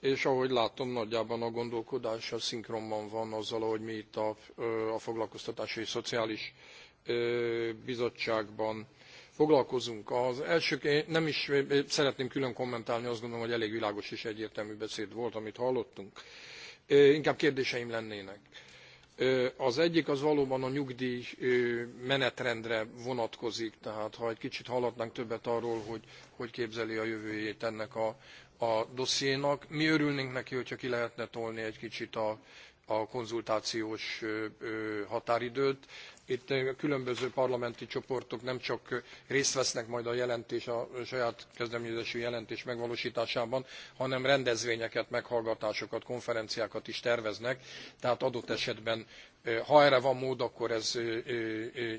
és ahogy látom, nagyjában a gondolkodása szinkronban van azzal, hogy mi itt a, a Foglalkoztatási és Szociális Bizottságban foglalkozunk. Az első, én nem is szeretném külön kommentálni, azt gondolom, hogy elég világos és egyértelmű beszéd volt, amit hallottunk. Inkább kérdéseim lennének az egyik az valóban a nyugdíj menetrendre vonatkozik, tehát ha egy kicsit hallatnánk többet arról, hogy hogy képzeli a jövőjét ennek a, a dossziénak. Mi örülnénk neki, hogyha ki lehetne tolni egy kicsit a, a konzultációs határidőt. Itt eh, a különböző parlamenti csoportok nem csak eh, részt vesznek majd a jelentés, a saját kezdeményezésű jelentés megvalósításában, hanem rendezvényeket, meghallgatásokat, konferenciákat is terveznek, tehát adott esetben eh, ha erre van mód, akkor ez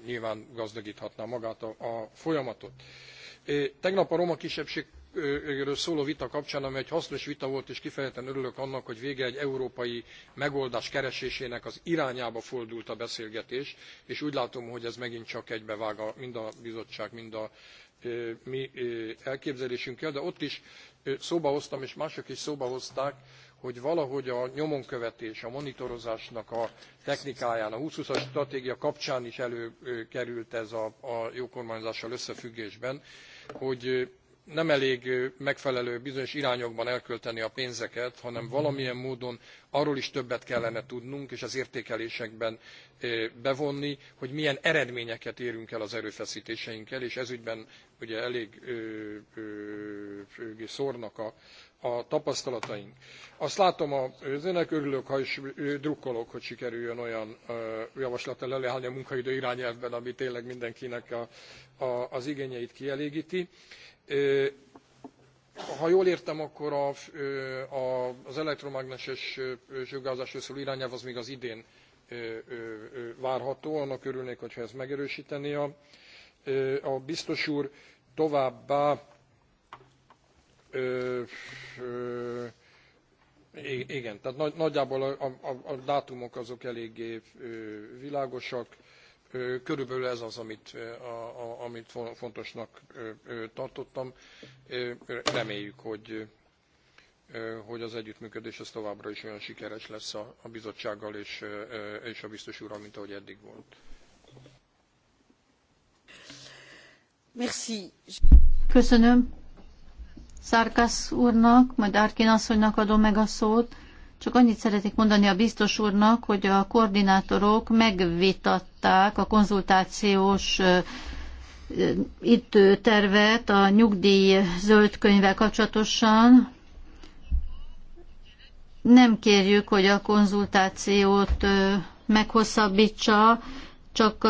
nyilván gazdagíthatná magát a, a folyamatot. Tegnap a roma kisebbség szóló vita kapcsán, amely egy hasznos vita volt, és kifejezetten örülök annak, hogy végre egy európai megoldás keresésének az irányába fordult a beszélgetés, és úgy látom, hogy ez megint csak egybevág a, mind a bizottság, mind a mi elképzelésünkkel, de ott is szóba hoztam, és mások is szóba hozták, hogy valahogy a nyomonkövetés, a monitorozásnak a technikáján, a 2020-as stratégia kapcsán is előkerült ez a, a jó kormányzással összefüggésben, hogy nem elég megfelelő bizonyos irányokban elkölteni a pénzeket hanem mhm. valamilyen módon arról is többet kellene tudnunk és az értékelésekben bevonni hogy milyen eredményeket érünk el az erőfesztéseinkkel és ez ügyben ugye elég szórnak a a tapasztalataink. Azt látom az önnek, örülök, ha is drukkolok, hogy sikerüljön olyan javaslattal előállni a munkaidő irányelvben, ami tényleg mindenkinek a, a, az igényeit kielégíti. Ha jól értem, akkor a, a, az elektromágneses sugárzásról szóló irányelv az még az idén várható, annak örülnék, hogyha ezt megerősíteni a, a biztos úr. Továbbá Ö, igen, tehát nagy, nagyjából a, a, a dátumok azok eléggé világosak. Körülbelül ez az, amit, a, a, amit fontosnak tartottam. Reméljük, hogy, hogy az együttműködés az továbbra is olyan sikeres lesz a, a bizottsággal és, és a biztos úrral, mint ahogy eddig volt. Merci. Köszönöm. Szárkász úrnak, majd Árkin asszonynak adom meg a szót. Csak annyit szeretnék mondani a biztos úrnak, hogy a koordinátorok megvitatták a konzultációs tervet a nyugdíj zöld könyvvel kapcsolatosan. Nem kérjük, hogy a konzultációt meghosszabbítsa, csak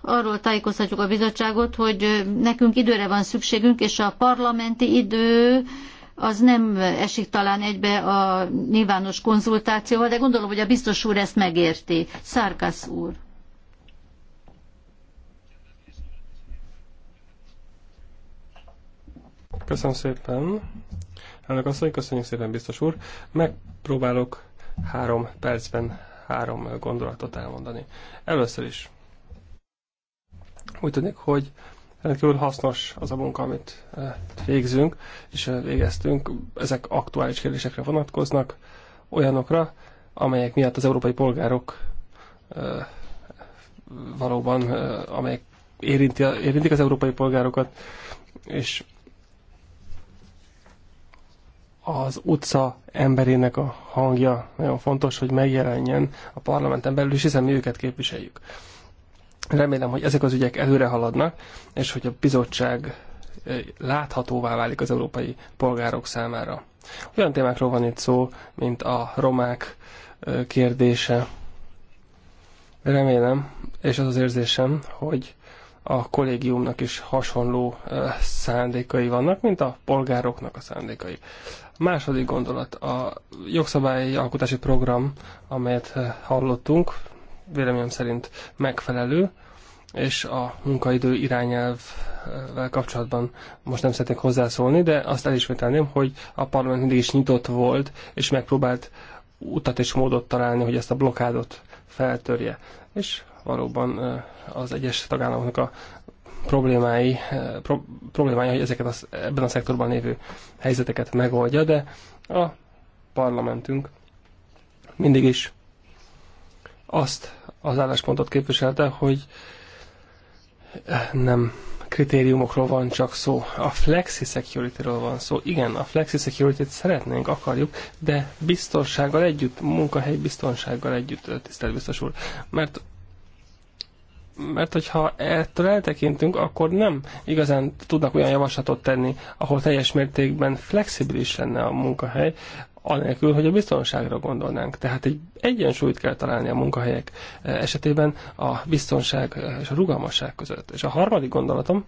arról tájékoztatjuk a bizottságot, hogy nekünk időre van szükségünk, és a parlamenti idő az nem esik talán egybe a nyilvános konzultációval, de gondolom, hogy a biztos úr ezt megérti. Szárkasz úr. Köszönöm szépen. Elnök asszony, köszönjük szépen, biztos úr. Megpróbálok három percben három gondolatot elmondani. Először is úgy tűnik, hogy rendkívül hasznos az a munka, amit eh, végzünk és eh, végeztünk. Ezek aktuális kérdésekre vonatkoznak, olyanokra, amelyek miatt az európai polgárok eh, valóban, amelyek érinti, érintik az európai polgárokat, és az utca emberének a hangja nagyon fontos, hogy megjelenjen a parlamenten belül, és hiszen mi őket képviseljük. Remélem, hogy ezek az ügyek előre haladnak, és hogy a bizottság láthatóvá válik az európai polgárok számára. Olyan témákról van itt szó, mint a romák kérdése. Remélem, és az az érzésem, hogy a kollégiumnak is hasonló szándékai vannak, mint a polgároknak a szándékai. A második gondolat, a jogszabályi alkotási program, amelyet hallottunk, véleményem szerint megfelelő, és a munkaidő irányelvvel kapcsolatban most nem szeretnék hozzászólni, de azt elismételném, hogy a parlament mindig is nyitott volt, és megpróbált utat és módot találni, hogy ezt a blokádot feltörje. És valóban az egyes tagállamoknak a problémái, pro, problémája, hogy ezeket az, ebben a szektorban lévő helyzeteket megoldja, de a parlamentünk mindig is azt az álláspontot képviselte, hogy nem kritériumokról van csak szó, a flexi security-ről van szó. Igen, a flexi security-t szeretnénk, akarjuk, de biztonsággal együtt, munkahely biztonsággal együtt, tisztelt biztos úr. Mert mert hogyha ettől eltekintünk, akkor nem igazán tudnak olyan javaslatot tenni, ahol teljes mértékben flexibilis lenne a munkahely, anélkül, hogy a biztonságra gondolnánk. Tehát egy egyensúlyt kell találni a munkahelyek eh, esetében a biztonság eh, és a rugalmasság között. És a harmadik gondolatom,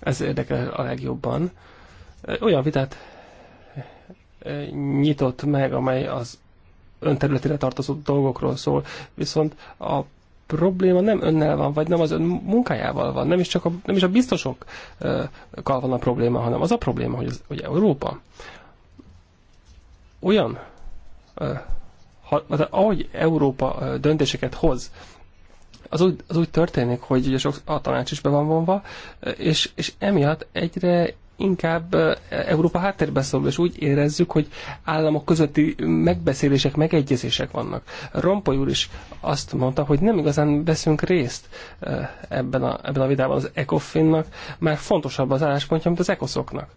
ez érdekel a legjobban, eh, olyan vitát nyitott meg, amely az önterületére tartozó dolgokról szól, viszont a probléma nem önnel van, vagy nem az ön munkájával van, nem is, csak a, nem is a biztosokkal van a probléma, hanem az a probléma, hogy, az, hogy Európa olyan, ha, ahogy Európa döntéseket hoz, az úgy, az úgy történik, hogy ugye sok, a tanács is be van vonva, és, és emiatt egyre inkább Európa háttérbe szorul, és úgy érezzük, hogy államok közötti megbeszélések, megegyezések vannak. Rompoly úr is azt mondta, hogy nem igazán veszünk részt ebben a, ebben a vidában az ECOFIN-nak, mert fontosabb az álláspontja, mint az ECOSZoknak.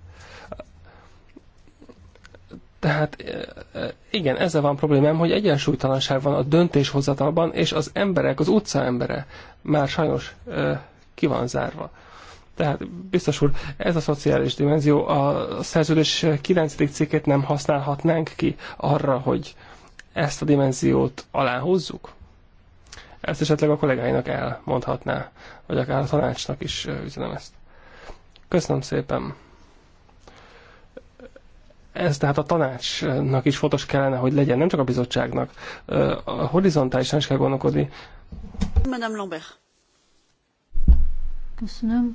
Tehát e, e, igen, ezzel van problémám, hogy egyensúlytalanság van a döntéshozatalban, és az emberek, az utca embere már sajnos e, ki van zárva. Tehát biztos úr, ez a szociális dimenzió, a szerződés 9. cikkét nem használhatnánk ki arra, hogy ezt a dimenziót aláhúzzuk? Ezt esetleg a kollégáinak elmondhatná, vagy akár a tanácsnak is üzenem ezt. Köszönöm szépen! ez tehát a tanácsnak is fontos kellene, hogy legyen, nem csak a bizottságnak. A horizontálisan is kell gondolkodni. Madame Lambert. Köszönöm.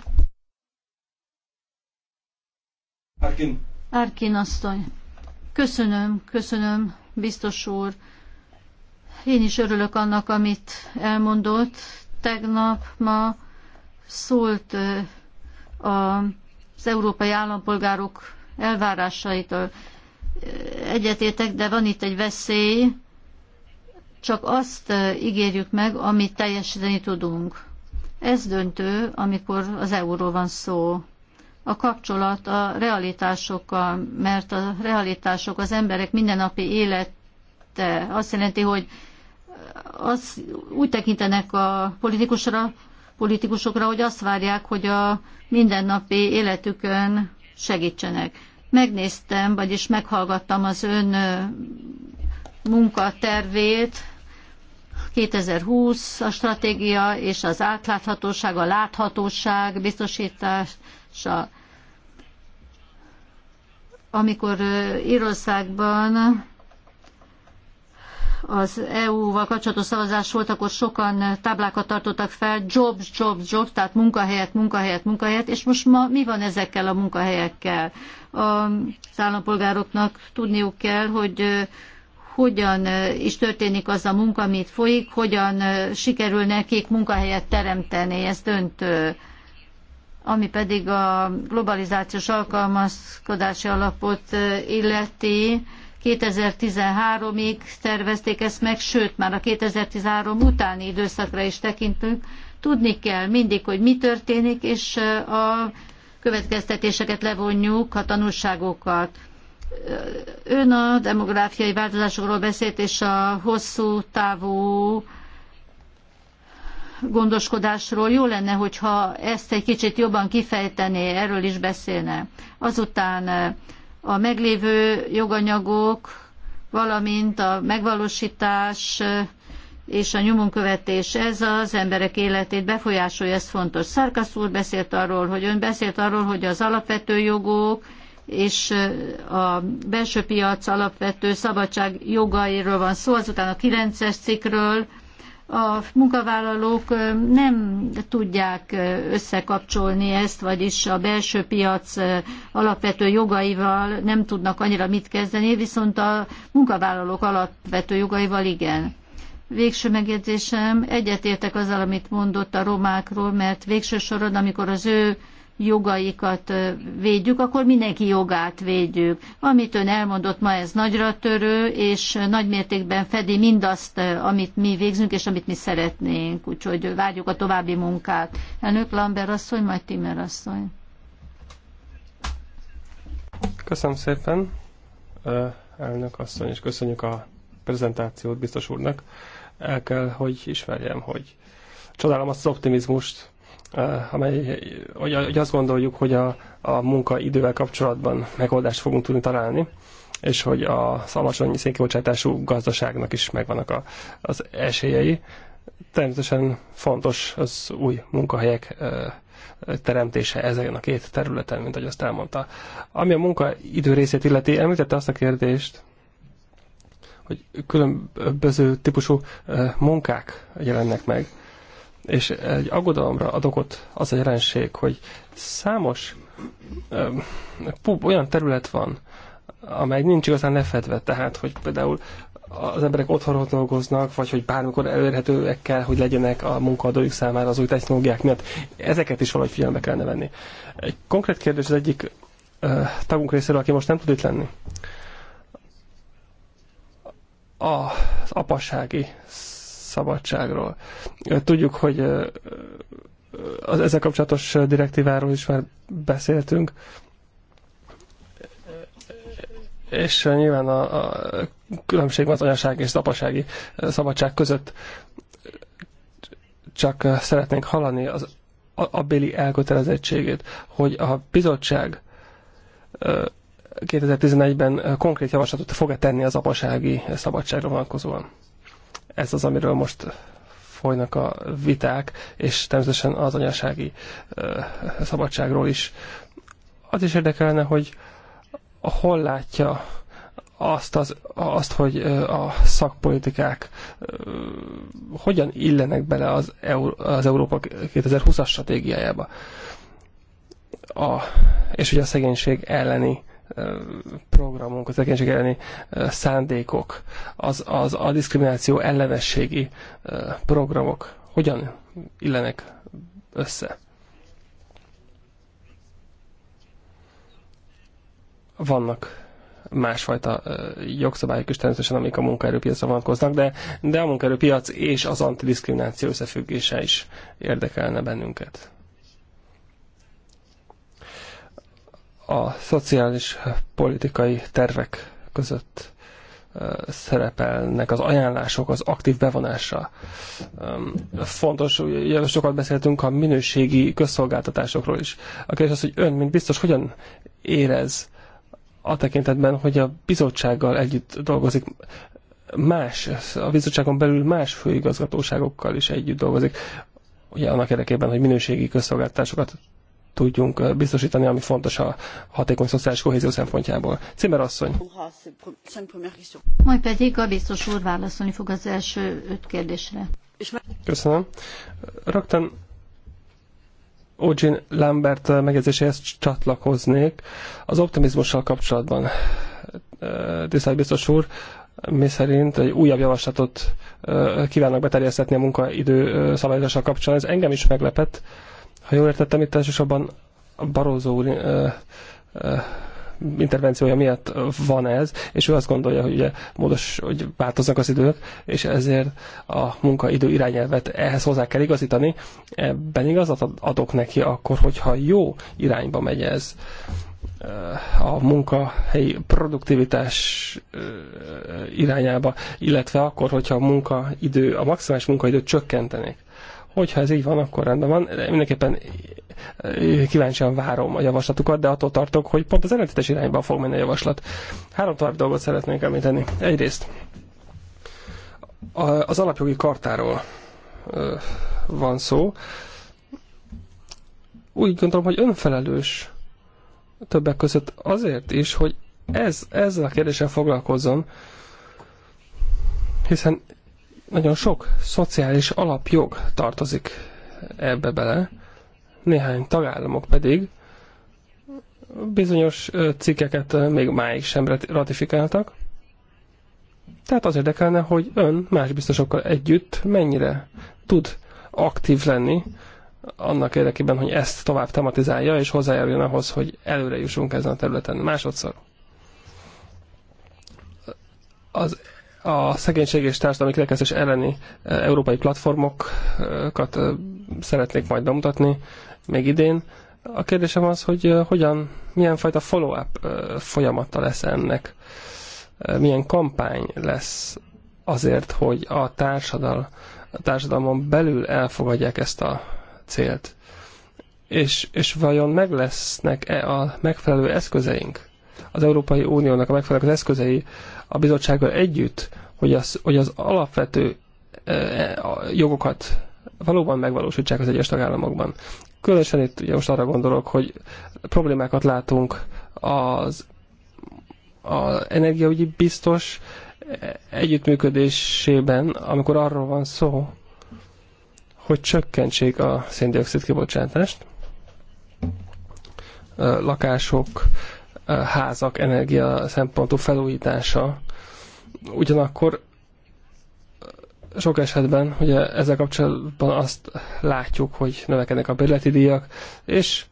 Arkin. Arkin asszony. Köszönöm, köszönöm, biztos úr. Én is örülök annak, amit elmondott. Tegnap, ma szólt az európai állampolgárok elvárásaitól. Egyetétek, de van itt egy veszély, csak azt ígérjük meg, amit teljesíteni tudunk. Ez döntő, amikor az euróról van szó. A kapcsolat a realitásokkal, mert a realitások az emberek mindennapi élete azt jelenti, hogy az, úgy tekintenek a politikusra, politikusokra, hogy azt várják, hogy a mindennapi életükön segítsenek. Megnéztem, vagyis meghallgattam az ön munkatervét, 2020 a stratégia és az átláthatóság, a láthatóság biztosítása. Amikor Írországban az EU-val kapcsolatos szavazás volt, akkor sokan táblákat tartottak fel, jobs, jobs, jobs, tehát munkahelyet, munkahelyet, munkahelyet, és most ma mi van ezekkel a munkahelyekkel? Az állampolgároknak tudniuk kell, hogy hogyan is történik az a munka, amit folyik, hogyan sikerül nekik munkahelyet teremteni, ez döntő ami pedig a globalizációs alkalmazkodási alapot illeti, 2013-ig tervezték ezt meg, sőt, már a 2013 utáni időszakra is tekintünk. Tudni kell mindig, hogy mi történik, és a következtetéseket levonjuk, a tanulságokat. Ön a demográfiai változásokról beszélt, és a hosszú távú gondoskodásról jó lenne, hogyha ezt egy kicsit jobban kifejtené, erről is beszélne. Azután a meglévő joganyagok, valamint a megvalósítás és a nyomonkövetés, ez az emberek életét befolyásolja, ez fontos. Szarkasz úr beszélt arról, hogy ön beszélt arról, hogy az alapvető jogok és a belső piac alapvető szabadság jogairól van szó, azután a 9-es cikkről, a munkavállalók nem tudják összekapcsolni ezt, vagyis a belső piac alapvető jogaival nem tudnak annyira mit kezdeni, viszont a munkavállalók alapvető jogaival igen. Végső megjegyzésem, egyetértek azzal, amit mondott a romákról, mert végső soron, amikor az ő jogaikat védjük, akkor mindenki jogát védjük. Amit ön elmondott ma, ez nagyra törő, és nagy mértékben fedi mindazt, amit mi végzünk, és amit mi szeretnénk. Úgyhogy várjuk a további munkát. Elnök Lambert asszony, majd Timmer asszony. Köszönöm szépen, elnök asszony, és köszönjük a prezentációt biztos úrnak. El kell, hogy ismerjem, hogy csodálom azt az optimizmust, Eh, amely, hogy, hogy azt gondoljuk, hogy a, a munkaidővel kapcsolatban megoldást fogunk tudni találni, és hogy a alacsony szénkibocsátású gazdaságnak is megvannak a, az esélyei. Természetesen fontos az új munkahelyek eh, teremtése ezen a két területen, mint ahogy azt elmondta. Ami a munkaidő részét illeti, említette azt a kérdést, hogy különböző típusú eh, munkák jelennek meg és egy aggodalomra ad okot az a jelenség, hogy számos ö, olyan terület van, amely nincs igazán lefedve, tehát hogy például az emberek otthonról dolgoznak, vagy hogy bármikor elérhetőek kell, hogy legyenek a munkaadójuk számára az új technológiák miatt. Ezeket is valahogy figyelembe kellene venni. Egy konkrét kérdés az egyik tagunk részéről, aki most nem tud itt lenni. A, az apasági szabadságról. Tudjuk, hogy az ezzel kapcsolatos direktíváról is már beszéltünk, és nyilván a, a különbség van az anyaság és az apasági szabadság között. Csak szeretnénk hallani az abbéli elkötelezettségét, hogy a bizottság 2011-ben konkrét javaslatot fog-e tenni az apasági szabadságra vonatkozóan. Ez az, amiről most folynak a viták, és természetesen az anyasági szabadságról is. Az is érdekelne, hogy hol látja azt, az, azt hogy a szakpolitikák hogyan illenek bele az, Euró- az Európa 2020-as stratégiájába. A, és ugye a szegénység elleni programunk, az szegénység elleni szándékok, az, az a diszkrimináció ellenességi programok hogyan illenek össze? Vannak másfajta jogszabályok is természetesen, amik a munkaerőpiacra vonatkoznak, de, de a munkaerőpiac és az antidiszkrimináció összefüggése is érdekelne bennünket. a szociális politikai tervek között szerepelnek az ajánlások, az aktív bevonása. Fontos, sokat beszéltünk a minőségi közszolgáltatásokról is. A kérdés az, hogy ön, mint biztos, hogyan érez a tekintetben, hogy a bizottsággal együtt dolgozik, más, a bizottságon belül más főigazgatóságokkal is együtt dolgozik, ugye annak érdekében, hogy minőségi közszolgáltatásokat tudjunk eh, biztosítani, ami fontos a hatékony szociális kohézió szempontjából. Cimer asszony. Majd pedig a biztos úr válaszolni fog az első öt kérdésre. Köszönöm. Rögtön Ogin Lambert eh, megjegyzéséhez csatlakoznék. Az optimizmussal kapcsolatban, eh, tisztelt biztos úr, mi szerint egy újabb javaslatot kívánnak beterjesztetni a munkaidő szabályozással kapcsolatban. Ez engem is meglepett ha jól értettem, itt elsősorban Barózó úr intervenciója miatt van ez, és ő azt gondolja, hogy ugye módos, hogy változnak az idők, és ezért a munkaidő irányelvet ehhez hozzá kell igazítani. Ebben igazat adok neki akkor, hogyha jó irányba megy ez a munkahelyi produktivitás irányába, illetve akkor, hogyha a munkaidő, a maximális munkaidőt csökkentenék. Hogyha ez így van, akkor rendben van. Mindenképpen eh, kíváncsian várom a javaslatukat, de attól tartok, hogy pont az ellentétes irányba fog menni a javaslat. Három további dolgot szeretnék említeni. Egyrészt az alapjogi kartáról eh, van szó. Úgy gondolom, hogy önfelelős többek között azért is, hogy ez, ezzel a kérdéssel foglalkozzon, hiszen nagyon sok szociális alapjog tartozik ebbe bele, néhány tagállamok pedig bizonyos cikkeket még máig sem ratifikáltak. Tehát az érdekelne, hogy ön más biztosokkal együtt mennyire tud aktív lenni annak érdekében, hogy ezt tovább tematizálja, és hozzájáruljon ahhoz, hogy előre jussunk ezen a területen. Másodszor. Az a szegénység és társadalmi kirekesztés elleni e, európai platformokat e, szeretnék majd bemutatni még idén. A kérdésem az, hogy e, hogyan, milyen fajta follow-up folyamata lesz ennek, milyen kampány lesz azért, hogy a, társadal, a társadalmon belül elfogadják ezt a célt. És, és vajon meg lesznek-e a megfelelő eszközeink? Az Európai Uniónak a megfelelő eszközei a bizottsággal együtt, hogy az, hogy az alapvető e, e, jogokat valóban megvalósítsák az egyes tagállamokban. Különösen itt ugye most arra gondolok, hogy problémákat látunk az, az energiaügyi biztos együttműködésében, amikor arról van szó, hogy csökkentsék a széndiokszid kibocsátást, e, lakások, házak energia szempontú felújítása. Ugyanakkor sok esetben ugye ezzel kapcsolatban azt látjuk, hogy növekednek a bérleti díjak, és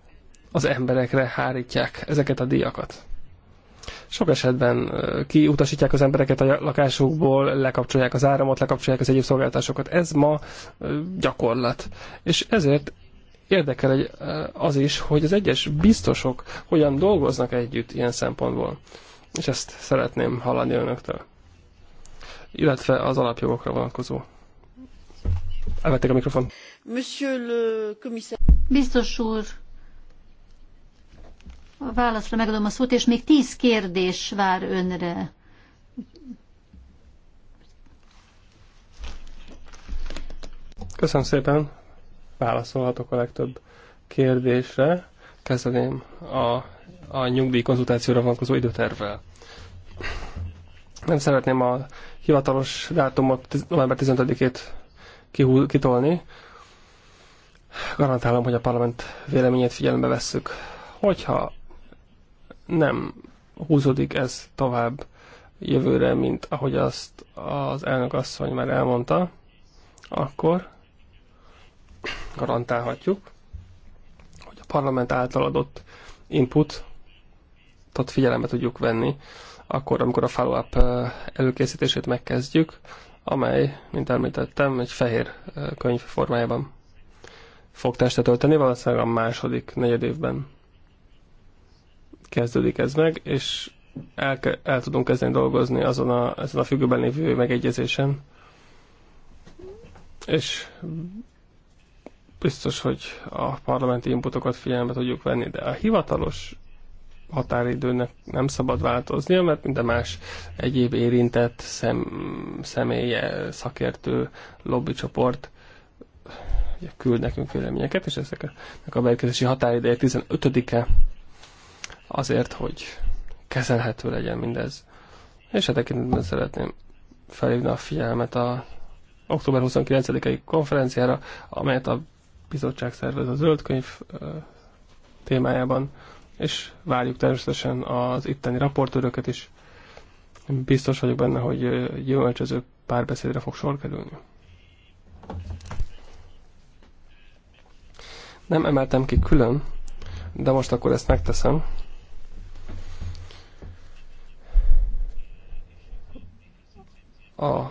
az emberekre hárítják ezeket a díjakat. Sok esetben kiutasítják az embereket a lakásukból, lekapcsolják az áramot, lekapcsolják az egyéb szolgáltatásokat. Ez ma gyakorlat. És ezért Érdekel egy, az is, hogy az egyes biztosok hogyan dolgoznak együtt ilyen szempontból. És ezt szeretném hallani önöktől. Illetve az alapjogokra vonatkozó. Elvették a mikrofon. Monsieur le commissaire. Biztos úr, a válaszra megadom a szót, és még tíz kérdés vár önre. Köszönöm szépen válaszolhatok a legtöbb kérdésre. Kezdeném a, a nyugdíj konzultációra vonatkozó időtervvel. Nem szeretném a hivatalos dátumot november 15-ét kitolni. Garantálom, hogy a parlament véleményét figyelembe vesszük. Hogyha nem húzódik ez tovább jövőre, mint ahogy azt az elnök asszony már elmondta, akkor garantálhatjuk, hogy a parlament által adott input tehát figyelembe tudjuk venni, akkor, amikor a follow-up előkészítését megkezdjük, amely, mint említettem, egy fehér könyv formájában fog testet ölteni, valószínűleg a második negyed évben kezdődik ez meg, és el, el tudunk kezdeni dolgozni azon a, ezen a függőben lévő megegyezésen, és biztos, hogy a parlamenti inputokat figyelembe tudjuk venni, de a hivatalos határidőnek nem szabad változnia, mert minden más egyéb érintett szem, személye, szakértő, lobbycsoport ugye, küld nekünk véleményeket, és ezeknek a beérkezési határideje 15-e azért, hogy kezelhető legyen mindez. És a tekintetben szeretném felhívni a figyelmet a október 29-i konferenciára, amelyet a bizottság szervez a zöld könyv témájában, és várjuk természetesen az itteni raportőröket is. Biztos vagyok benne, hogy gyümölcsöző párbeszédre fog sor kerülni. Nem emeltem ki külön, de most akkor ezt megteszem. A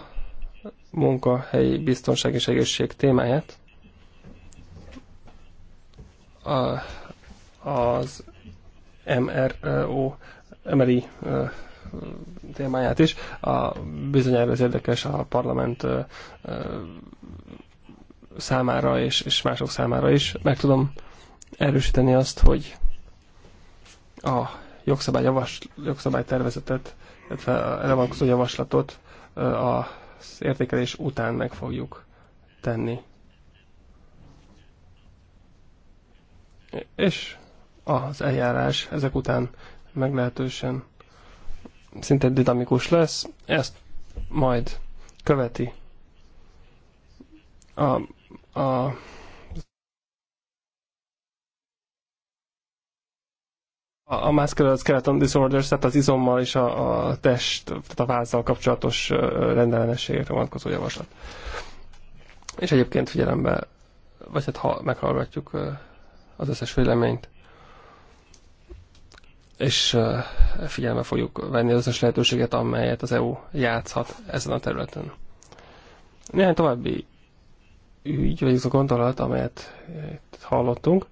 munkahelyi biztonság és egészség témáját a, az MRO, MRI témáját is. A bizonyára ez érdekes a parlament számára és, és mások számára is. Meg tudom erősíteni azt, hogy a jogszabály jogszabály jogszabálytervezetet, illetve a elvonkozó javaslatot az értékelés után meg fogjuk tenni. és az eljárás ezek után meglehetősen szinte dinamikus lesz, ezt majd követi a, a A, a muscular skeleton disorders, tehát az izommal és a, a test, tehát a vázzal kapcsolatos rendellenességekre vonatkozó javaslat. És egyébként figyelembe, vagy hát ha meghallgatjuk az összes véleményt, és figyelme fogjuk venni az összes lehetőséget, amelyet az EU játszhat ezen a területen. Néhány további ügy, vagy ez a gondolat, amelyet hallottunk,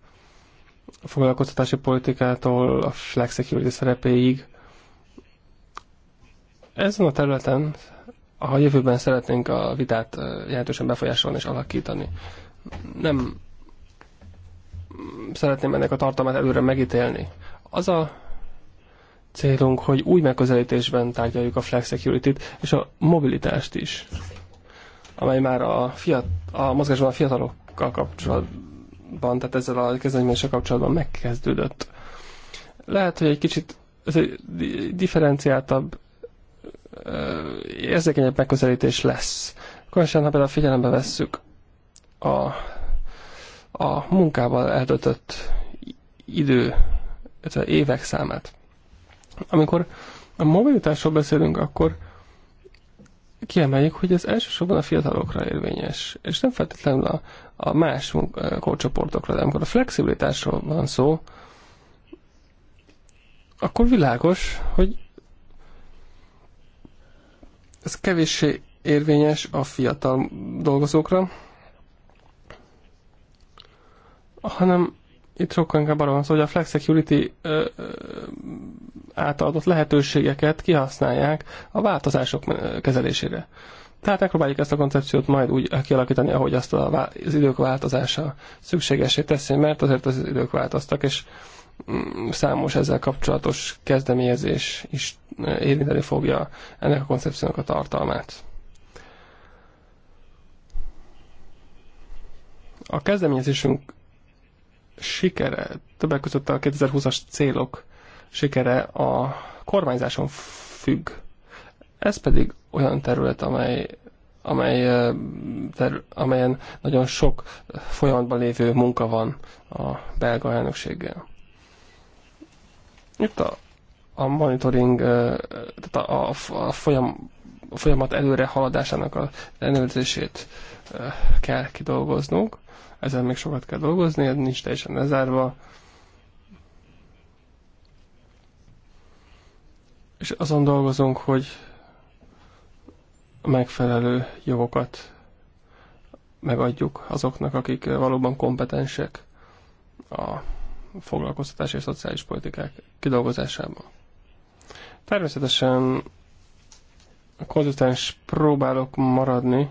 a foglalkoztatási politikától a flex security szerepéig. Ezen a területen a jövőben szeretnénk a vitát jelentősen befolyásolni és alakítani. Nem szeretném ennek a tartalmát előre megítélni. Az a célunk, hogy új megközelítésben tárgyaljuk a flex security-t, és a mobilitást is, amely már a, fiat, a mozgásban a fiatalokkal kapcsolatban, tehát ezzel a kezdeményezéssel kapcsolatban megkezdődött. Lehet, hogy egy kicsit ez egy differenciáltabb, érzékenyebb megközelítés lesz. Különösen, ha például figyelembe vesszük a a munkával eltöltött idő, illetve évek számát. Amikor a mobilitásról beszélünk, akkor kiemeljük, hogy ez elsősorban a fiatalokra érvényes, és nem feltétlenül a, a más eh, korcsoportokra, de amikor a flexibilitásról van szó, akkor világos, hogy ez kevéssé érvényes a fiatal dolgozókra, hanem itt sokkal inkább arra van szó, hogy a Flex Security ö, ö, által adott lehetőségeket kihasználják a változások kezelésére. Tehát megpróbáljuk ezt a koncepciót majd úgy kialakítani, ahogy azt a, az idők változása szükségesé teszi, mert azért az idők változtak, és mm, számos ezzel kapcsolatos kezdeményezés is érinteni fogja ennek a koncepciónak a tartalmát. A kezdeményezésünk sikere, többek között a 2020-as célok sikere a kormányzáson függ. Ez pedig olyan terület, amely, amely ter, amelyen nagyon sok folyamatban lévő munka van a belga elnökséggel. Itt a, a monitoring, tehát a, a, a folyam, a folyamat előre haladásának a ellenőrzését kell kidolgoznunk ezen még sokat kell dolgozni, ez nincs teljesen lezárva. És azon dolgozunk, hogy a megfelelő jogokat megadjuk azoknak, akik valóban kompetensek a foglalkoztatási és szociális politikák kidolgozásában. Természetesen konzultáns próbálok maradni,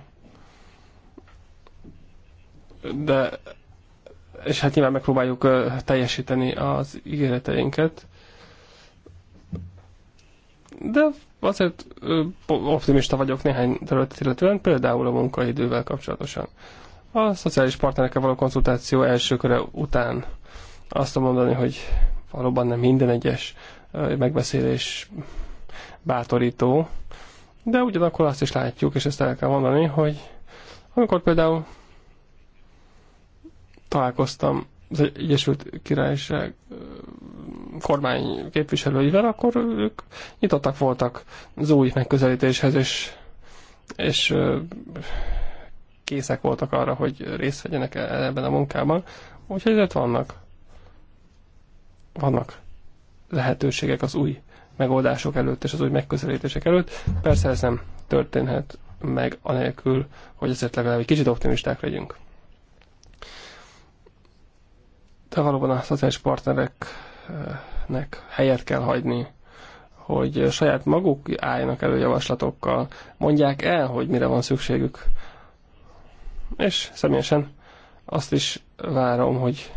de és hát nyilván megpróbáljuk teljesíteni az ígéreteinket. De azért optimista vagyok néhány területet illetően, például a munkaidővel kapcsolatosan. A szociális partnerekkel való konzultáció első köre után azt tudom mondani, hogy valóban nem minden egyes megbeszélés bátorító, de ugyanakkor azt is látjuk, és ezt el kell mondani, hogy amikor például találkoztam az Egyesült Királyság kormány képviselőivel, akkor ők nyitottak voltak az új megközelítéshez, és, és készek voltak arra, hogy részt vegyenek e-, ebben a munkában. Úgyhogy ezért vannak, vannak lehetőségek az új megoldások előtt és az új megközelítések előtt. Persze ez nem történhet meg anélkül, hogy ezért legalább egy kicsit optimisták legyünk. de valóban a szociális partnereknek helyet kell hagyni, hogy saját maguk álljanak elő javaslatokkal, mondják el, hogy mire van szükségük. És személyesen azt is várom, hogy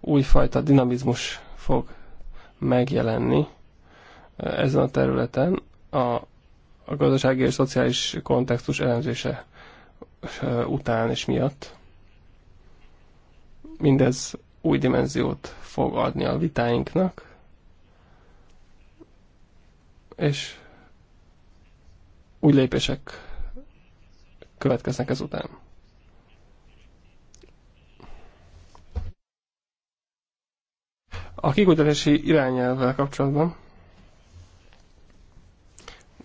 újfajta dinamizmus fog megjelenni ezen a területen a, a gazdasági és szociális kontextus elemzése után és miatt. Mindez új dimenziót fog adni a vitáinknak, és új lépések következnek ezután. A kikutatási irányelvvel kapcsolatban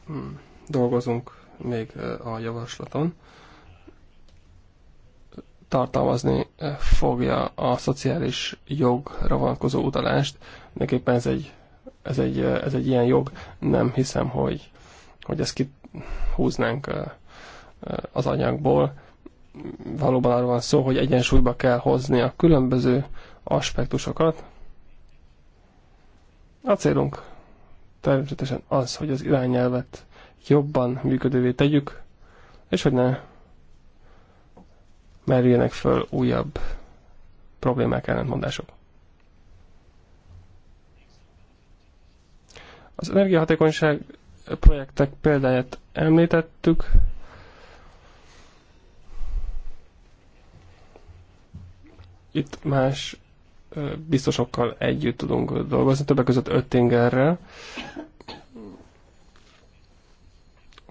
hmm, dolgozunk még a javaslaton tartalmazni eh, fogja a szociális jogra vonatkozó utalást. Mindenképpen ez egy, ez egy, eh, ez egy ilyen jog. Nem hiszem, hogy, hogy ezt kihúznánk eh, az anyagból. Valóban arról van szó, hogy egyensúlyba kell hozni a különböző aspektusokat. A célunk természetesen az, hogy az irányelvet jobban működővé tegyük, és hogy ne merüljenek föl újabb problémák, ellentmondások. Az energiahatékonyság projektek példáját említettük. Itt más biztosokkal együtt tudunk dolgozni, többek között Öttingerrel,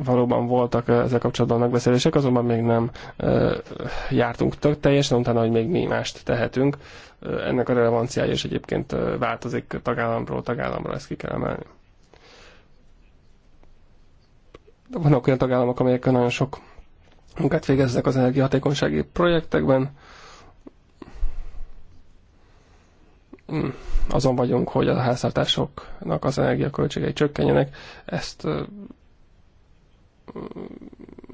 valóban voltak ezzel kapcsolatban megbeszélések, azonban még nem jártunk tök teljesen, utána, hogy még mi mást tehetünk. Ennek a relevanciája is egyébként változik tagállamról tagállamra, ezt ki kell emelni. Vannak olyan tagállamok, amelyek nagyon sok munkát végeznek az energiahatékonysági projektekben. Hmm, azon vagyunk, hogy a háztartásoknak az energiaköltségei csökkenjenek. Ezt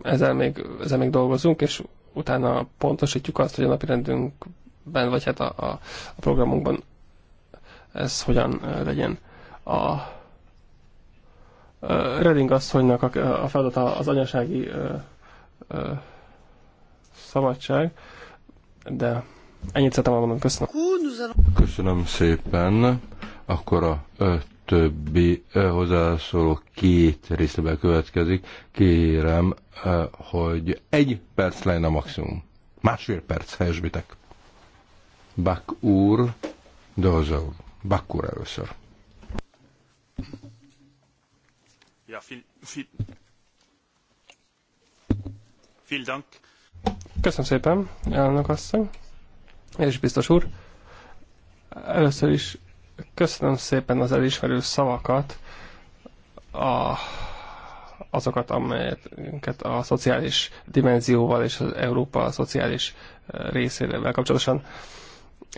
ezzel még, ezzel még dolgozunk, és utána pontosítjuk azt, hogy a napi rendünkben, vagy hát a, a, a programunkban ez hogyan legyen. A Reding asszonynak a, a feladata az anyasági ö, ö, szabadság, de ennyit szeretem elmondani, köszönöm. Köszönöm szépen. Akkor a többi hozzászóló két részletben következik. Kérem, hogy egy perc lenne maximum. Másfél perc, helyesbitek. Bak úr, Doza úr. Bak úr először. Ja, fil, fil, fil Dank. Köszönöm szépen, elnök asszony, és biztos úr. Először is Köszönöm szépen az elismerő szavakat, a, azokat, amelyeket a szociális dimenzióval és az Európa szociális eh, részével kapcsolatosan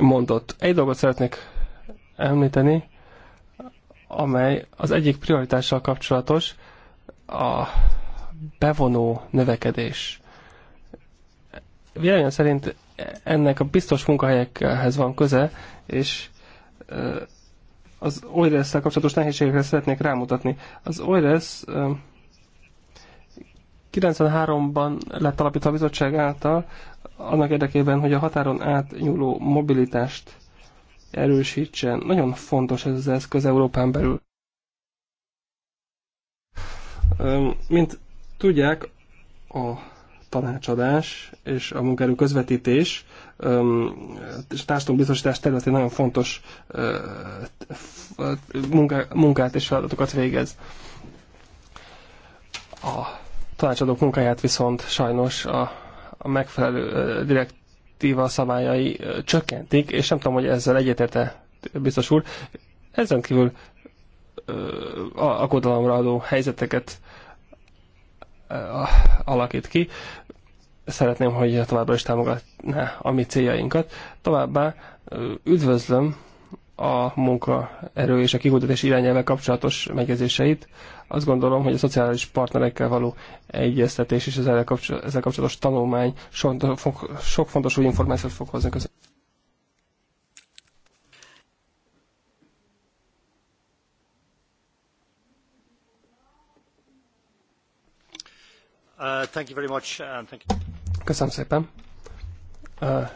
mondott. Egy dolgot szeretnék említeni, amely az egyik prioritással kapcsolatos, a bevonó növekedés. Véleményem szerint ennek a biztos munkahelyekhez van köze, és az oires kapcsolatos nehézségekre szeretnék rámutatni. Az OIRES 93-ban lett alapítva a bizottság által, annak érdekében, hogy a határon átnyúló mobilitást erősítsen. Nagyon fontos ez az eszköz Európán belül. Mint tudják, a tanácsadás és a munkaerő közvetítés társadalombiztosítás területén nagyon fontos munkát és feladatokat végez. A tanácsadók munkáját viszont sajnos a, a megfelelő direktíva szabályai csökkentik, és nem tudom, hogy ezzel egyetérte biztos úr. Ezen kívül aggodalomra adó helyzeteket alakít ki szeretném, hogy továbbra is támogatná a mi céljainkat. Továbbá üdvözlöm a munkaerő és a kihúzatás irányelve kapcsolatos megjegyzéseit. Azt gondolom, hogy a szociális partnerekkel való egyeztetés és ezzel kapcsolatos tanulmány sok, sok fontos új információt fog hozni. Köszönöm. Uh, thank you very much. Uh, thank you. Köszönöm szépen.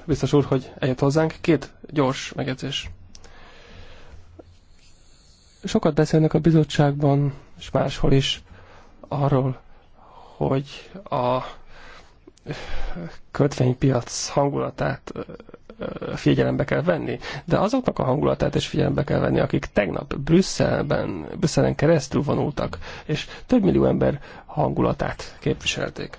Biztos úr, hogy eljött hozzánk. Két gyors megjegyzés. Sokat beszélnek a bizottságban, és máshol is arról, hogy a kötvénypiac hangulatát figyelembe kell venni, de azoknak a hangulatát is figyelembe kell venni, akik tegnap Brüsszelben, Brüsszelen keresztül vonultak, és több millió ember hangulatát képviselték.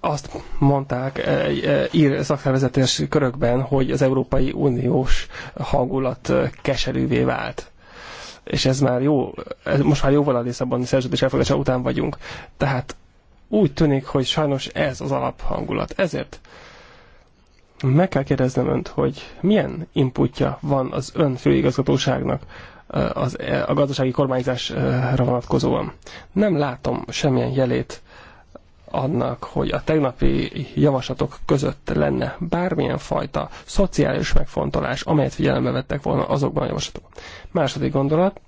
azt mondták ír szakszervezetes körökben, hogy az Európai Uniós hangulat keserűvé vált. És ez már jó, ez most már jóval a Lisszaboni szerződés elfogadása után vagyunk. Tehát úgy tűnik, hogy sajnos ez az alaphangulat. Ezért meg kell kérdeznem önt, hogy milyen inputja van az ön főigazgatóságnak az, a gazdasági kormányzásra vonatkozóan. Nem látom semmilyen jelét annak, hogy a tegnapi javaslatok között lenne bármilyen fajta szociális megfontolás, amelyet figyelembe vettek volna azokban a javaslatokban. Második gondolat,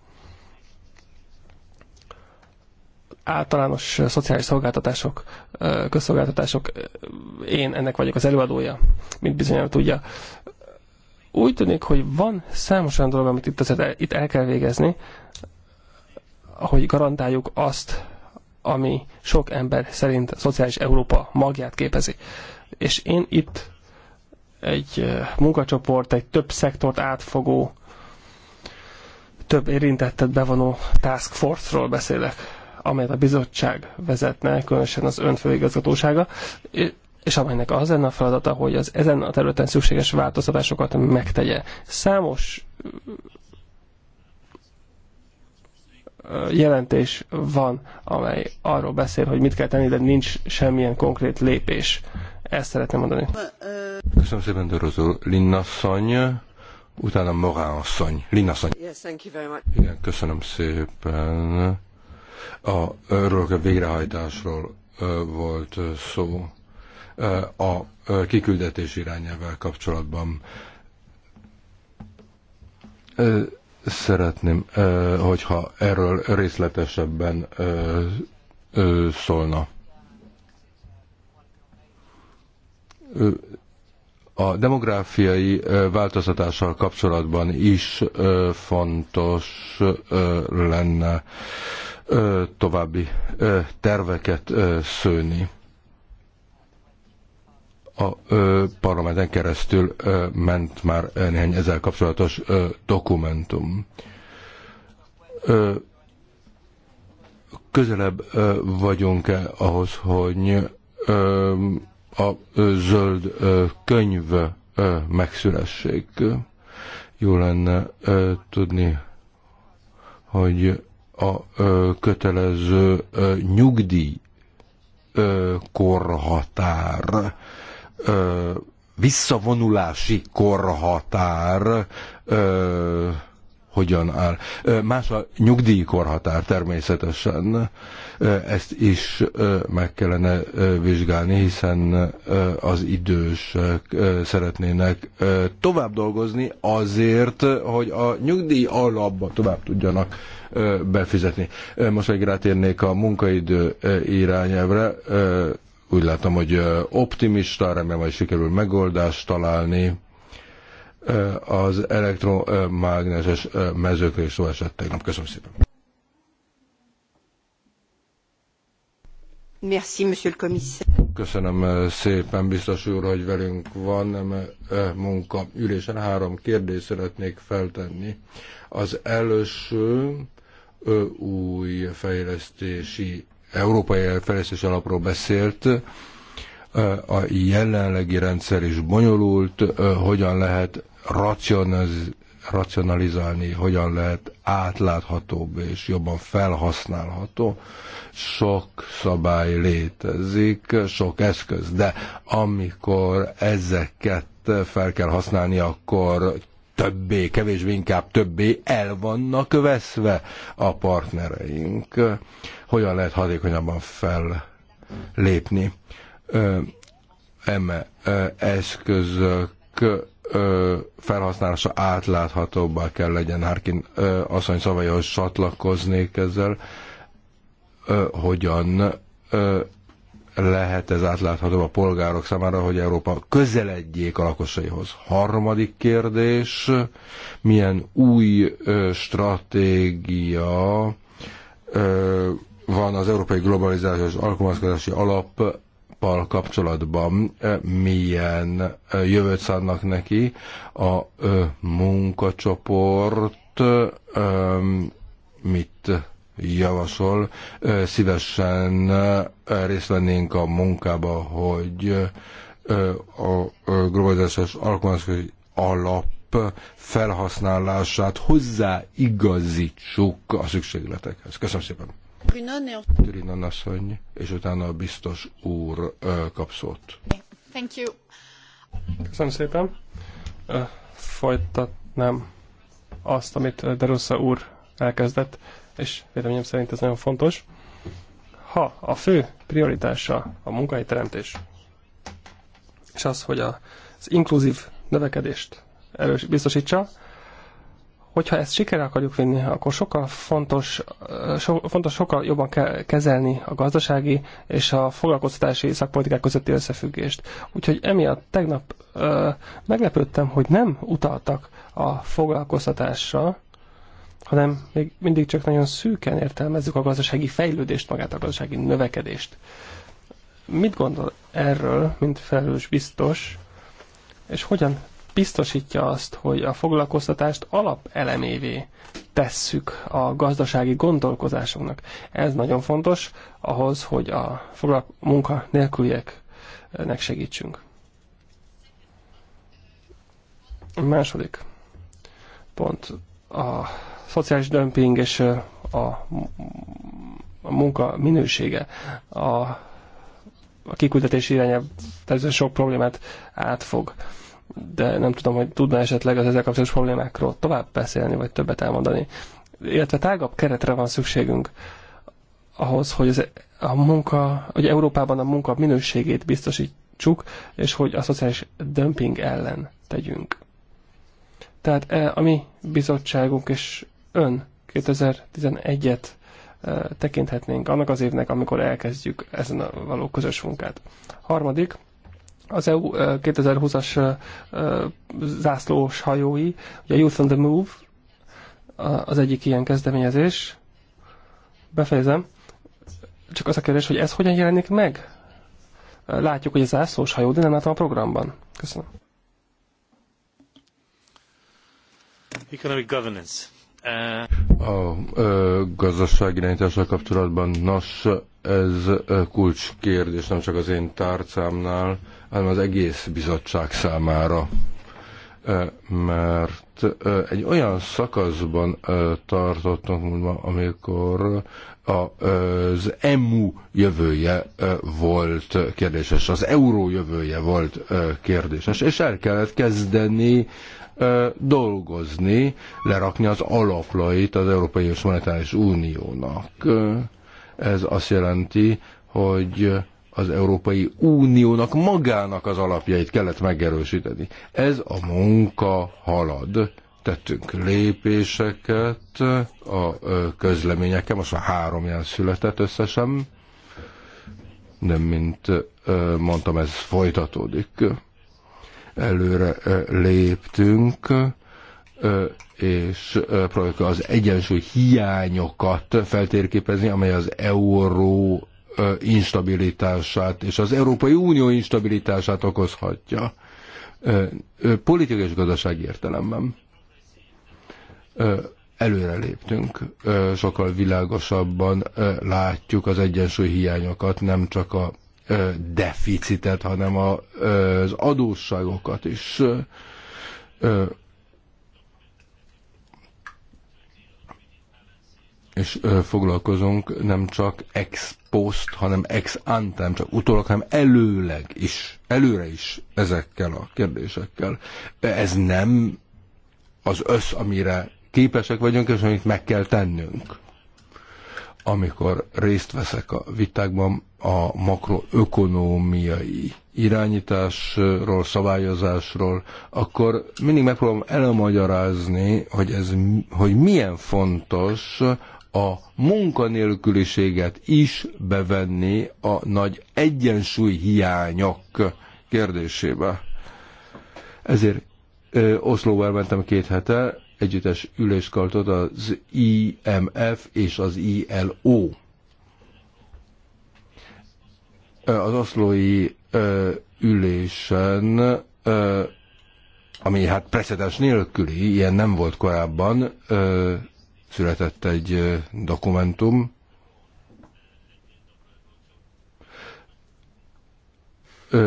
általános szociális szolgáltatások, közszolgáltatások, én ennek vagyok az előadója, mint bizonyára tudja. Úgy tűnik, hogy van számos olyan dolog, amit itt, azért el, itt el kell végezni, hogy garantáljuk azt, ami sok ember szerint a szociális Európa magját képezi. És én itt egy munkacsoport, egy több szektort átfogó, több érintettet bevonó task force-ról beszélek, amelyet a bizottság vezetne, különösen az önfőigazgatósága, és amelynek az lenne a feladata, hogy az ezen a területen szükséges változtatásokat megtegye. Számos jelentés van, amely arról beszél, hogy mit kell tenni, de nincs semmilyen konkrét lépés. Ezt szeretném mondani. Köszönöm szépen, Dorozó Szany, utána Morán Szany. Linna Szany. Igen, köszönöm szépen. A, örök végrehajtásról volt szó a kiküldetés irányával kapcsolatban Szeretném, hogyha erről részletesebben szólna. A demográfiai változtatással kapcsolatban is fontos lenne további terveket szőni a ö, parlamenten keresztül ö, ment már néhány ezzel kapcsolatos ö, dokumentum. Ö, közelebb ö, vagyunk-e ahhoz, hogy ö, a ö, zöld ö, könyv megszülessék? Jó lenne ö, tudni, hogy a ö, kötelező ö, nyugdíj ö, korhatár ö, visszavonulási korhatár ö, hogyan áll. Más a nyugdíjkorhatár természetesen, ezt is meg kellene vizsgálni, hiszen az idősek szeretnének tovább dolgozni azért, hogy a nyugdíj alapba tovább tudjanak befizetni. Most még rátérnék a munkaidő irányelvre, úgy látom, hogy optimista, remélem, hogy sikerül megoldást találni az elektromágneses mezőkre is szó esett tegnap. Köszönöm szépen. Merci, monsieur le commissaire. Köszönöm szépen, biztos úr, hogy velünk van nem munka ülésen. Három kérdést szeretnék feltenni. Az első új fejlesztési Európai Fejlesztés Alapról beszélt, a jelenlegi rendszer is bonyolult, hogyan lehet racionalizálni, hogyan lehet átláthatóbb és jobban felhasználható. Sok szabály létezik, sok eszköz, de amikor ezeket fel kell használni, akkor többé, kevésbé, inkább többé el vannak veszve a partnereink. Hogyan lehet hatékonyabban fellépni? Eme eszközök felhasználása átláthatóbbá kell legyen. Hárkin asszony szavaihoz csatlakoznék ezzel, hogyan lehet ez átlátható a polgárok számára, hogy Európa közeledjék a lakosaihoz. Harmadik kérdés, milyen új ö, stratégia ö, van az Európai Globalizációs Alkalmazkodási Alap kapcsolatban milyen jövőt szánnak neki a munkacsoport, mit javasol. Szívesen részt vennénk a munkába, hogy a globalizációs alkalmazkodási alap felhasználását hozzáigazítsuk a szükségletekhez. Köszönöm szépen. Türinan asszony, és utána a biztos úr kap szót. Thank you. Köszönöm szépen. Folytatnám azt, amit Derussa úr elkezdett és véleményem szerint ez nagyon fontos, ha a fő prioritása a munkai teremtés, és az, hogy az inkluzív növekedést erős, biztosítsa, hogyha ezt sikerre akarjuk vinni, akkor sokkal fontos, so, fontos sokkal jobban kell kezelni a gazdasági és a foglalkoztatási szakpolitikák közötti összefüggést. Úgyhogy emiatt tegnap ö, meglepődtem, hogy nem utaltak a foglalkoztatásra, hanem még mindig csak nagyon szűken értelmezzük a gazdasági fejlődést, magát a gazdasági növekedést. Mit gondol erről, mint felelős biztos, és hogyan biztosítja azt, hogy a foglalkoztatást alapelemévé tesszük a gazdasági gondolkozásunknak. Ez nagyon fontos ahhoz, hogy a munka nélkülieknek segítsünk. A második pont a szociális dömping és a, a munka minősége, a, a kiküldetés irányába, tehát sok problémát átfog. De nem tudom, hogy tudna esetleg az ezzel kapcsolatos problémákról tovább beszélni, vagy többet elmondani. Illetve tágabb keretre van szükségünk ahhoz, hogy az, e- a munka, hogy Európában a munka minőségét biztosítsuk, és hogy a szociális dömping ellen tegyünk. Tehát e, a mi bizottságunk és ön 2011-et tekinthetnénk annak az évnek, amikor elkezdjük ezen a való közös munkát. Harmadik, az EU 2020-as zászlós hajói, ugye Youth on the Move, az egyik ilyen kezdeményezés. Befejezem. Csak az a kérdés, hogy ez hogyan jelenik meg? Látjuk, hogy ez zászlós hajó, de nem látom a programban. Köszönöm. Economic governance. A ö, irányítással kapcsolatban, nos, ez kulcskérdés nem csak az én tárcámnál, hanem az egész bizottság számára. Mert egy olyan szakaszban tartottunk amikor az EMU jövője volt kérdéses, az euró jövője volt kérdéses, és el kellett kezdeni dolgozni, lerakni az alaplait az Európai és Monetáris Uniónak. Ez azt jelenti, hogy az Európai Uniónak magának az alapjait kellett megerősíteni. Ez a munka halad. Tettünk lépéseket a közleményekkel, most már három ilyen született összesen, nem mint mondtam, ez folytatódik előre léptünk, és próbáljuk az egyensúly hiányokat feltérképezni, amely az euró instabilitását és az Európai Unió instabilitását okozhatja politikai és gazdasági értelemben előre léptünk, sokkal világosabban látjuk az egyensúly hiányokat, nem csak a deficitet, hanem a, az adósságokat is és foglalkozunk nem csak ex post, hanem ex ante, nem csak utólag, hanem előleg is, előre is ezekkel a kérdésekkel. Ez nem az össz, amire képesek vagyunk, és amit meg kell tennünk amikor részt veszek a vitákban a makroökonómiai irányításról, szabályozásról, akkor mindig megpróbálom elmagyarázni, hogy, ez, hogy milyen fontos a munkanélküliséget is bevenni a nagy egyensúly hiányok kérdésébe. Ezért Oszlóba elmentem két hete, együttes üléskartot az IMF és az ILO. Az oszlói ülésen, ami hát precedens nélküli, ilyen nem volt korábban, született egy dokumentum,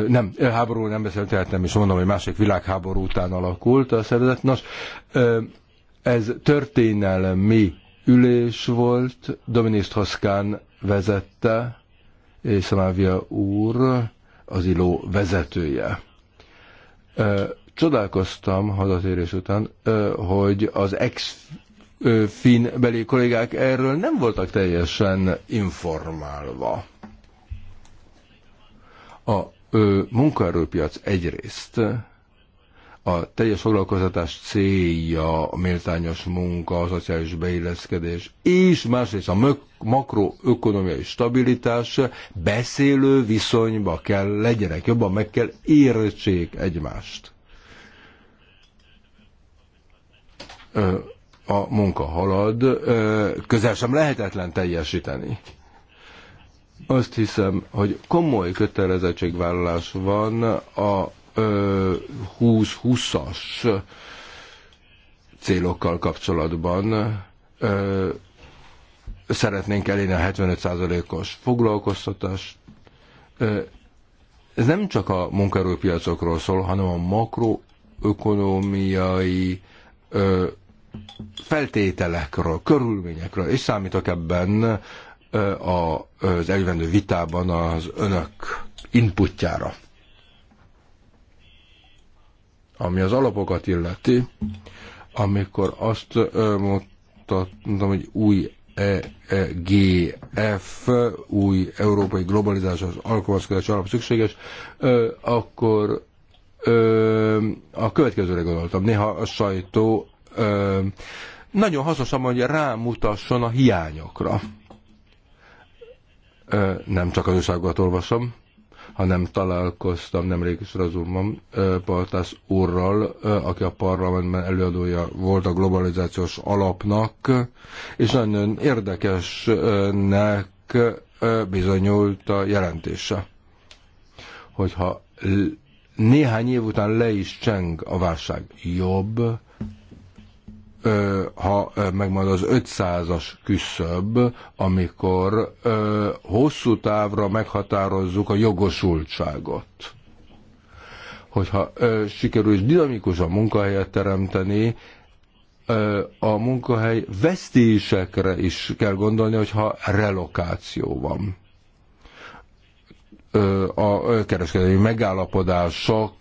nem, háborúról nem beszélt, tehát nem is mondom, hogy másik világháború után alakult a szervezet. Nos, ez történelmi ülés volt, Dominis Toszkán vezette, és Szamávia úr az iló vezetője. Csodálkoztam hazatérés után, hogy az ex finn beli kollégák erről nem voltak teljesen informálva. A munkaerőpiac egyrészt a teljes foglalkoztatás célja a méltányos munka, a szociális beilleszkedés, és másrészt a makroökonomiai stabilitás beszélő viszonyba kell legyenek, jobban meg kell értsék egymást. A munka halad, közel sem lehetetlen teljesíteni azt hiszem, hogy komoly kötelezettségvállalás van a 20-20-as célokkal kapcsolatban szeretnénk elérni a 75%-os foglalkoztatást. Ez nem csak a munkaerőpiacokról szól, hanem a makroökonomiai feltételekről, körülményekről, és számítok ebben az elvendő vitában az önök inputjára. Ami az alapokat illeti, amikor azt mondtam, hogy új EGF, e új európai globalizációs alkalmazkodás alap szükséges, akkor a következőre gondoltam. Néha a sajtó nagyon hasznosan mondja, rámutasson a hiányokra. Nem csak az újságot olvasom, hanem találkoztam nemrég Strasbourgban Paltász úrral, aki a parlamentben előadója volt a globalizációs alapnak, és nagyon érdekesnek bizonyult a jelentése, hogyha néhány év után le is cseng a válság jobb, ha megmarad az 500-as küszöbb, amikor hosszú távra meghatározzuk a jogosultságot. Hogyha sikerül is dinamikus a munkahelyet teremteni, a munkahely vesztésekre is kell gondolni, hogyha relokáció van a kereskedelmi megállapodások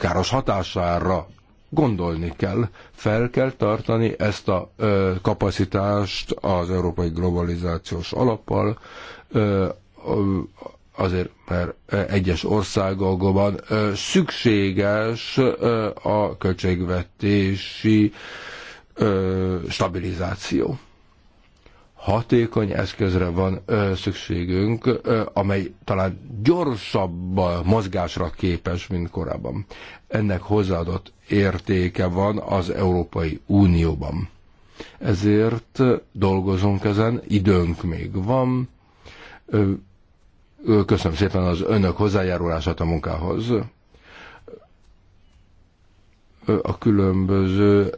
káros hatására gondolni kell. Fel kell tartani ezt a ö, kapacitást az európai globalizációs alappal, ö, azért, mert egyes országokban szükséges a költségvetési stabilizáció hatékony eszközre van ö, szükségünk, ö, amely talán gyorsabb mozgásra képes, mint korábban. Ennek hozzáadott értéke van az Európai Unióban. Ezért dolgozunk ezen, időnk még van. Ö, köszönöm szépen az önök hozzájárulását a munkához. a különböző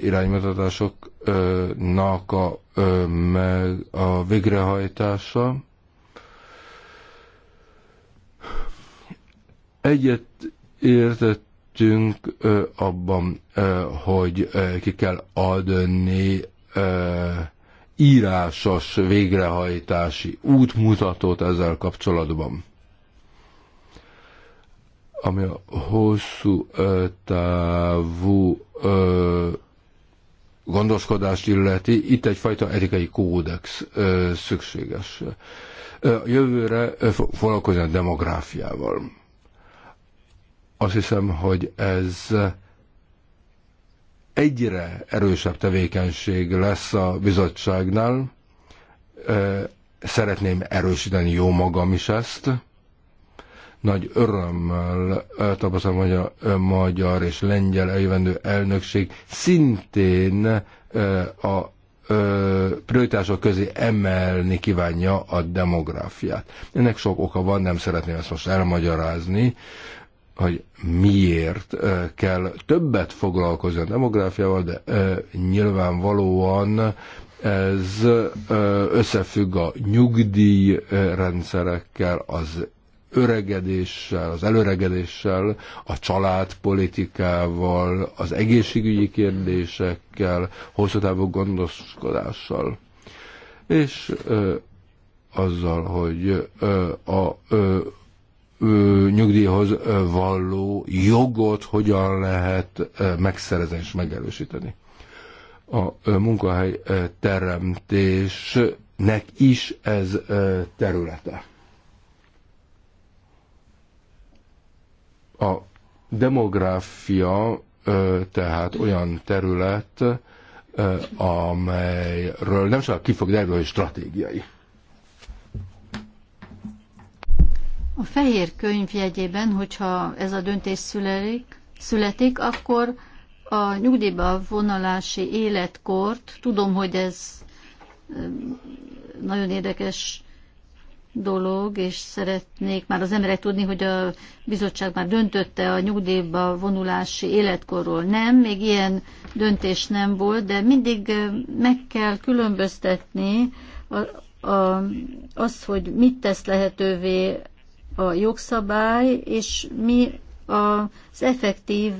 iránymutatásoknak a meg a végrehajtása. Egyet értettünk abban, hogy ki kell adni írásos végrehajtási útmutatót ezzel kapcsolatban. Ami a hosszú távú gondoskodást illeti, itt egyfajta etikai kódex szükséges. A jövőre foglalkozni a demográfiával. Azt hiszem, hogy ez egyre erősebb tevékenység lesz a bizottságnál. Szeretném erősíteni jó magam is ezt nagy örömmel tapasztalom, hogy a magyar és lengyel eljövendő elnökség szintén a prioritások közé emelni kívánja a demográfiát. Ennek sok oka van, nem szeretném ezt most elmagyarázni, hogy miért kell többet foglalkozni a demográfiával, de nyilvánvalóan ez összefügg a nyugdíjrendszerekkel, az öregedéssel, az előregedéssel, a családpolitikával, az egészségügyi kérdésekkel, hosszú távú gondoskodással. És ö, azzal, hogy ö, a ö, ö, nyugdíjhoz ö, valló jogot hogyan lehet ö, megszerezni és megerősíteni. A ö, munkahely ö, teremtésnek is ez ö, területe. A demográfia tehát olyan terület, amelyről nem csak ki fog derülni, hogy stratégiai. A fehér könyv jegyében, hogyha ez a döntés szülelik, születik, akkor a nyugdíjba vonalási életkort, tudom, hogy ez nagyon érdekes dolog, és szeretnék már az emberek tudni, hogy a bizottság már döntötte a nyugdíjba vonulási életkorról. Nem, még ilyen döntés nem volt, de mindig meg kell különböztetni a, a, az, hogy mit tesz lehetővé a jogszabály, és mi az effektív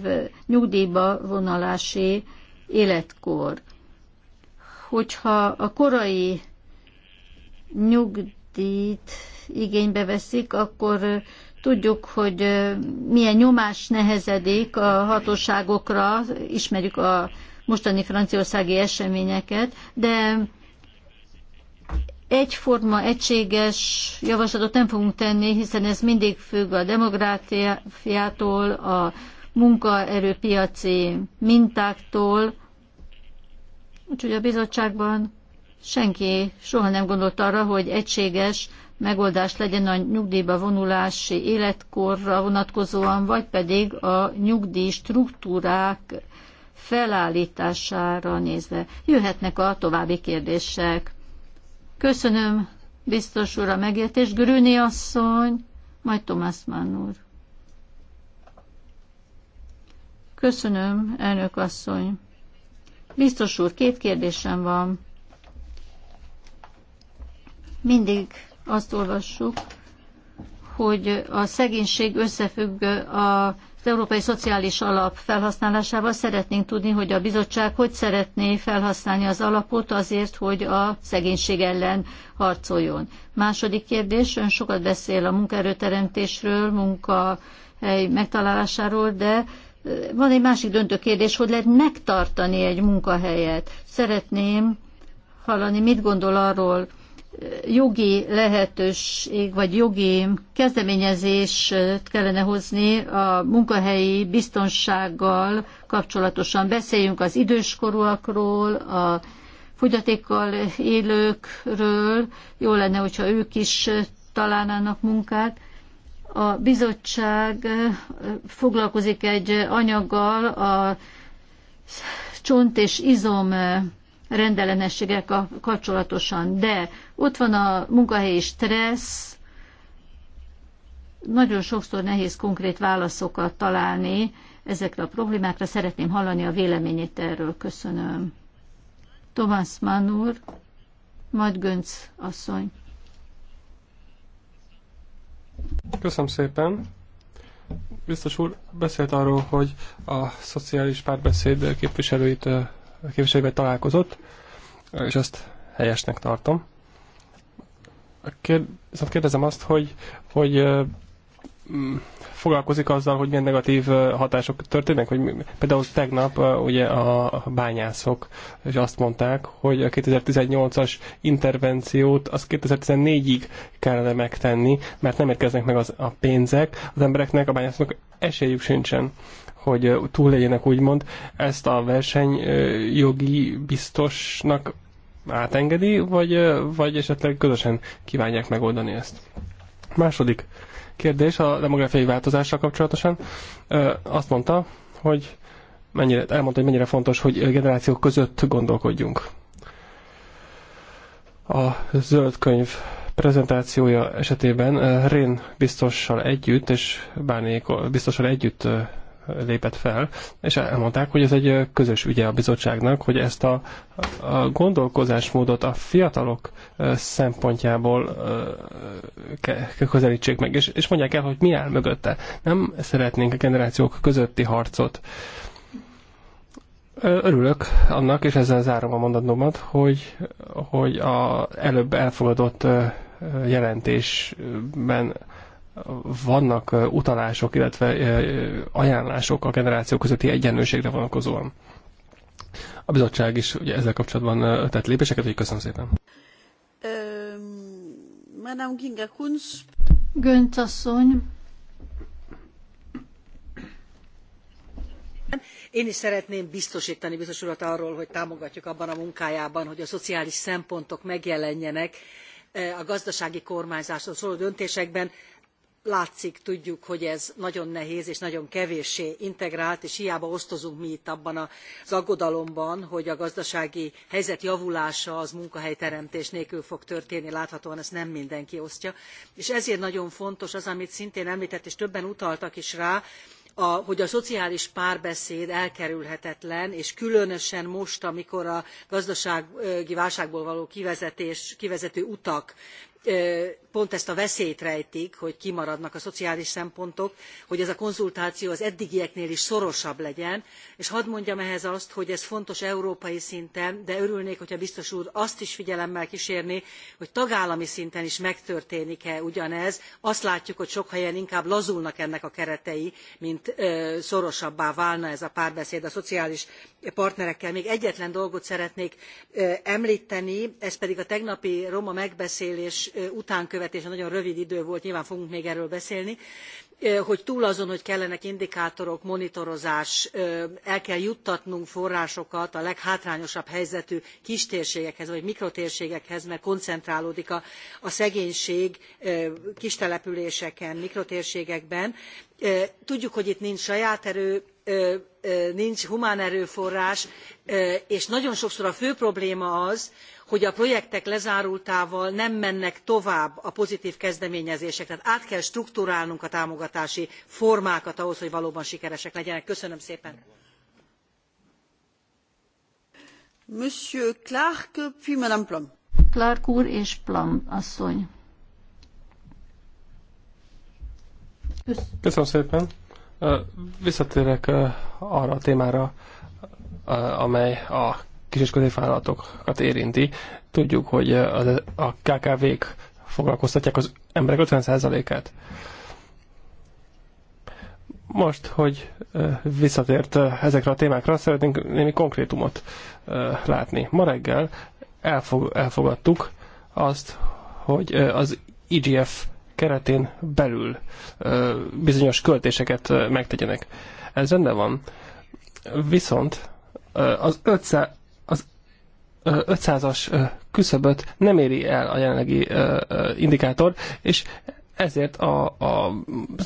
nyugdíjba vonalási életkor. Hogyha a korai nyugdíj itt igénybe veszik, akkor tudjuk, hogy milyen nyomás nehezedik a hatóságokra, ismerjük a mostani franciaországi eseményeket, de egyforma, egységes javaslatot nem fogunk tenni, hiszen ez mindig függ a demográfiától, a munkaerőpiaci mintáktól. Úgyhogy a bizottságban senki soha nem gondolt arra, hogy egységes megoldás legyen a nyugdíjba vonulási életkorra vonatkozóan, vagy pedig a nyugdíj struktúrák felállítására nézve. Jöhetnek a további kérdések. Köszönöm, biztos úr, a megértés. Grüni asszony, majd Tomás Mann úr. Köszönöm, elnök asszony. Biztos úr, két kérdésem van mindig azt olvassuk, hogy a szegénység összefügg a az Európai Szociális Alap felhasználásával szeretnénk tudni, hogy a bizottság hogy szeretné felhasználni az alapot azért, hogy a szegénység ellen harcoljon. Második kérdés, ön sokat beszél a munkaerőteremtésről, munkahely megtalálásáról, de van egy másik döntő kérdés, hogy lehet megtartani egy munkahelyet. Szeretném hallani, mit gondol arról, jogi lehetőség, vagy jogi kezdeményezést kellene hozni a munkahelyi biztonsággal kapcsolatosan. Beszéljünk az időskorúakról, a fogyatékkal élőkről, jó lenne, hogyha ők is találnának munkát. A bizottság foglalkozik egy anyaggal a csont és izom rendellenességek kapcsolatosan. De ott van a munkahelyi stressz, nagyon sokszor nehéz konkrét válaszokat találni ezekre a problémákra. Szeretném hallani a véleményét erről. Köszönöm. Tomás Manur, majd Gönc asszony. Köszönöm szépen. Biztos úr beszélt arról, hogy a szociális párbeszéd képviselőit képviselővel találkozott, és azt helyesnek tartom. Kér, kérdezem azt, hogy, hogy mm, foglalkozik azzal, hogy milyen negatív hatások történnek, hogy például tegnap ugye a bányászok és azt mondták, hogy a 2018-as intervenciót az 2014-ig kellene megtenni, mert nem érkeznek meg az, a pénzek, az embereknek, a bányászoknak esélyük sincsen hogy túl legyenek úgymond, ezt a verseny jogi biztosnak átengedi, vagy, vagy esetleg közösen kívánják megoldani ezt? Második kérdés a demográfiai változással kapcsolatosan. Azt mondta, hogy mennyire, elmondta, hogy mennyire fontos, hogy generációk között gondolkodjunk. A zöld könyv prezentációja esetében Rén biztossal együtt, és Bánék biztossal együtt lépett fel, és elmondták, hogy ez egy közös ügye a bizottságnak, hogy ezt a, a gondolkozásmódot a fiatalok szempontjából közelítsék meg, és, és mondják el, hogy mi áll mögötte. Nem szeretnénk a generációk közötti harcot. Örülök annak, és ezzel zárom a mondatnomat, hogy, hogy a előbb elfogadott jelentésben vannak utalások, illetve ajánlások a generációk közötti egyenlőségre vonatkozóan. A bizottság is ugye ezzel kapcsolatban tett lépéseket, úgyhogy köszönöm szépen. Madame Ginga Kunz. Gönc asszony. Én is szeretném biztosítani biztos urat arról, hogy támogatjuk abban a munkájában, hogy a szociális szempontok megjelenjenek a gazdasági kormányzáshoz szóló döntésekben látszik, tudjuk, hogy ez nagyon nehéz és nagyon kevéssé integrált, és hiába osztozunk mi itt abban az aggodalomban, hogy a gazdasági helyzet javulása az munkahelyteremtés nélkül fog történni, láthatóan ezt nem mindenki osztja. És ezért nagyon fontos az, amit szintén említett, és többen utaltak is rá, a, hogy a szociális párbeszéd elkerülhetetlen, és különösen most, amikor a gazdasági válságból való kivezetés, kivezető utak pont ezt a veszélyt rejtik, hogy kimaradnak a szociális szempontok, hogy ez a konzultáció az eddigieknél is szorosabb legyen, és hadd mondjam ehhez azt, hogy ez fontos európai szinten, de örülnék, hogyha biztos úr azt is figyelemmel kísérné, hogy tagállami szinten is megtörténik-e ugyanez. Azt látjuk, hogy sok helyen inkább lazulnak ennek a keretei, mint szorosabbá válna ez a párbeszéd a szociális partnerekkel. Még egyetlen dolgot szeretnék említeni, ez pedig a tegnapi roma megbeszélés utánkövetése nagyon rövid idő volt nyilván fogunk még erről beszélni hogy túl azon hogy kellenek indikátorok monitorozás el kell juttatnunk forrásokat a leghátrányosabb helyzetű kistérségekhez vagy mikrotérségekhez mert koncentrálódik a, a szegénység kistelepüléseken mikrotérségekben tudjuk hogy itt nincs saját erő nincs humán erőforrás és nagyon sokszor a fő probléma az hogy a projektek lezárultával nem mennek tovább a pozitv kezdeményezések tehát át kell strukturálnunk a támogatási formákat ahhoz hogy valóban sikeresek legyenek. köszönöm szépen! Monsieur Clark, puis Madame úr és Plum asszony. Köszönöm szépen. Visszatérek arra a témára, amely a kis és középvállalatokat érinti. Tudjuk, hogy eh, a KKV-k foglalkoztatják az emberek 50%-át. Most, hogy eh, visszatért eh, ezekre a témákra, szeretnénk némi konkrétumot látni. Ma reggel elfog, elfogadtuk azt, hogy az IGF keretén belül bizonyos költéseket megtegyenek. Ez rendben van. Viszont az 500, 500-as küszöböt nem éri el a jelenlegi indikátor, és ezért a, a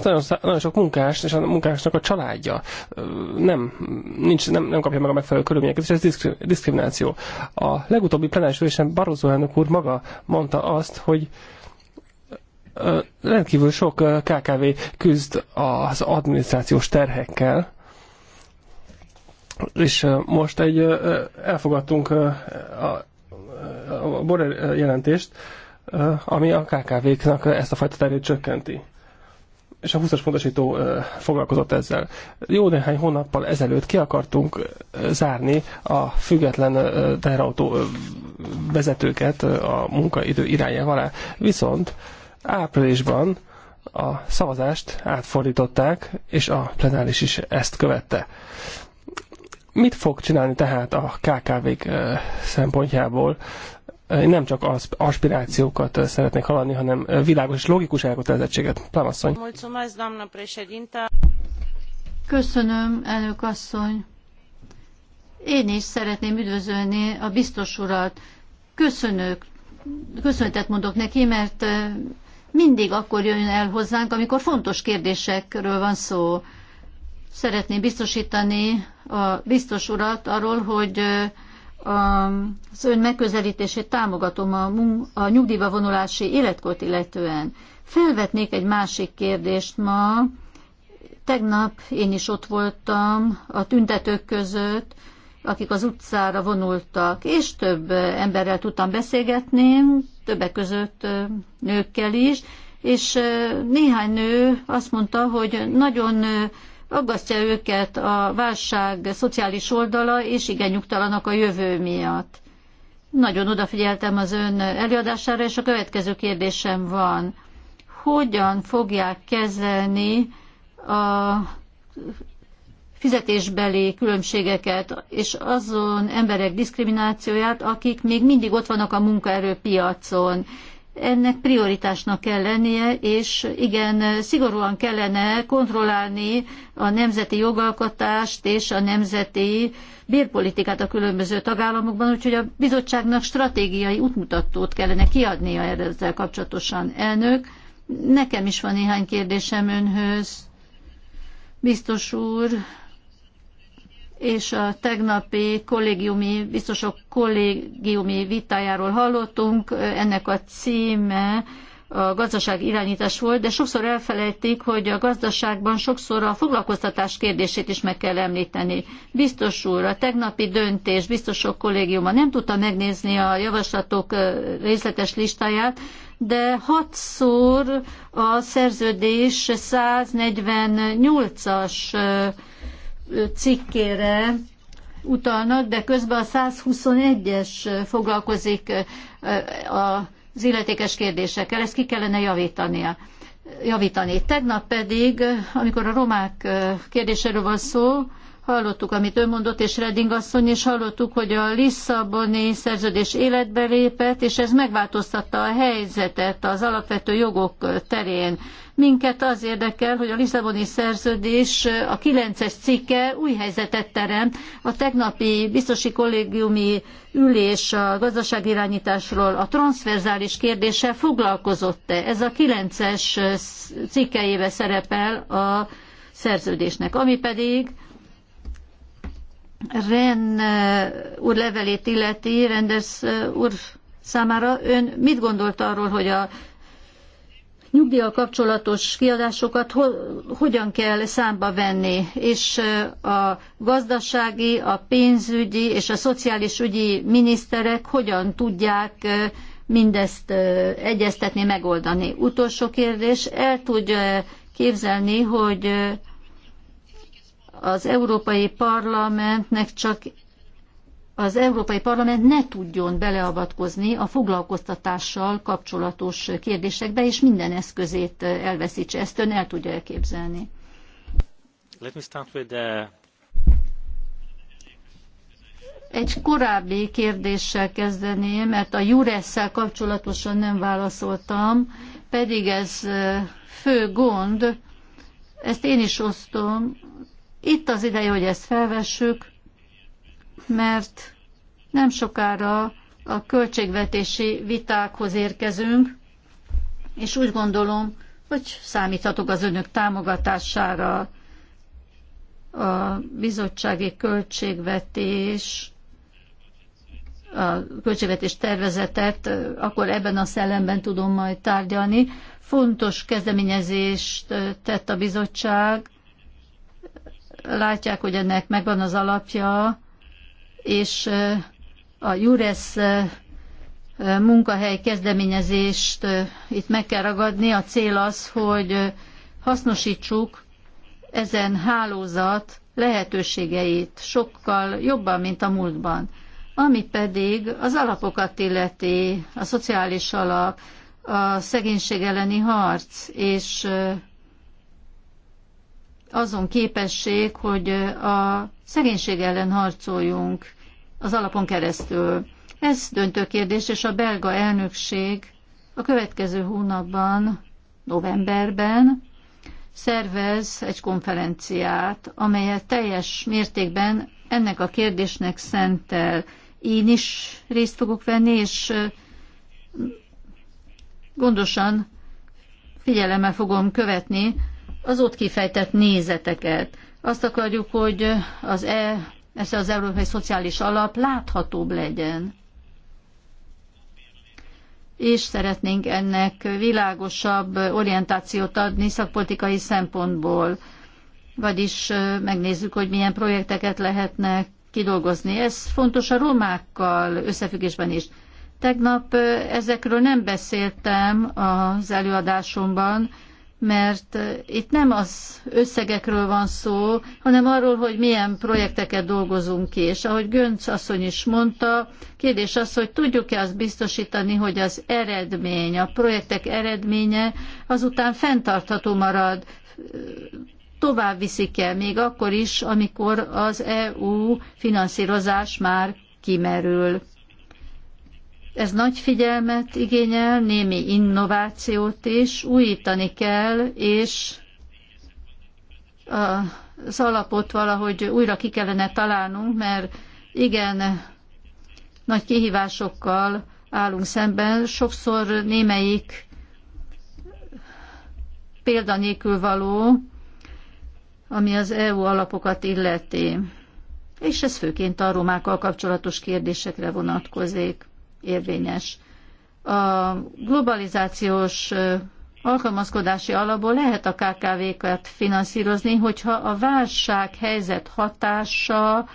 nagyon, nagyon sok munkás és a munkásnak a családja nem, nincs, nem, nem kapja meg a megfelelő körülményeket, és ez diszkrimináció. A legutóbbi plenáris ülésen Barroso elnök úr maga mondta azt, hogy rendkívül sok KKV küzd az adminisztrációs terhekkel, és most egy, elfogadtunk a, a Borrell jelentést, ami a KKV-knak ezt a fajta terét csökkenti. És a 20-as pontosító foglalkozott ezzel. Jó néhány hónappal ezelőtt ki akartunk zárni a független teherautó vezetőket a munkaidő irányába alá. Viszont áprilisban a szavazást átfordították, és a plenáris is ezt követte. Mit fog csinálni tehát a KKV-k szempontjából? Én nem csak az aspirációkat szeretnék hallani, hanem világos és logikus elkötelezettséget. Plámasszony. Köszönöm, elnök asszony. Én is szeretném üdvözölni a biztos urat. Köszönök, köszönetet mondok neki, mert mindig akkor jön el hozzánk, amikor fontos kérdésekről van szó. Szeretném biztosítani a biztos urat arról, hogy az ön megközelítését támogatom a, a nyugdíjba vonulási életkort illetően. Felvetnék egy másik kérdést ma. Tegnap én is ott voltam a tüntetők között, akik az utcára vonultak, és több emberrel tudtam beszélgetni, többek között nőkkel is, és néhány nő azt mondta, hogy nagyon aggasztja őket a válság szociális oldala, és igen nyugtalanak a jövő miatt. Nagyon odafigyeltem az ön előadására, és a következő kérdésem van. Hogyan fogják kezelni a fizetésbeli különbségeket és azon emberek diszkriminációját, akik még mindig ott vannak a munkaerőpiacon, ennek prioritásnak kell lennie, és igen, szigorúan kellene kontrollálni a nemzeti jogalkotást és a nemzeti bérpolitikát a különböző tagállamokban, úgyhogy a bizottságnak stratégiai útmutatót kellene kiadnia erre ezzel kapcsolatosan. Elnök, nekem is van néhány kérdésem önhöz. Biztos úr, és a tegnapi kollégiumi, biztosok kollégiumi vitájáról hallottunk. Ennek a címe a gazdaság irányítás volt, de sokszor elfelejtik, hogy a gazdaságban sokszor a foglalkoztatás kérdését is meg kell említeni. Biztos úr, a tegnapi döntés biztosok kollégiuma nem tudta megnézni a javaslatok részletes listáját, de hatszor a szerződés 148-as cikkére utalnak, de közben a 121-es foglalkozik az illetékes kérdésekkel. Ezt ki kellene javítania. javítani. Tegnap pedig, amikor a romák kérdéséről van szó, Hallottuk, amit ő mondott, és Redding asszony, is hallottuk, hogy a Lisszaboni szerződés életbe lépett, és ez megváltoztatta a helyzetet az alapvető jogok terén. Minket az érdekel, hogy a Lisszaboni szerződés a kilences cikke új helyzetet teremt. A tegnapi biztosi kollégiumi ülés a gazdaságirányításról a transzverzális kérdéssel foglalkozott-e? Ez a kilences es szerepel a szerződésnek, ami pedig Ren úr levelét illeti, rendes úr számára, ön mit gondolt arról, hogy a nyugdíjjal kapcsolatos kiadásokat ho hogyan kell számba venni, és a gazdasági, a pénzügyi és a szociális ügyi miniszterek hogyan tudják mindezt egyeztetni, megoldani. Utolsó kérdés, el tudja képzelni, hogy az Európai Parlamentnek csak az Európai Parlament ne tudjon beleavatkozni a foglalkoztatással kapcsolatos kérdésekbe, és minden eszközét elveszítse. Ezt ön el tudja elképzelni. Let me start with the... Egy korábbi kérdéssel kezdeném, mert a Juresszel kapcsolatosan nem válaszoltam, pedig ez fő gond, ezt én is osztom, itt az ideje, hogy ezt felvessük, mert nem sokára a költségvetési vitákhoz érkezünk, és úgy gondolom, hogy számíthatok az önök támogatására a bizottsági költségvetés, a költségvetés tervezetet, akkor ebben a szellemben tudom majd tárgyalni. Fontos kezdeményezést tett a bizottság látják, hogy ennek megvan az alapja, és a Jures munkahely kezdeményezést itt meg kell ragadni. A cél az, hogy hasznosítsuk ezen hálózat lehetőségeit sokkal jobban, mint a múltban. Ami pedig az alapokat illeti, a szociális alap, a szegénység elleni harc és azon képesség, hogy a szegénység ellen harcoljunk az alapon keresztül. Ez döntő kérdés, és a belga elnökség a következő hónapban, novemberben szervez egy konferenciát, amelyet teljes mértékben ennek a kérdésnek szentel. Én is részt fogok venni, és gondosan figyelemmel fogom követni az ott kifejtett nézeteket. Azt akarjuk, hogy az e, ez az Európai Szociális Alap láthatóbb legyen. És szeretnénk ennek világosabb orientációt adni szakpolitikai szempontból. Vagyis megnézzük, hogy milyen projekteket lehetne kidolgozni. Ez fontos a romákkal összefüggésben is. Tegnap ezekről nem beszéltem az előadásomban, mert itt nem az összegekről van szó, hanem arról, hogy milyen projekteket dolgozunk ki. És ahogy Gönc asszony is mondta, kérdés az, hogy tudjuk-e azt biztosítani, hogy az eredmény, a projektek eredménye azután fenntartható marad, tovább viszik e még akkor is, amikor az EU finanszírozás már kimerül. Ez nagy figyelmet igényel, némi innovációt is, újítani kell, és az alapot valahogy újra ki kellene találnunk, mert igen, nagy kihívásokkal állunk szemben. Sokszor némelyik példa való, ami az EU alapokat illeti. És ez főként a romákkal kapcsolatos kérdésekre vonatkozik érvényes. A globalizációs alkalmazkodási alapból lehet a KKV-kat finanszírozni, hogyha a válság helyzet hatása,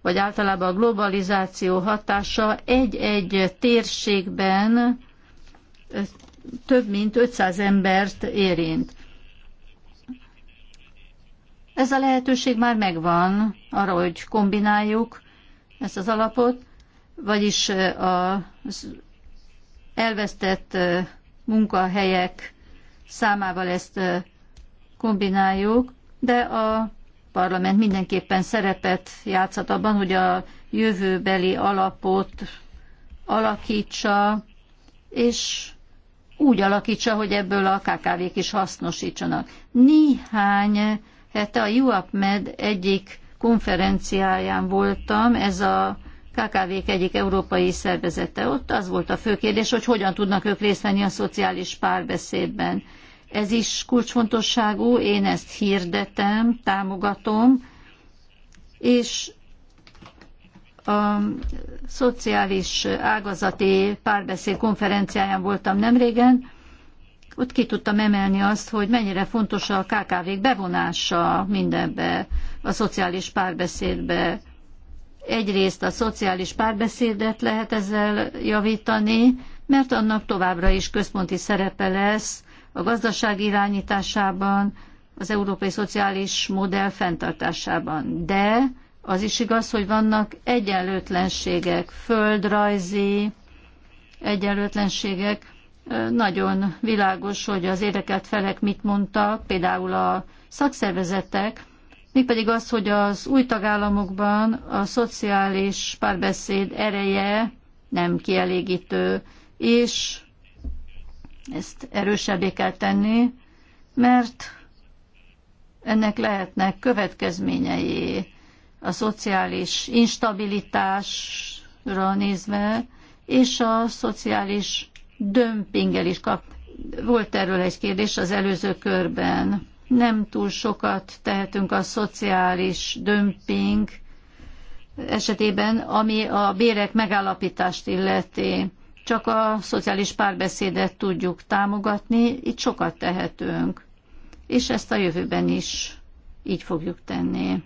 vagy általában a globalizáció hatása egy-egy térségben több mint 500 embert érint. Ez a lehetőség már megvan arra, hogy kombináljuk ezt az alapot, vagyis az elvesztett munkahelyek számával ezt kombináljuk, de a parlament mindenképpen szerepet játszhat abban, hogy a jövőbeli alapot alakítsa, és úgy alakítsa, hogy ebből a KKV-k is hasznosítsanak. Néhány hete a UAPMED egyik konferenciáján voltam, ez a KKV-k egyik európai szervezete. Ott az volt a fő kérdés, hogy hogyan tudnak ők részt venni a szociális párbeszédben. Ez is kulcsfontosságú, én ezt hirdetem, támogatom, és a szociális ágazati párbeszéd konferenciáján voltam nemrégen, ott ki tudtam emelni azt, hogy mennyire fontos a KKV-k bevonása mindenbe, a szociális párbeszédbe, Egyrészt a szociális párbeszédet lehet ezzel javítani, mert annak továbbra is központi szerepe lesz a gazdaság irányításában, az európai szociális modell fenntartásában. De az is igaz, hogy vannak egyenlőtlenségek, földrajzi egyenlőtlenségek. Nagyon világos, hogy az érdekelt felek mit mondtak, például a szakszervezetek mégpedig az, hogy az új tagállamokban a szociális párbeszéd ereje nem kielégítő, és ezt erősebbé kell tenni, mert ennek lehetnek következményei a szociális instabilitásra nézve, és a szociális dömpinggel is kap. Volt erről egy kérdés az előző körben nem túl sokat tehetünk a szociális dömping esetében, ami a bérek megállapítást illeti. Csak a szociális párbeszédet tudjuk támogatni, itt sokat tehetünk. És ezt a jövőben is így fogjuk tenni.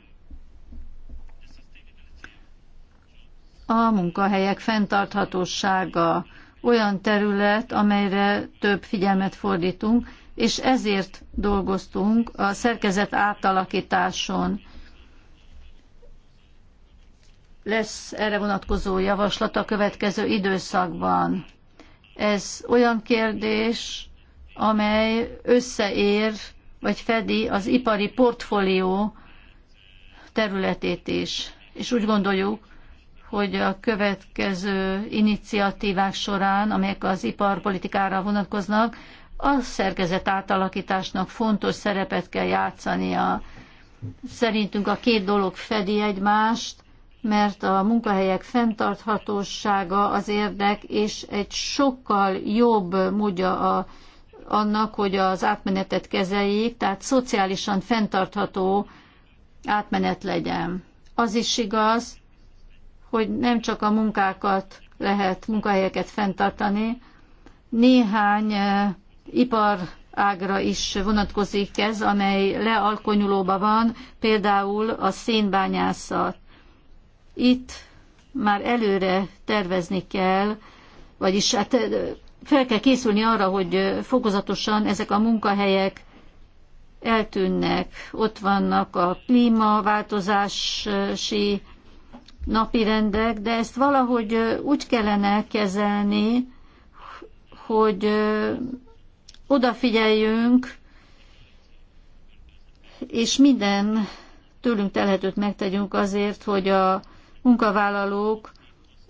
A munkahelyek fenntarthatósága olyan terület, amelyre több figyelmet fordítunk, és ezért dolgoztunk a szerkezet átalakításon. Lesz erre vonatkozó javaslat a következő időszakban. Ez olyan kérdés, amely összeér vagy fedi az ipari portfólió területét is. És úgy gondoljuk, hogy a következő iniciatívák során, amelyek az iparpolitikára vonatkoznak, a szerkezet átalakításnak fontos szerepet kell játszania. Szerintünk a két dolog fedi egymást, mert a munkahelyek fenntarthatósága az érdek, és egy sokkal jobb módja a, annak, hogy az átmenetet kezeljék, tehát szociálisan fenntartható átmenet legyen. Az is igaz, hogy nem csak a munkákat lehet, munkahelyeket fenntartani, néhány eh, ipar ágra is vonatkozik ez, amely lealkonyulóban van, például a szénbányászat. Itt már előre tervezni kell, vagyis hát fel kell készülni arra, hogy fokozatosan ezek a munkahelyek eltűnnek. Ott vannak a klímaváltozási napirendek, de ezt valahogy úgy kellene kezelni, hogy odafigyeljünk, és minden tőlünk telhetőt megtegyünk azért, hogy a munkavállalók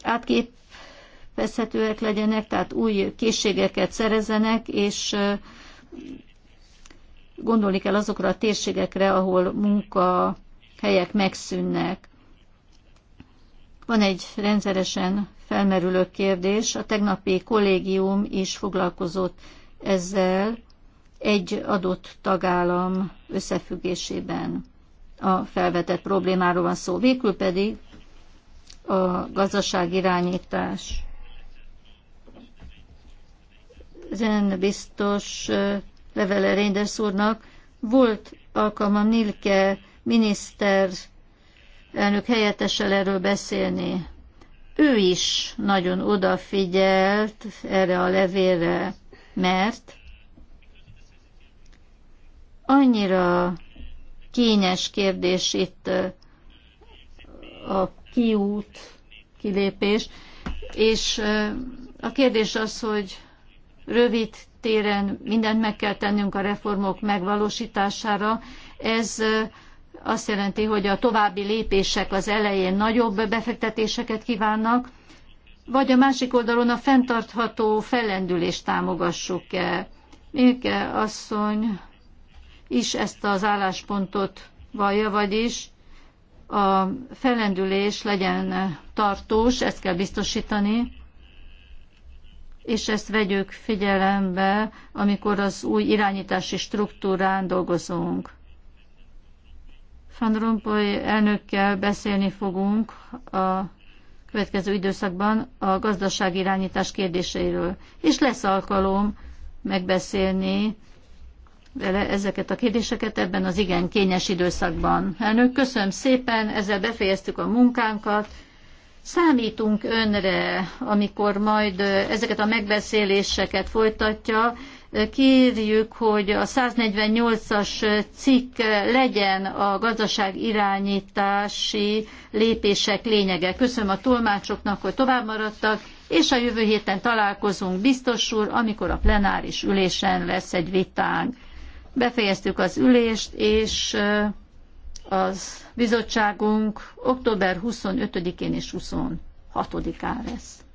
átképezhetőek legyenek, tehát új készségeket szerezzenek, és gondolni kell azokra a térségekre, ahol munkahelyek megszűnnek. Van egy rendszeresen felmerülő kérdés, a tegnapi kollégium is foglalkozott ezzel egy adott tagállam összefüggésében a felvetett problémáról van szó. Végül pedig a gazdaságirányítás. Zen biztos levele Reinders úrnak volt alkalma Nilke miniszter elnök helyettesel erről beszélni. Ő is nagyon odafigyelt erre a levélre mert annyira kényes kérdés itt a kiút, kilépés, és a kérdés az, hogy rövid téren mindent meg kell tennünk a reformok megvalósítására. Ez azt jelenti, hogy a további lépések az elején nagyobb befektetéseket kívánnak, vagy a másik oldalon a fenntartható fellendülést támogassuk-e. Milke asszony is ezt az álláspontot vallja, vagyis a fellendülés legyen tartós, ezt kell biztosítani, és ezt vegyük figyelembe, amikor az új irányítási struktúrán dolgozunk. Van Rompuy elnökkel beszélni fogunk a következő időszakban a irányítás kérdéseiről. És lesz alkalom megbeszélni vele ezeket a kérdéseket ebben az igen kényes időszakban. Elnök, köszönöm szépen, ezzel befejeztük a munkánkat. Számítunk önre, amikor majd eh, ezeket a megbeszéléseket folytatja, kérjük, hogy a 148-as cikk legyen a gazdaság irányítási lépések lényege. Köszönöm a tolmácsoknak, hogy tovább maradtak, és a jövő héten találkozunk biztos úr, amikor a plenáris ülésen lesz egy vitánk. Befejeztük az ülést, és az bizottságunk október 25-én és 26-án lesz.